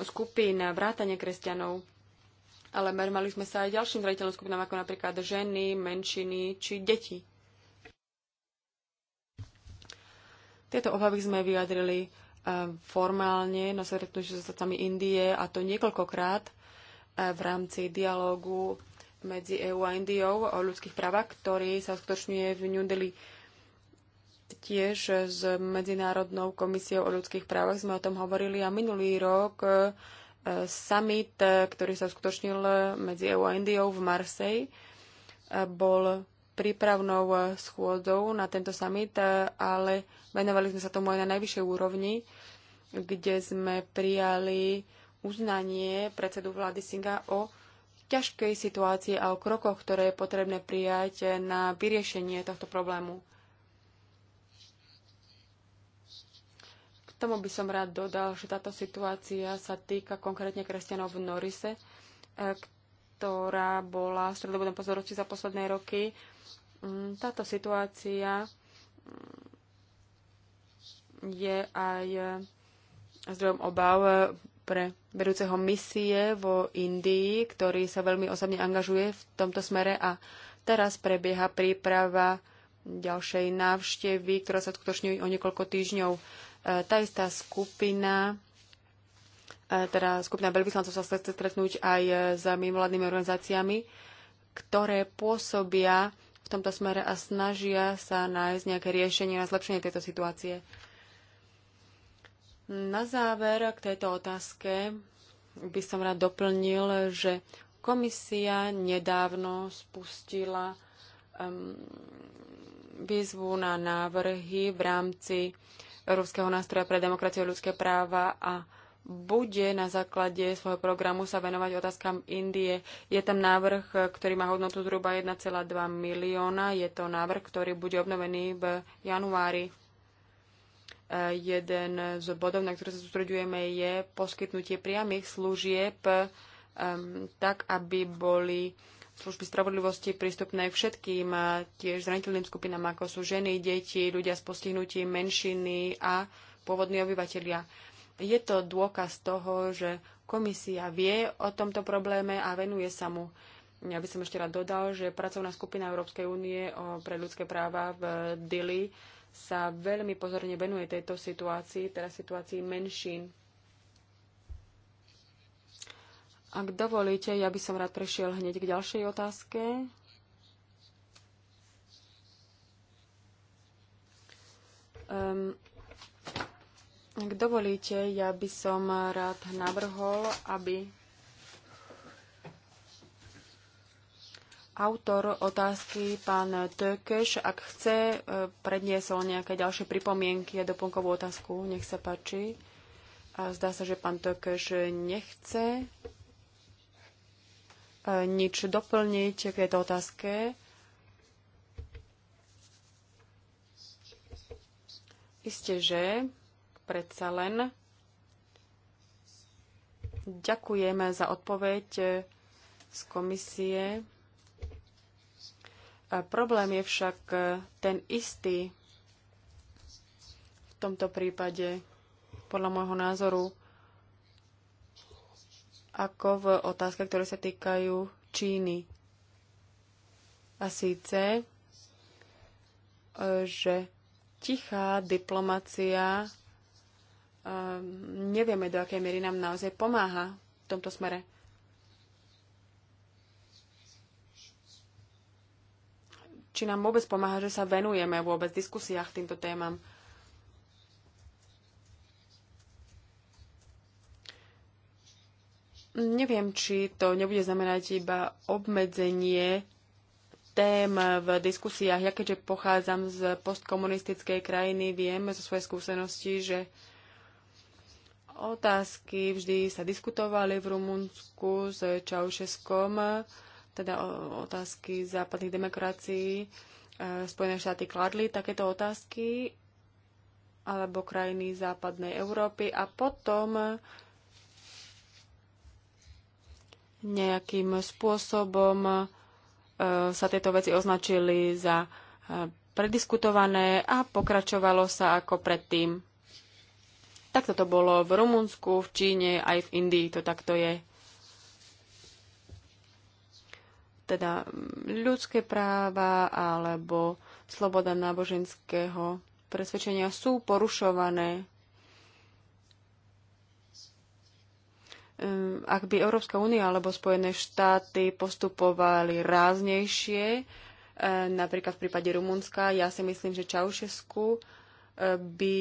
skupín vrátane kresťanov. Ale mali sme sa aj ďalším zraniteľným skupinám, ako napríklad ženy, menšiny či deti. Tieto obavy sme vyjadrili eh, formálne na stretnutí s zastupcami Indie a to niekoľkokrát eh, v rámci dialógu medzi EU a Indiou o ľudských právach, ktorý sa skutočňuje v New Delhi tiež s Medzinárodnou komisiou o ľudských právach sme o tom hovorili a minulý rok eh, summit, ktorý sa skutočnil medzi EU a Indiou v Marsej, bol prípravnou eh, schôdzou na tento summit, eh, ale venovali sme sa tomu aj na najvyššej úrovni, kde sme prijali uznanie predsedu vlády Singa o ťažkej situácii a o krokoch, ktoré je potrebné prijať eh, na vyriešenie tohto problému. K tomu by som rád dodal, že táto situácia sa týka konkrétne kresťanov v Norise, ktorá bola v stredobodnom pozornosti za posledné roky Mm, táto situácia mm, je aj e, zdrojom obav e, pre vedúceho misie vo Indii, ktorý sa veľmi osobne angažuje v tomto smere a teraz prebieha príprava ďalšej návštevy, ktorá sa skutočňuje o niekoľko týždňov. E, tá istá skupina, teda skupina veľvyslancov sa chce stretnúť aj s mimovládnymi organizáciami, ktoré pôsobia v tomto smere a snažia sa nájsť nejaké riešenie na zlepšenie tejto situácie. Na záver k tejto otázke by som rád doplnil, že komisia nedávno spustila um, výzvu na návrhy v rámci Európskeho nástroja pre demokraciu a ľudské práva a bude na základe svojho programu sa venovať otázkam Indie. Je tam návrh, ktorý má hodnotu zhruba 1,2 milióna. Je to návrh, ktorý bude obnovený v januári. Jeden z bodov, na ktoré sa sústredujeme, je poskytnutie priamých služieb tak, aby boli služby spravodlivosti prístupné všetkým tiež zraniteľným skupinám, ako sú ženy, deti, ľudia s postihnutím, menšiny a pôvodní obyvateľia. Je to dôkaz toho, že komisia vie o tomto probléme a venuje sa mu. Ja by som ešte rád dodal, že pracovná skupina Európskej únie pre ľudské práva v Dili sa veľmi pozorne venuje tejto situácii, teda situácii menšín. Ak dovolíte, ja by som rád prešiel hneď k ďalšej otázke. Um, ak dovolíte, ja by som rád navrhol, aby autor otázky, pán Tökeš, ak chce, e, predniesol nejaké ďalšie pripomienky a doplnkovú otázku. Nech sa páči. A zdá sa, že pán Tökeš nechce e, nič doplniť k tejto otázke. Isté, že predsa len. Ďakujeme za odpoveď z komisie. Problém je však ten istý v tomto prípade, podľa môjho názoru, ako v otázkach, ktoré sa týkajú Číny. A síce, e, že tichá diplomacia Ehm, nevieme, do akej miery nám naozaj pomáha v tomto smere. Či nám vôbec pomáha, že sa venujeme vôbec v diskusiách týmto témam. Neviem, či to nebude znamenať iba obmedzenie tém v diskusiách. Ja keďže pochádzam z postkomunistickej krajiny, viem zo svojej skúsenosti, že otázky vždy sa diskutovali v Rumunsku s Čaušeskom, teda otázky západných demokracií. E, Spojené štáty kladli takéto otázky alebo krajiny západnej Európy a potom nejakým spôsobom e, sa tieto veci označili za e, prediskutované a pokračovalo sa ako predtým. Takto to bolo v Rumunsku, v Číne, aj v Indii to takto je. Teda mm, ľudské práva alebo sloboda náboženského presvedčenia sú porušované. Mm, ak by Európska únia alebo Spojené štáty postupovali ráznejšie, eh, napríklad v prípade Rumunska, ja si myslím, že Čaušesku by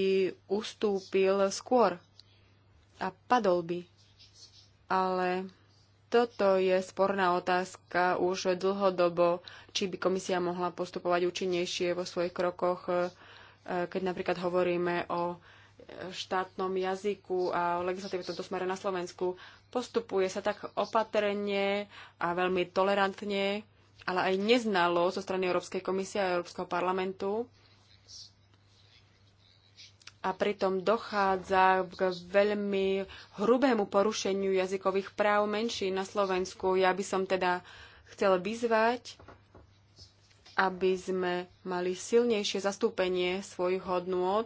ustúpil skôr a padol by. Ale toto je sporná otázka už dlhodobo, či by komisia mohla postupovať účinnejšie vo svojich krokoch, e, keď napríklad hovoríme o štátnom jazyku a o legislatíve v tomto smere na Slovensku. Postupuje sa tak opatrne a veľmi tolerantne, ale aj neznalo zo strany Európskej komisie a Európskeho parlamentu a pritom dochádza k veľmi hrubému porušeniu jazykových práv menší na Slovensku. Ja by som teda chcel vyzvať, aby sme mali silnejšie zastúpenie svojich hodnôt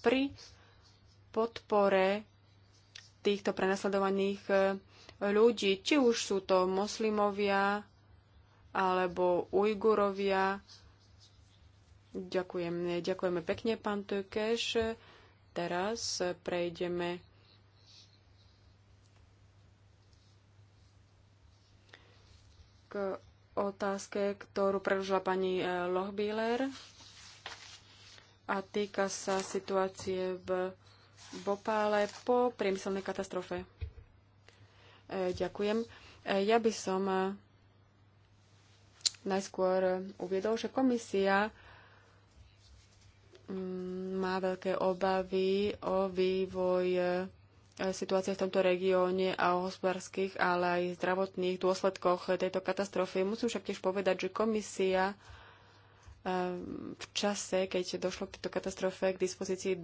pri podpore týchto prenasledovaných eh, ľudí, či už sú to moslimovia alebo Ujgurovia. Ďakujem, eh, ďakujeme pekne, pán Tökeš. Teraz prejdeme k otázke, ktorú preložila pani e, Lohbíler a týka sa situácie v Bopále po priemyselnej katastrofe. E, ďakujem. E, ja by som najskôr uviedol, že komisia Mm, má veľké obavy o vývoj e, situácie v tomto regióne a o hospodárskych, ale aj zdravotných dôsledkoch tejto katastrofy. Musím však tiež povedať, že komisia e, v čase, keď došlo k tejto katastrofe, k dispozícii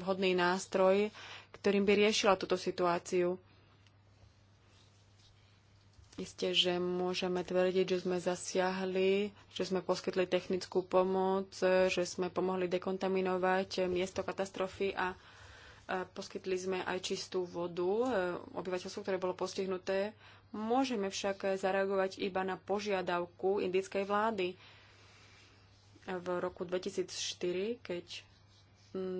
vhodný nástroj, ktorým by riešila túto situáciu. Isté, že môžeme tvrdiť, že sme zasiahli, že sme poskytli technickú pomoc, že sme pomohli dekontaminovať miesto katastrofy a poskytli sme aj čistú vodu e, obyvateľstvu, ktoré bolo postihnuté. Môžeme však zareagovať iba na požiadavku indickej vlády. V roku 2004, keď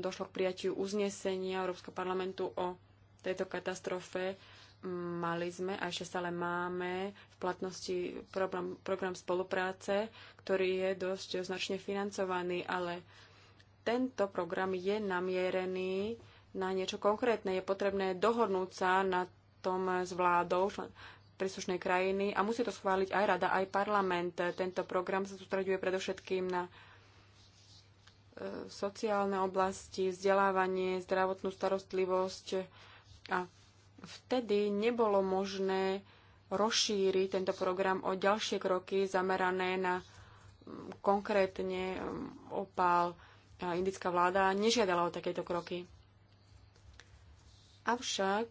došlo k prijatiu uznesenia Európskeho parlamentu o tejto katastrofe, Mali sme a ešte stále máme v platnosti program, program spolupráce, ktorý je dosť značne financovaný, ale tento program je namierený na niečo konkrétne. Je potrebné dohodnúť sa na tom s vládou príslušnej krajiny a musí to schváliť aj rada, aj parlament. Tento program sa sústreďuje predovšetkým na e, sociálne oblasti, vzdelávanie, zdravotnú starostlivosť a vtedy nebolo možné rozšíriť tento program o ďalšie kroky zamerané na mm, konkrétne mm, opál. Indická vláda nežiadala o takéto kroky. Avšak,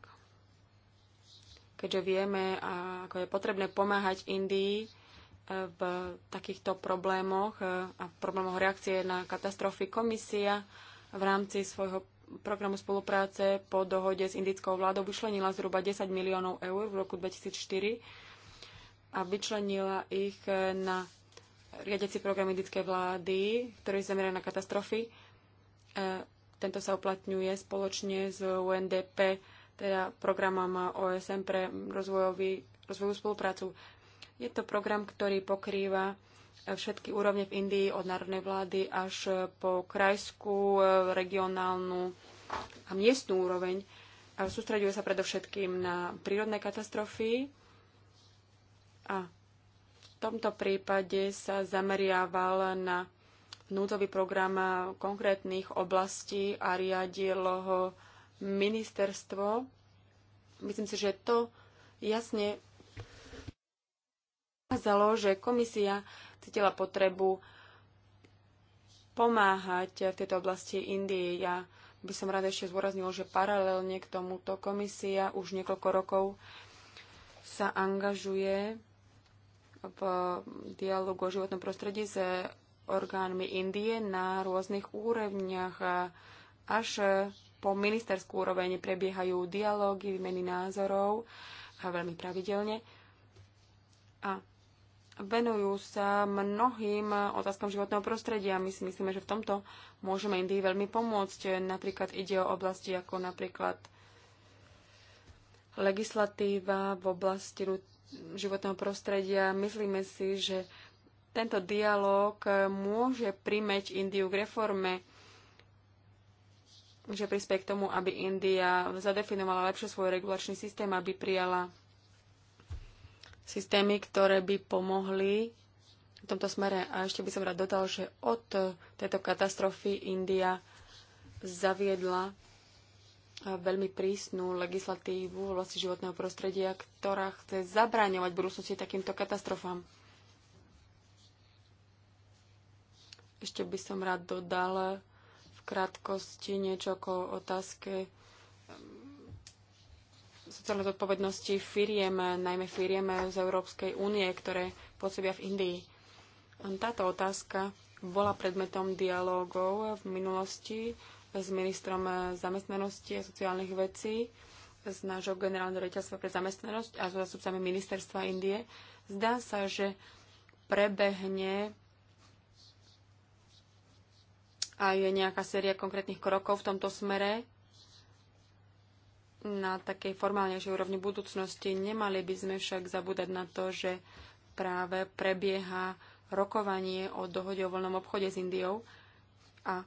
keďže vieme, ako je potrebné pomáhať Indii e, v takýchto problémoch e, a problémoch reakcie na katastrofy, komisia v rámci svojho programu spolupráce po dohode s indickou vládou vyčlenila zhruba 10 miliónov eur v roku 2004 a vyčlenila ich na riadiaci program indickej vlády, ktorý zamerá na katastrofy. E, tento sa uplatňuje spoločne s UNDP, teda programom OSM pre rozvojovú spoluprácu. Je to program, ktorý pokrýva všetky úrovne v Indii, od národnej vlády až po krajskú, e, regionálnu a miestnú úroveň. A sústreďuje sa predovšetkým na prírodné katastrofy a v tomto prípade sa zameriaval na núdzový program konkrétnych oblastí a riadilo ho ministerstvo. Myslím si, že to jasne ukázalo, že komisia cítila potrebu pomáhať v tejto oblasti Indii. Ja by som rada ešte zdôraznil, že paralelne k tomuto komisia už niekoľko rokov sa angažuje v dialogu o životnom prostredí s orgánmi Indie na rôznych úrovniach. Až po ministerskú úroveň prebiehajú dialógy, výmeny názorov a veľmi pravidelne. A venujú sa mnohým otázkam životného prostredia. My si myslíme, že v tomto môžeme Indii veľmi pomôcť. Napríklad ide o oblasti ako napríklad legislatíva v oblasti životného prostredia. Myslíme si, že tento dialog môže primeť Indiu k reforme, že prispie k tomu, aby India zadefinovala lepšie svoj regulačný systém, aby prijala systémy, ktoré by pomohli v tomto smere. A ešte by som rád dodal, že od tejto katastrofy India zaviedla eh, veľmi prísnu legislatívu v oblasti životného prostredia, ktorá chce zabráňovať budúcnosti takýmto katastrofám. Ešte by som rád dodal v krátkosti niečo o otázke sociálnej zodpovednosti firiem, najmä firiem z Európskej únie, ktoré pôsobia v Indii. Táto otázka bola predmetom dialógov v minulosti s ministrom zamestnanosti a sociálnych vecí z nášho generálneho reťazstva pre zamestnanosť a so zástupcami ministerstva Indie. Zdá sa, že prebehne aj nejaká séria konkrétnych krokov v tomto smere na takej formálnejšej úrovni budúcnosti. Nemali by sme však zabúdať na to, že práve prebieha rokovanie o dohode o voľnom obchode s Indiou a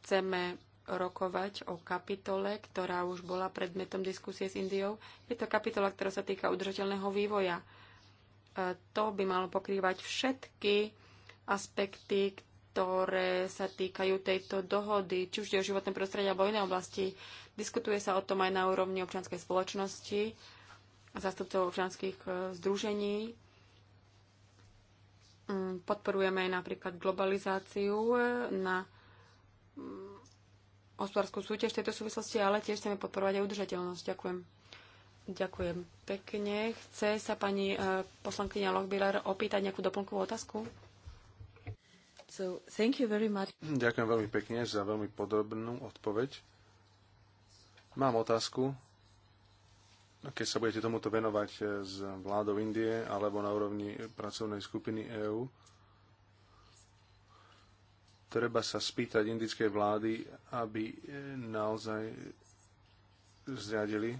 chceme rokovať o kapitole, ktorá už bola predmetom diskusie s Indiou. Je to kapitola, ktorá sa týka udržateľného vývoja. E, to by malo pokrývať všetky aspekty, ktoré sa týkajú tejto dohody, či už je o životné prostredie alebo iné oblasti. Diskutuje sa o tom aj na úrovni občianskej spoločnosti, zastupcov občianských e, združení. Mm, podporujeme aj napríklad globalizáciu e, na mm, hospodárskú súťaž v tejto súvislosti, ale tiež chceme podporovať aj udržateľnosť. Ďakujem. Ďakujem pekne. Chce sa pani e, poslankyňa Lochbiller opýtať nejakú doplnkovú otázku? So, thank you very much. Ďakujem veľmi pekne za veľmi podrobnú odpoveď. Mám otázku, keď sa budete tomuto venovať eh, s vládou Indie alebo na úrovni pracovnej skupiny EÚ, treba sa spýtať indickej vlády, aby eh, naozaj zriadili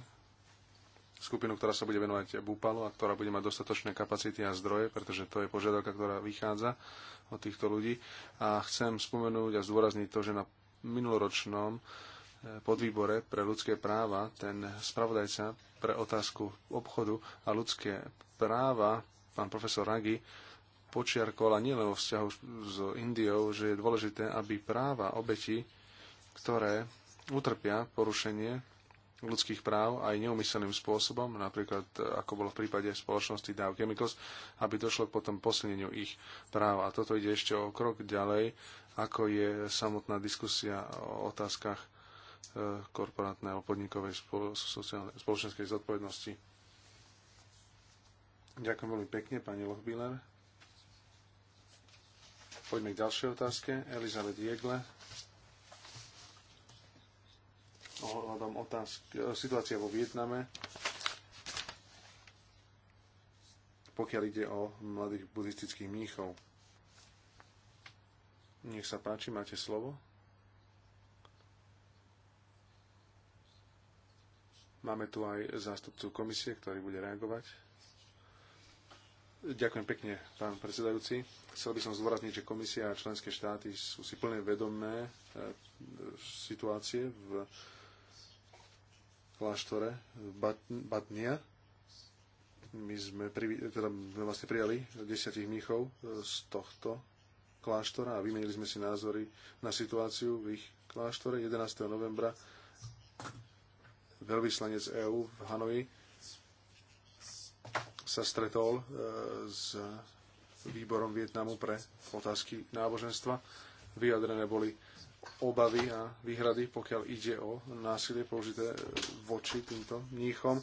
skupinu, ktorá sa bude venovať Bupalu a ktorá bude mať dostatočné kapacity a zdroje, pretože to je požiadavka, ktorá vychádza o týchto ľudí. A chcem spomenúť a zdôrazniť to, že na minuloročnom eh, podvýbore pre ľudské práva ten spravodajca pre otázku obchodu a ľudské práva, pán profesor Ragi, počiarkovala nielen vo vzťahu s Indiou, že je dôležité, aby práva obeti, ktoré utrpia porušenie ľudských práv aj neumyselným spôsobom, napríklad e, ako bolo v prípade spoločnosti Dow Chemicals, aby došlo k potom posilneniu ich práv. A toto ide ešte o krok ďalej, ako je samotná diskusia o otázkach e, korporátnej alebo podnikovej spoločenskej zodpovednosti. Ďakujem veľmi pekne, pani Lochbiller. Poďme k ďalšej otázke. Elizabeth Jegle, ohľadom otázky, e, situácia vo Vietname, pokiaľ ide o mladých buddhistických mníchov. Nech sa páči, máte slovo. Máme tu aj zástupcu komisie, ktorý bude reagovať. Ďakujem pekne, pán predsedajúci. Chcel by som zdôrazniť, že komisia a členské štáty sú si plne vedomé e, situácie v kláštore v Bat- Batnia. My sme, pri, teda sme vlastne prijali desiatich mníchov e, z tohto kláštora a vymenili sme si názory na situáciu v ich kláštore 11. novembra veľvyslanec EÚ v Hanoji sa stretol e, s výborom Vietnamu pre otázky náboženstva. Vyjadrené boli obavy a výhrady, pokiaľ ide o násilie použité voči týmto mníchom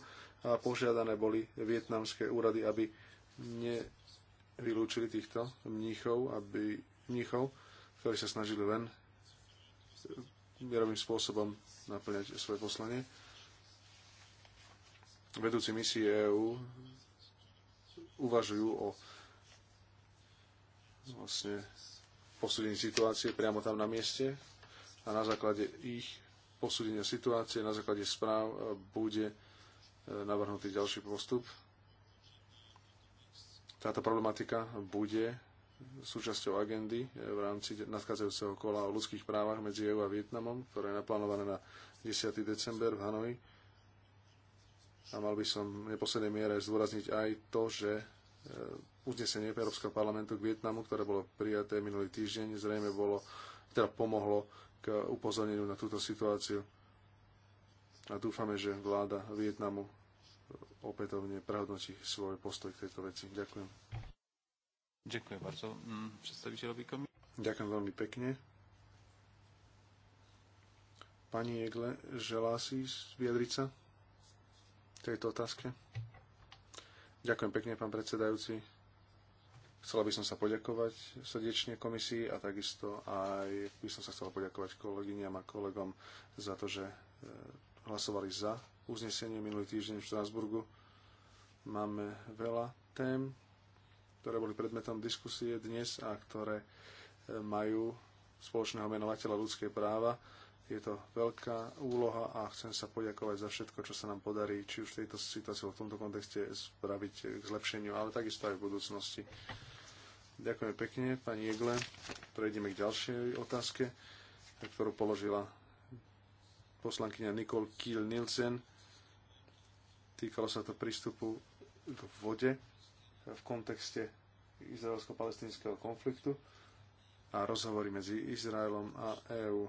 a požiadané boli vietnamské úrady, aby nevylúčili týchto mníchov, aby mníchov, ktorí sa snažili len mierovým spôsobom naplňať svoje poslanie. Vedúci misie EÚ uvažujú o vlastne posúdenie situácie priamo tam na mieste a na základe ich posúdenia situácie, na základe správ e, bude e, navrhnutý ďalší postup. Táto problematika bude súčasťou agendy e, v rámci nadchádzajúceho kola o ľudských právach medzi EU a Vietnamom, ktoré je naplánované na 10. december v Hanoji. A mal by som v neposlednej miere zdôrazniť aj to, že uznesenie Európskeho parlamentu k Vietnamu, ktoré bolo prijaté minulý týždeň, zrejme bolo, teda pomohlo k upozorneniu na túto situáciu. A dúfame, že vláda Vietnamu opätovne prehodnotí svoj postoj k tejto veci. Ďakujem. Ďakujem bardzo mm, predstaviteľovi komisie. Ďakujem veľmi pekne. Pani Jegle, želá si vyjadriť sa tejto otázke? Ďakujem pekne, pán predsedajúci Chcela by som sa poďakovať srdečne komisii a takisto aj by som sa chcela poďakovať kolegyňam a kolegom za to, že e, hlasovali za uznesenie minulý týždeň v Štrásburgu. Máme veľa tém, ktoré boli predmetom diskusie dnes a ktoré e, majú spoločného menovateľa ľudské práva. Je to veľká úloha a chcem sa poďakovať za všetko, čo sa nám podarí, či už v tejto situácii, v tomto kontexte spraviť k zlepšeniu, ale takisto aj v budúcnosti. Ďakujem pekne, pani Jegle. Prejdeme k ďalšej otázke, ktorú položila poslankyňa Nikol Kiel Nielsen. Týkalo sa to prístupu k vode v kontexte izraelsko-palestinského konfliktu a rozhovory medzi Izraelom a EÚ.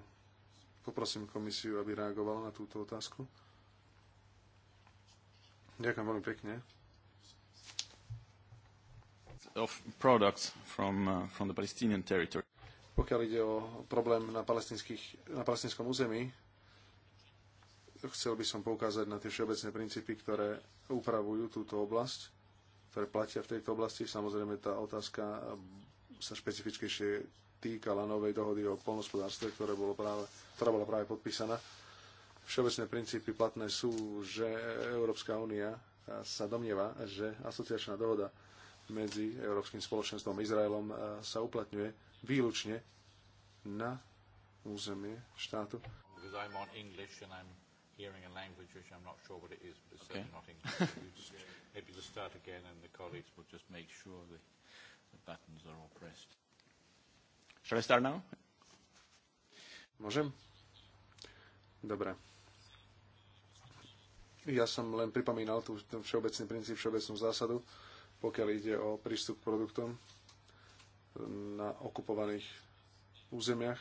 Poprosím komisiu, aby reagovala na túto otázku. Ďakujem veľmi pekne of products from, uh, from the Palestinian territory. Pokiaľ ide o problém na, na palestinskom území, chcel by som poukázať na tie všeobecné princípy, ktoré upravujú túto oblasť, ktoré platia v tejto oblasti. Samozrejme, tá otázka sa špecifickejšie týkala novej dohody o polnospodárstve, ktoré bolo práve, ktorá bola práve podpísaná. Všeobecné princípy platné sú, že Európska únia sa domnieva, že asociačná dohoda medzi Európskym spoločenstvom a Izraelom sa uplatňuje výlučne na územie štátu. hearing a language which I'm not sure what it is, but it's okay. certainly not English. just, [laughs] maybe we'll start again and the colleagues will just make sure the, the buttons are all pressed. Shall I start now? Môžem? Dobre. Ja som len pripomínal tú, všeobecný princíp, všeobecnú zásadu pokiaľ ide o prístup k produktom na okupovaných územiach.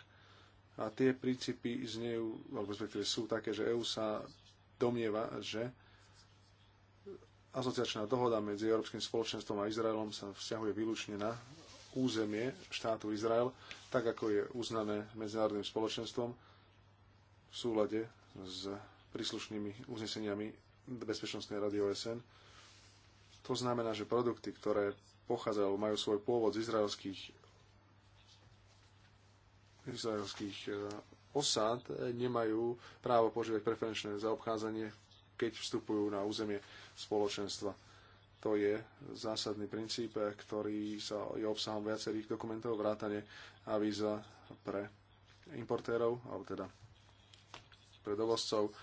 A tie princípy znejú, alebo respektíve sú také, že EÚ sa domnieva, že asociačná dohoda medzi Európskym spoločenstvom a Izraelom sa vzťahuje výlučne na územie štátu Izrael, tak ako je uznané medzinárodným spoločenstvom v súlade s príslušnými uzneseniami Bezpečnostnej rady OSN to znamená, že produkty, ktoré pochádzajú majú svoj pôvod z izraelských, izraelských e, osád, e, nemajú právo požívať preferenčné zaobchádzanie, keď vstupujú na územie spoločenstva. To je zásadný princíp, e, ktorý sa je obsahom viacerých dokumentov, vrátane a víza pre importérov, alebo teda pre dovozcov,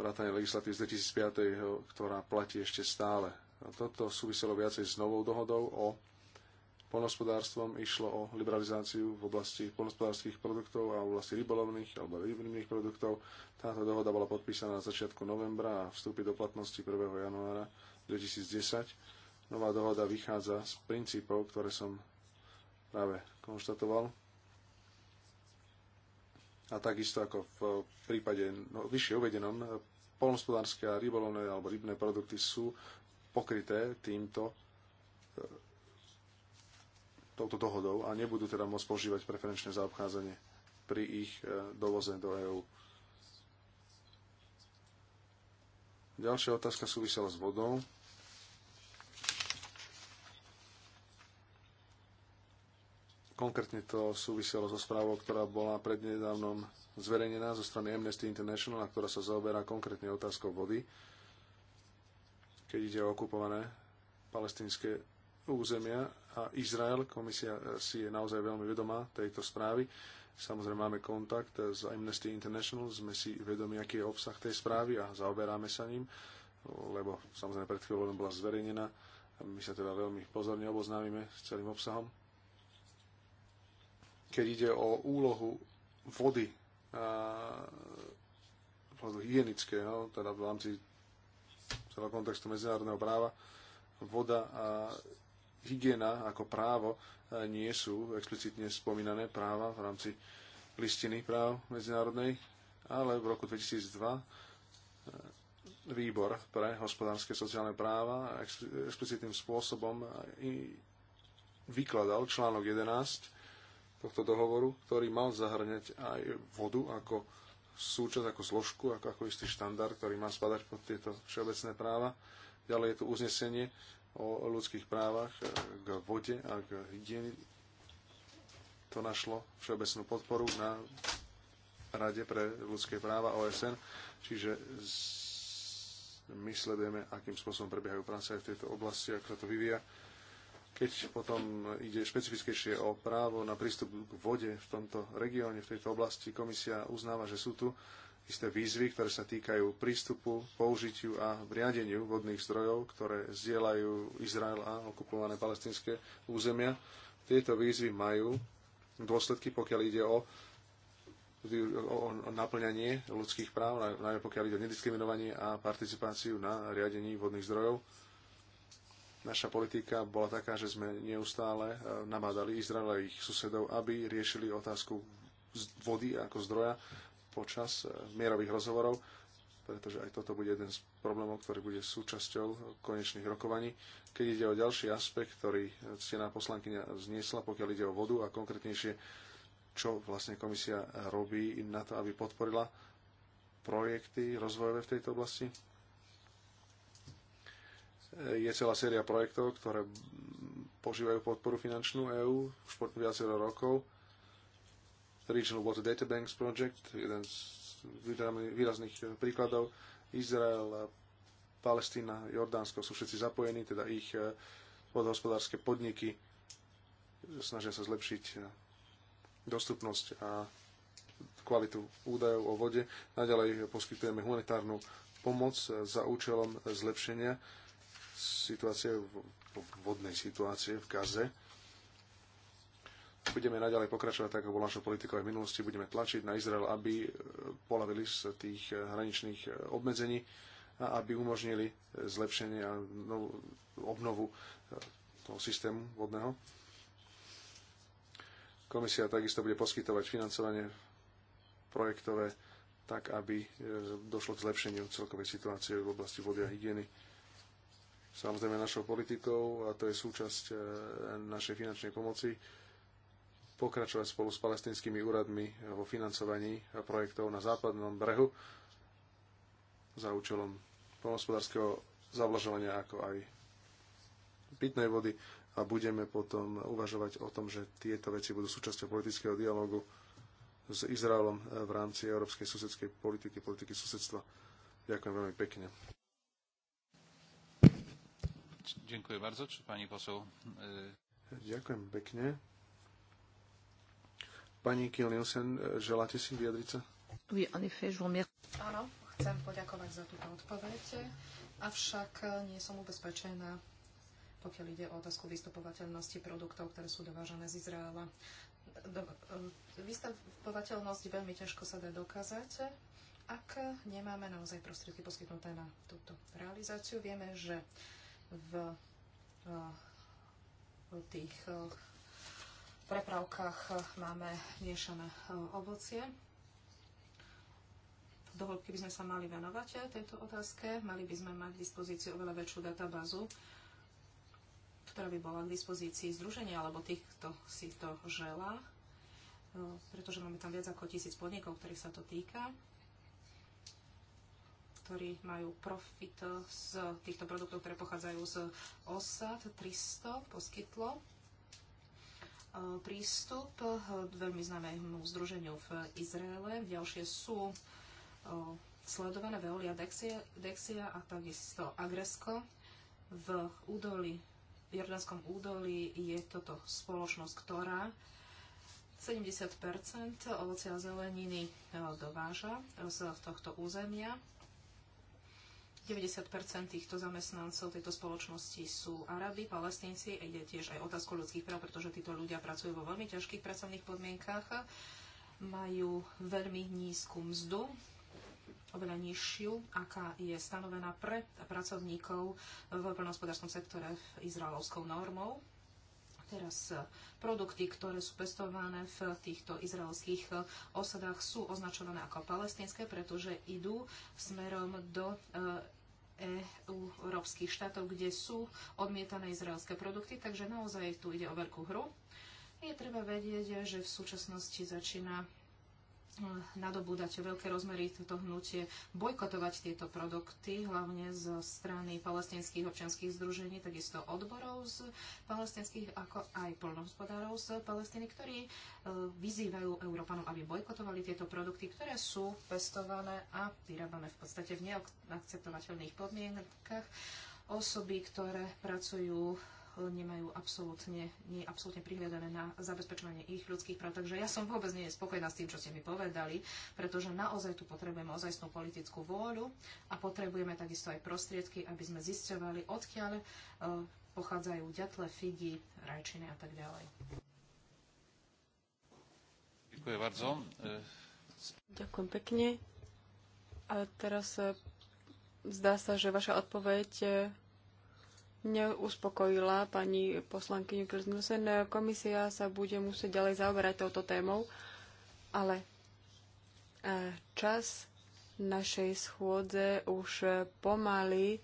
vrátane legislatívy z 2005, ktorá platí ešte stále toto súviselo viacej s novou dohodou o polnospodárstvom. Išlo o liberalizáciu v oblasti polnospodárských produktov a v oblasti rybolovných alebo rybných produktov. Táto dohoda bola podpísaná na začiatku novembra a vstúpi do platnosti 1. januára 2010. Nová dohoda vychádza z princípov, ktoré som práve konštatoval a takisto ako v prípade no, vyššie uvedenom, polnospodárske a rybolovné alebo rybné produkty sú pokryté týmto e, touto dohodou a nebudú teda môcť požívať preferenčné zaobchádzanie pri ich e, dovoze do EÚ. Ďalšia otázka súvisela s vodou. Konkrétne to súviselo so správou, ktorá bola prednedávnom zverejnená zo strany Amnesty International, a ktorá sa zaoberá konkrétne otázkou vody keď ide o okupované palestinské územia a Izrael. Komisia eh, si je naozaj veľmi vedomá tejto správy. Samozrejme máme kontakt s Amnesty International, sme si vedomi, aký je obsah tej správy a zaoberáme sa ním, lebo samozrejme pred chvíľou len bola zverejnená. My sa teda veľmi pozorne oboznámime s celým obsahom. Keď ide o úlohu vody, a, hygienické, no, teda v rámci do kontextu medzinárodného práva, voda a hygiena ako právo e, nie sú explicitne spomínané práva v rámci listiny práv medzinárodnej, ale v roku 2002 e, výbor pre hospodárske sociálne práva explicitným spôsobom vykladal článok 11 tohto dohovoru, ktorý mal zahrňať aj vodu ako súčasť, ako zložku, ako, ako istý štandard, ktorý má spadať pod tieto všeobecné práva. Ďalej je tu uznesenie o ľudských právach e, k vode a k hygieni. To našlo všeobecnú podporu na Rade pre ľudské práva OSN, čiže my sledujeme, akým spôsobom prebiehajú práce aj v tejto oblasti, ako sa to vyvíja. Keď potom ide špecifickejšie o právo na prístup k vode v tomto regióne, v tejto oblasti, komisia uznáva, že sú tu isté výzvy, ktoré sa týkajú prístupu, použitiu a riadeniu vodných zdrojov, ktoré zdieľajú Izrael a okupované palestinské územia. Tieto výzvy majú dôsledky, pokiaľ ide o, o, o naplňanie ľudských práv, najmä pokiaľ ide o nediskriminovanie a participáciu na riadení vodných zdrojov Naša politika bola taká, že sme neustále e, nabádali a ich susedov, aby riešili otázku vody ako zdroja počas e, mierových rozhovorov, pretože aj toto bude jeden z problémov, ktorý bude súčasťou konečných rokovaní. Keď ide o ďalší aspekt, ktorý stená e, poslankyňa vzniesla, pokiaľ ide o vodu a konkrétnejšie, čo vlastne komisia robí na to, aby podporila projekty rozvojové v tejto oblasti? je celá séria projektov, ktoré požívajú podporu finančnú EÚ už po viacero rokov. Regional Water Data Banks Project, jeden z výrazných e, príkladov. Izrael, Palestína, Jordánsko sú všetci zapojení, teda ich e, podhospodárske podniky snažia sa zlepšiť e, dostupnosť a kvalitu údajov o vode. Naďalej poskytujeme humanitárnu pomoc za účelom zlepšenia situácie, vodnej situácie v Gaze. Budeme naďalej pokračovať tak, ako bola našou politikou aj v minulosti. Budeme tlačiť na Izrael, aby e, polavili z tých e, hraničných e, obmedzení a aby umožnili zlepšenie a novú, obnovu toho systému vodného. Komisia takisto bude poskytovať financovanie projektové tak, aby došlo k zlepšeniu celkovej situácie v oblasti vody a hygieny samozrejme našou politikou a to je súčasť e, našej finančnej pomoci pokračovať spolu s palestinskými úradmi vo financovaní projektov na západnom brehu za účelom polnospodárskeho zavlažovania ako aj pitnej vody a budeme potom uvažovať o tom, že tieto veci budú súčasťou politického dialogu s Izraelom v rámci európskej susedskej politiky, politiky susedstva. Ďakujem veľmi pekne. Ďakujem bardzo. pani Ďakujem pekne. Pani Kilnielsen, e, želáte si vyjadriť sa? Oui, en effet, je vous Áno, chcem poďakovať za túto odpoveď, avšak e, nie som ubezpečená, pokiaľ ide o otázku vystupovateľnosti produktov, ktoré sú dovážané z Izraela. E, vystupovateľnosť veľmi ťažko sa dá dokázať, ak nemáme naozaj prostriedky poskytnuté na túto realizáciu. Vieme, že v, eh, v tých eh, prepravkách eh, máme miešané ovocie. Dovol, keby sme sa mali venovať tejto otázke, mali by sme mať k dispozícii oveľa väčšiu databázu, ktorá by bola k dispozícii združenia alebo tých, kto si to želá, pretože máme tam viac ako tisíc podnikov, ktorých sa to týka ktorí majú profit z týchto produktov, ktoré pochádzajú z osad. 300 poskytlo e, prístup veľmi známemu združeniu v Izraele. Ďalšie sú e, sledované Veolia Dexia, Dexia a takisto Agresko. V údolí, v Jordánskom údolí je toto spoločnosť, ktorá 70 ovocia a zeleniny e, dováža z tohto územia. 90 týchto zamestnancov tejto spoločnosti sú Arabi, Palestínci. Ide tiež aj otázku ľudských práv, pretože títo ľudia pracujú vo veľmi ťažkých pracovných podmienkách. Majú veľmi nízku mzdu, oveľa nižšiu, aká je stanovená pre pracovníkov v plnohospodárskom sektore izraelovskou normou. Teraz eh, produkty, ktoré sú pestované v týchto izraelských eh, osadách, sú označované ako palestinské, pretože idú smerom do eh, EU, európskych štátov, kde sú odmietané izraelské produkty, takže naozaj tu ide o veľkú hru. Je treba vedieť, že v súčasnosti začína nadobúdať veľké rozmery toto hnutie, bojkotovať tieto produkty, hlavne zo strany palestinských občianských združení, takisto odborov z palestinských, ako aj polnohospodárov z Palestiny, ktorí e, vyzývajú Európanov, aby bojkotovali tieto produkty, ktoré sú pestované a vyrábané v podstate v neakceptovateľných podmienkach. Osoby, ktoré pracujú nemajú absolútne, nie absolútne prihľadané na zabezpečovanie ich ľudských práv. Takže ja som vôbec nie spokojná s tým, čo ste mi povedali, pretože naozaj tu potrebujeme ozajstnú politickú vôľu a potrebujeme takisto aj prostriedky, aby sme zisťovali, odkiaľ e, pochádzajú ďatle, figy, rajčiny a tak ďalej. Ďakujem bardzo. E, Ďakujem pekne. A teraz e, zdá sa, že vaša odpoveď neuspokojila pani poslankyňu Krznusen. Komisia sa bude musieť ďalej zaoberať touto témou, ale eh, čas našej schôdze už pomaly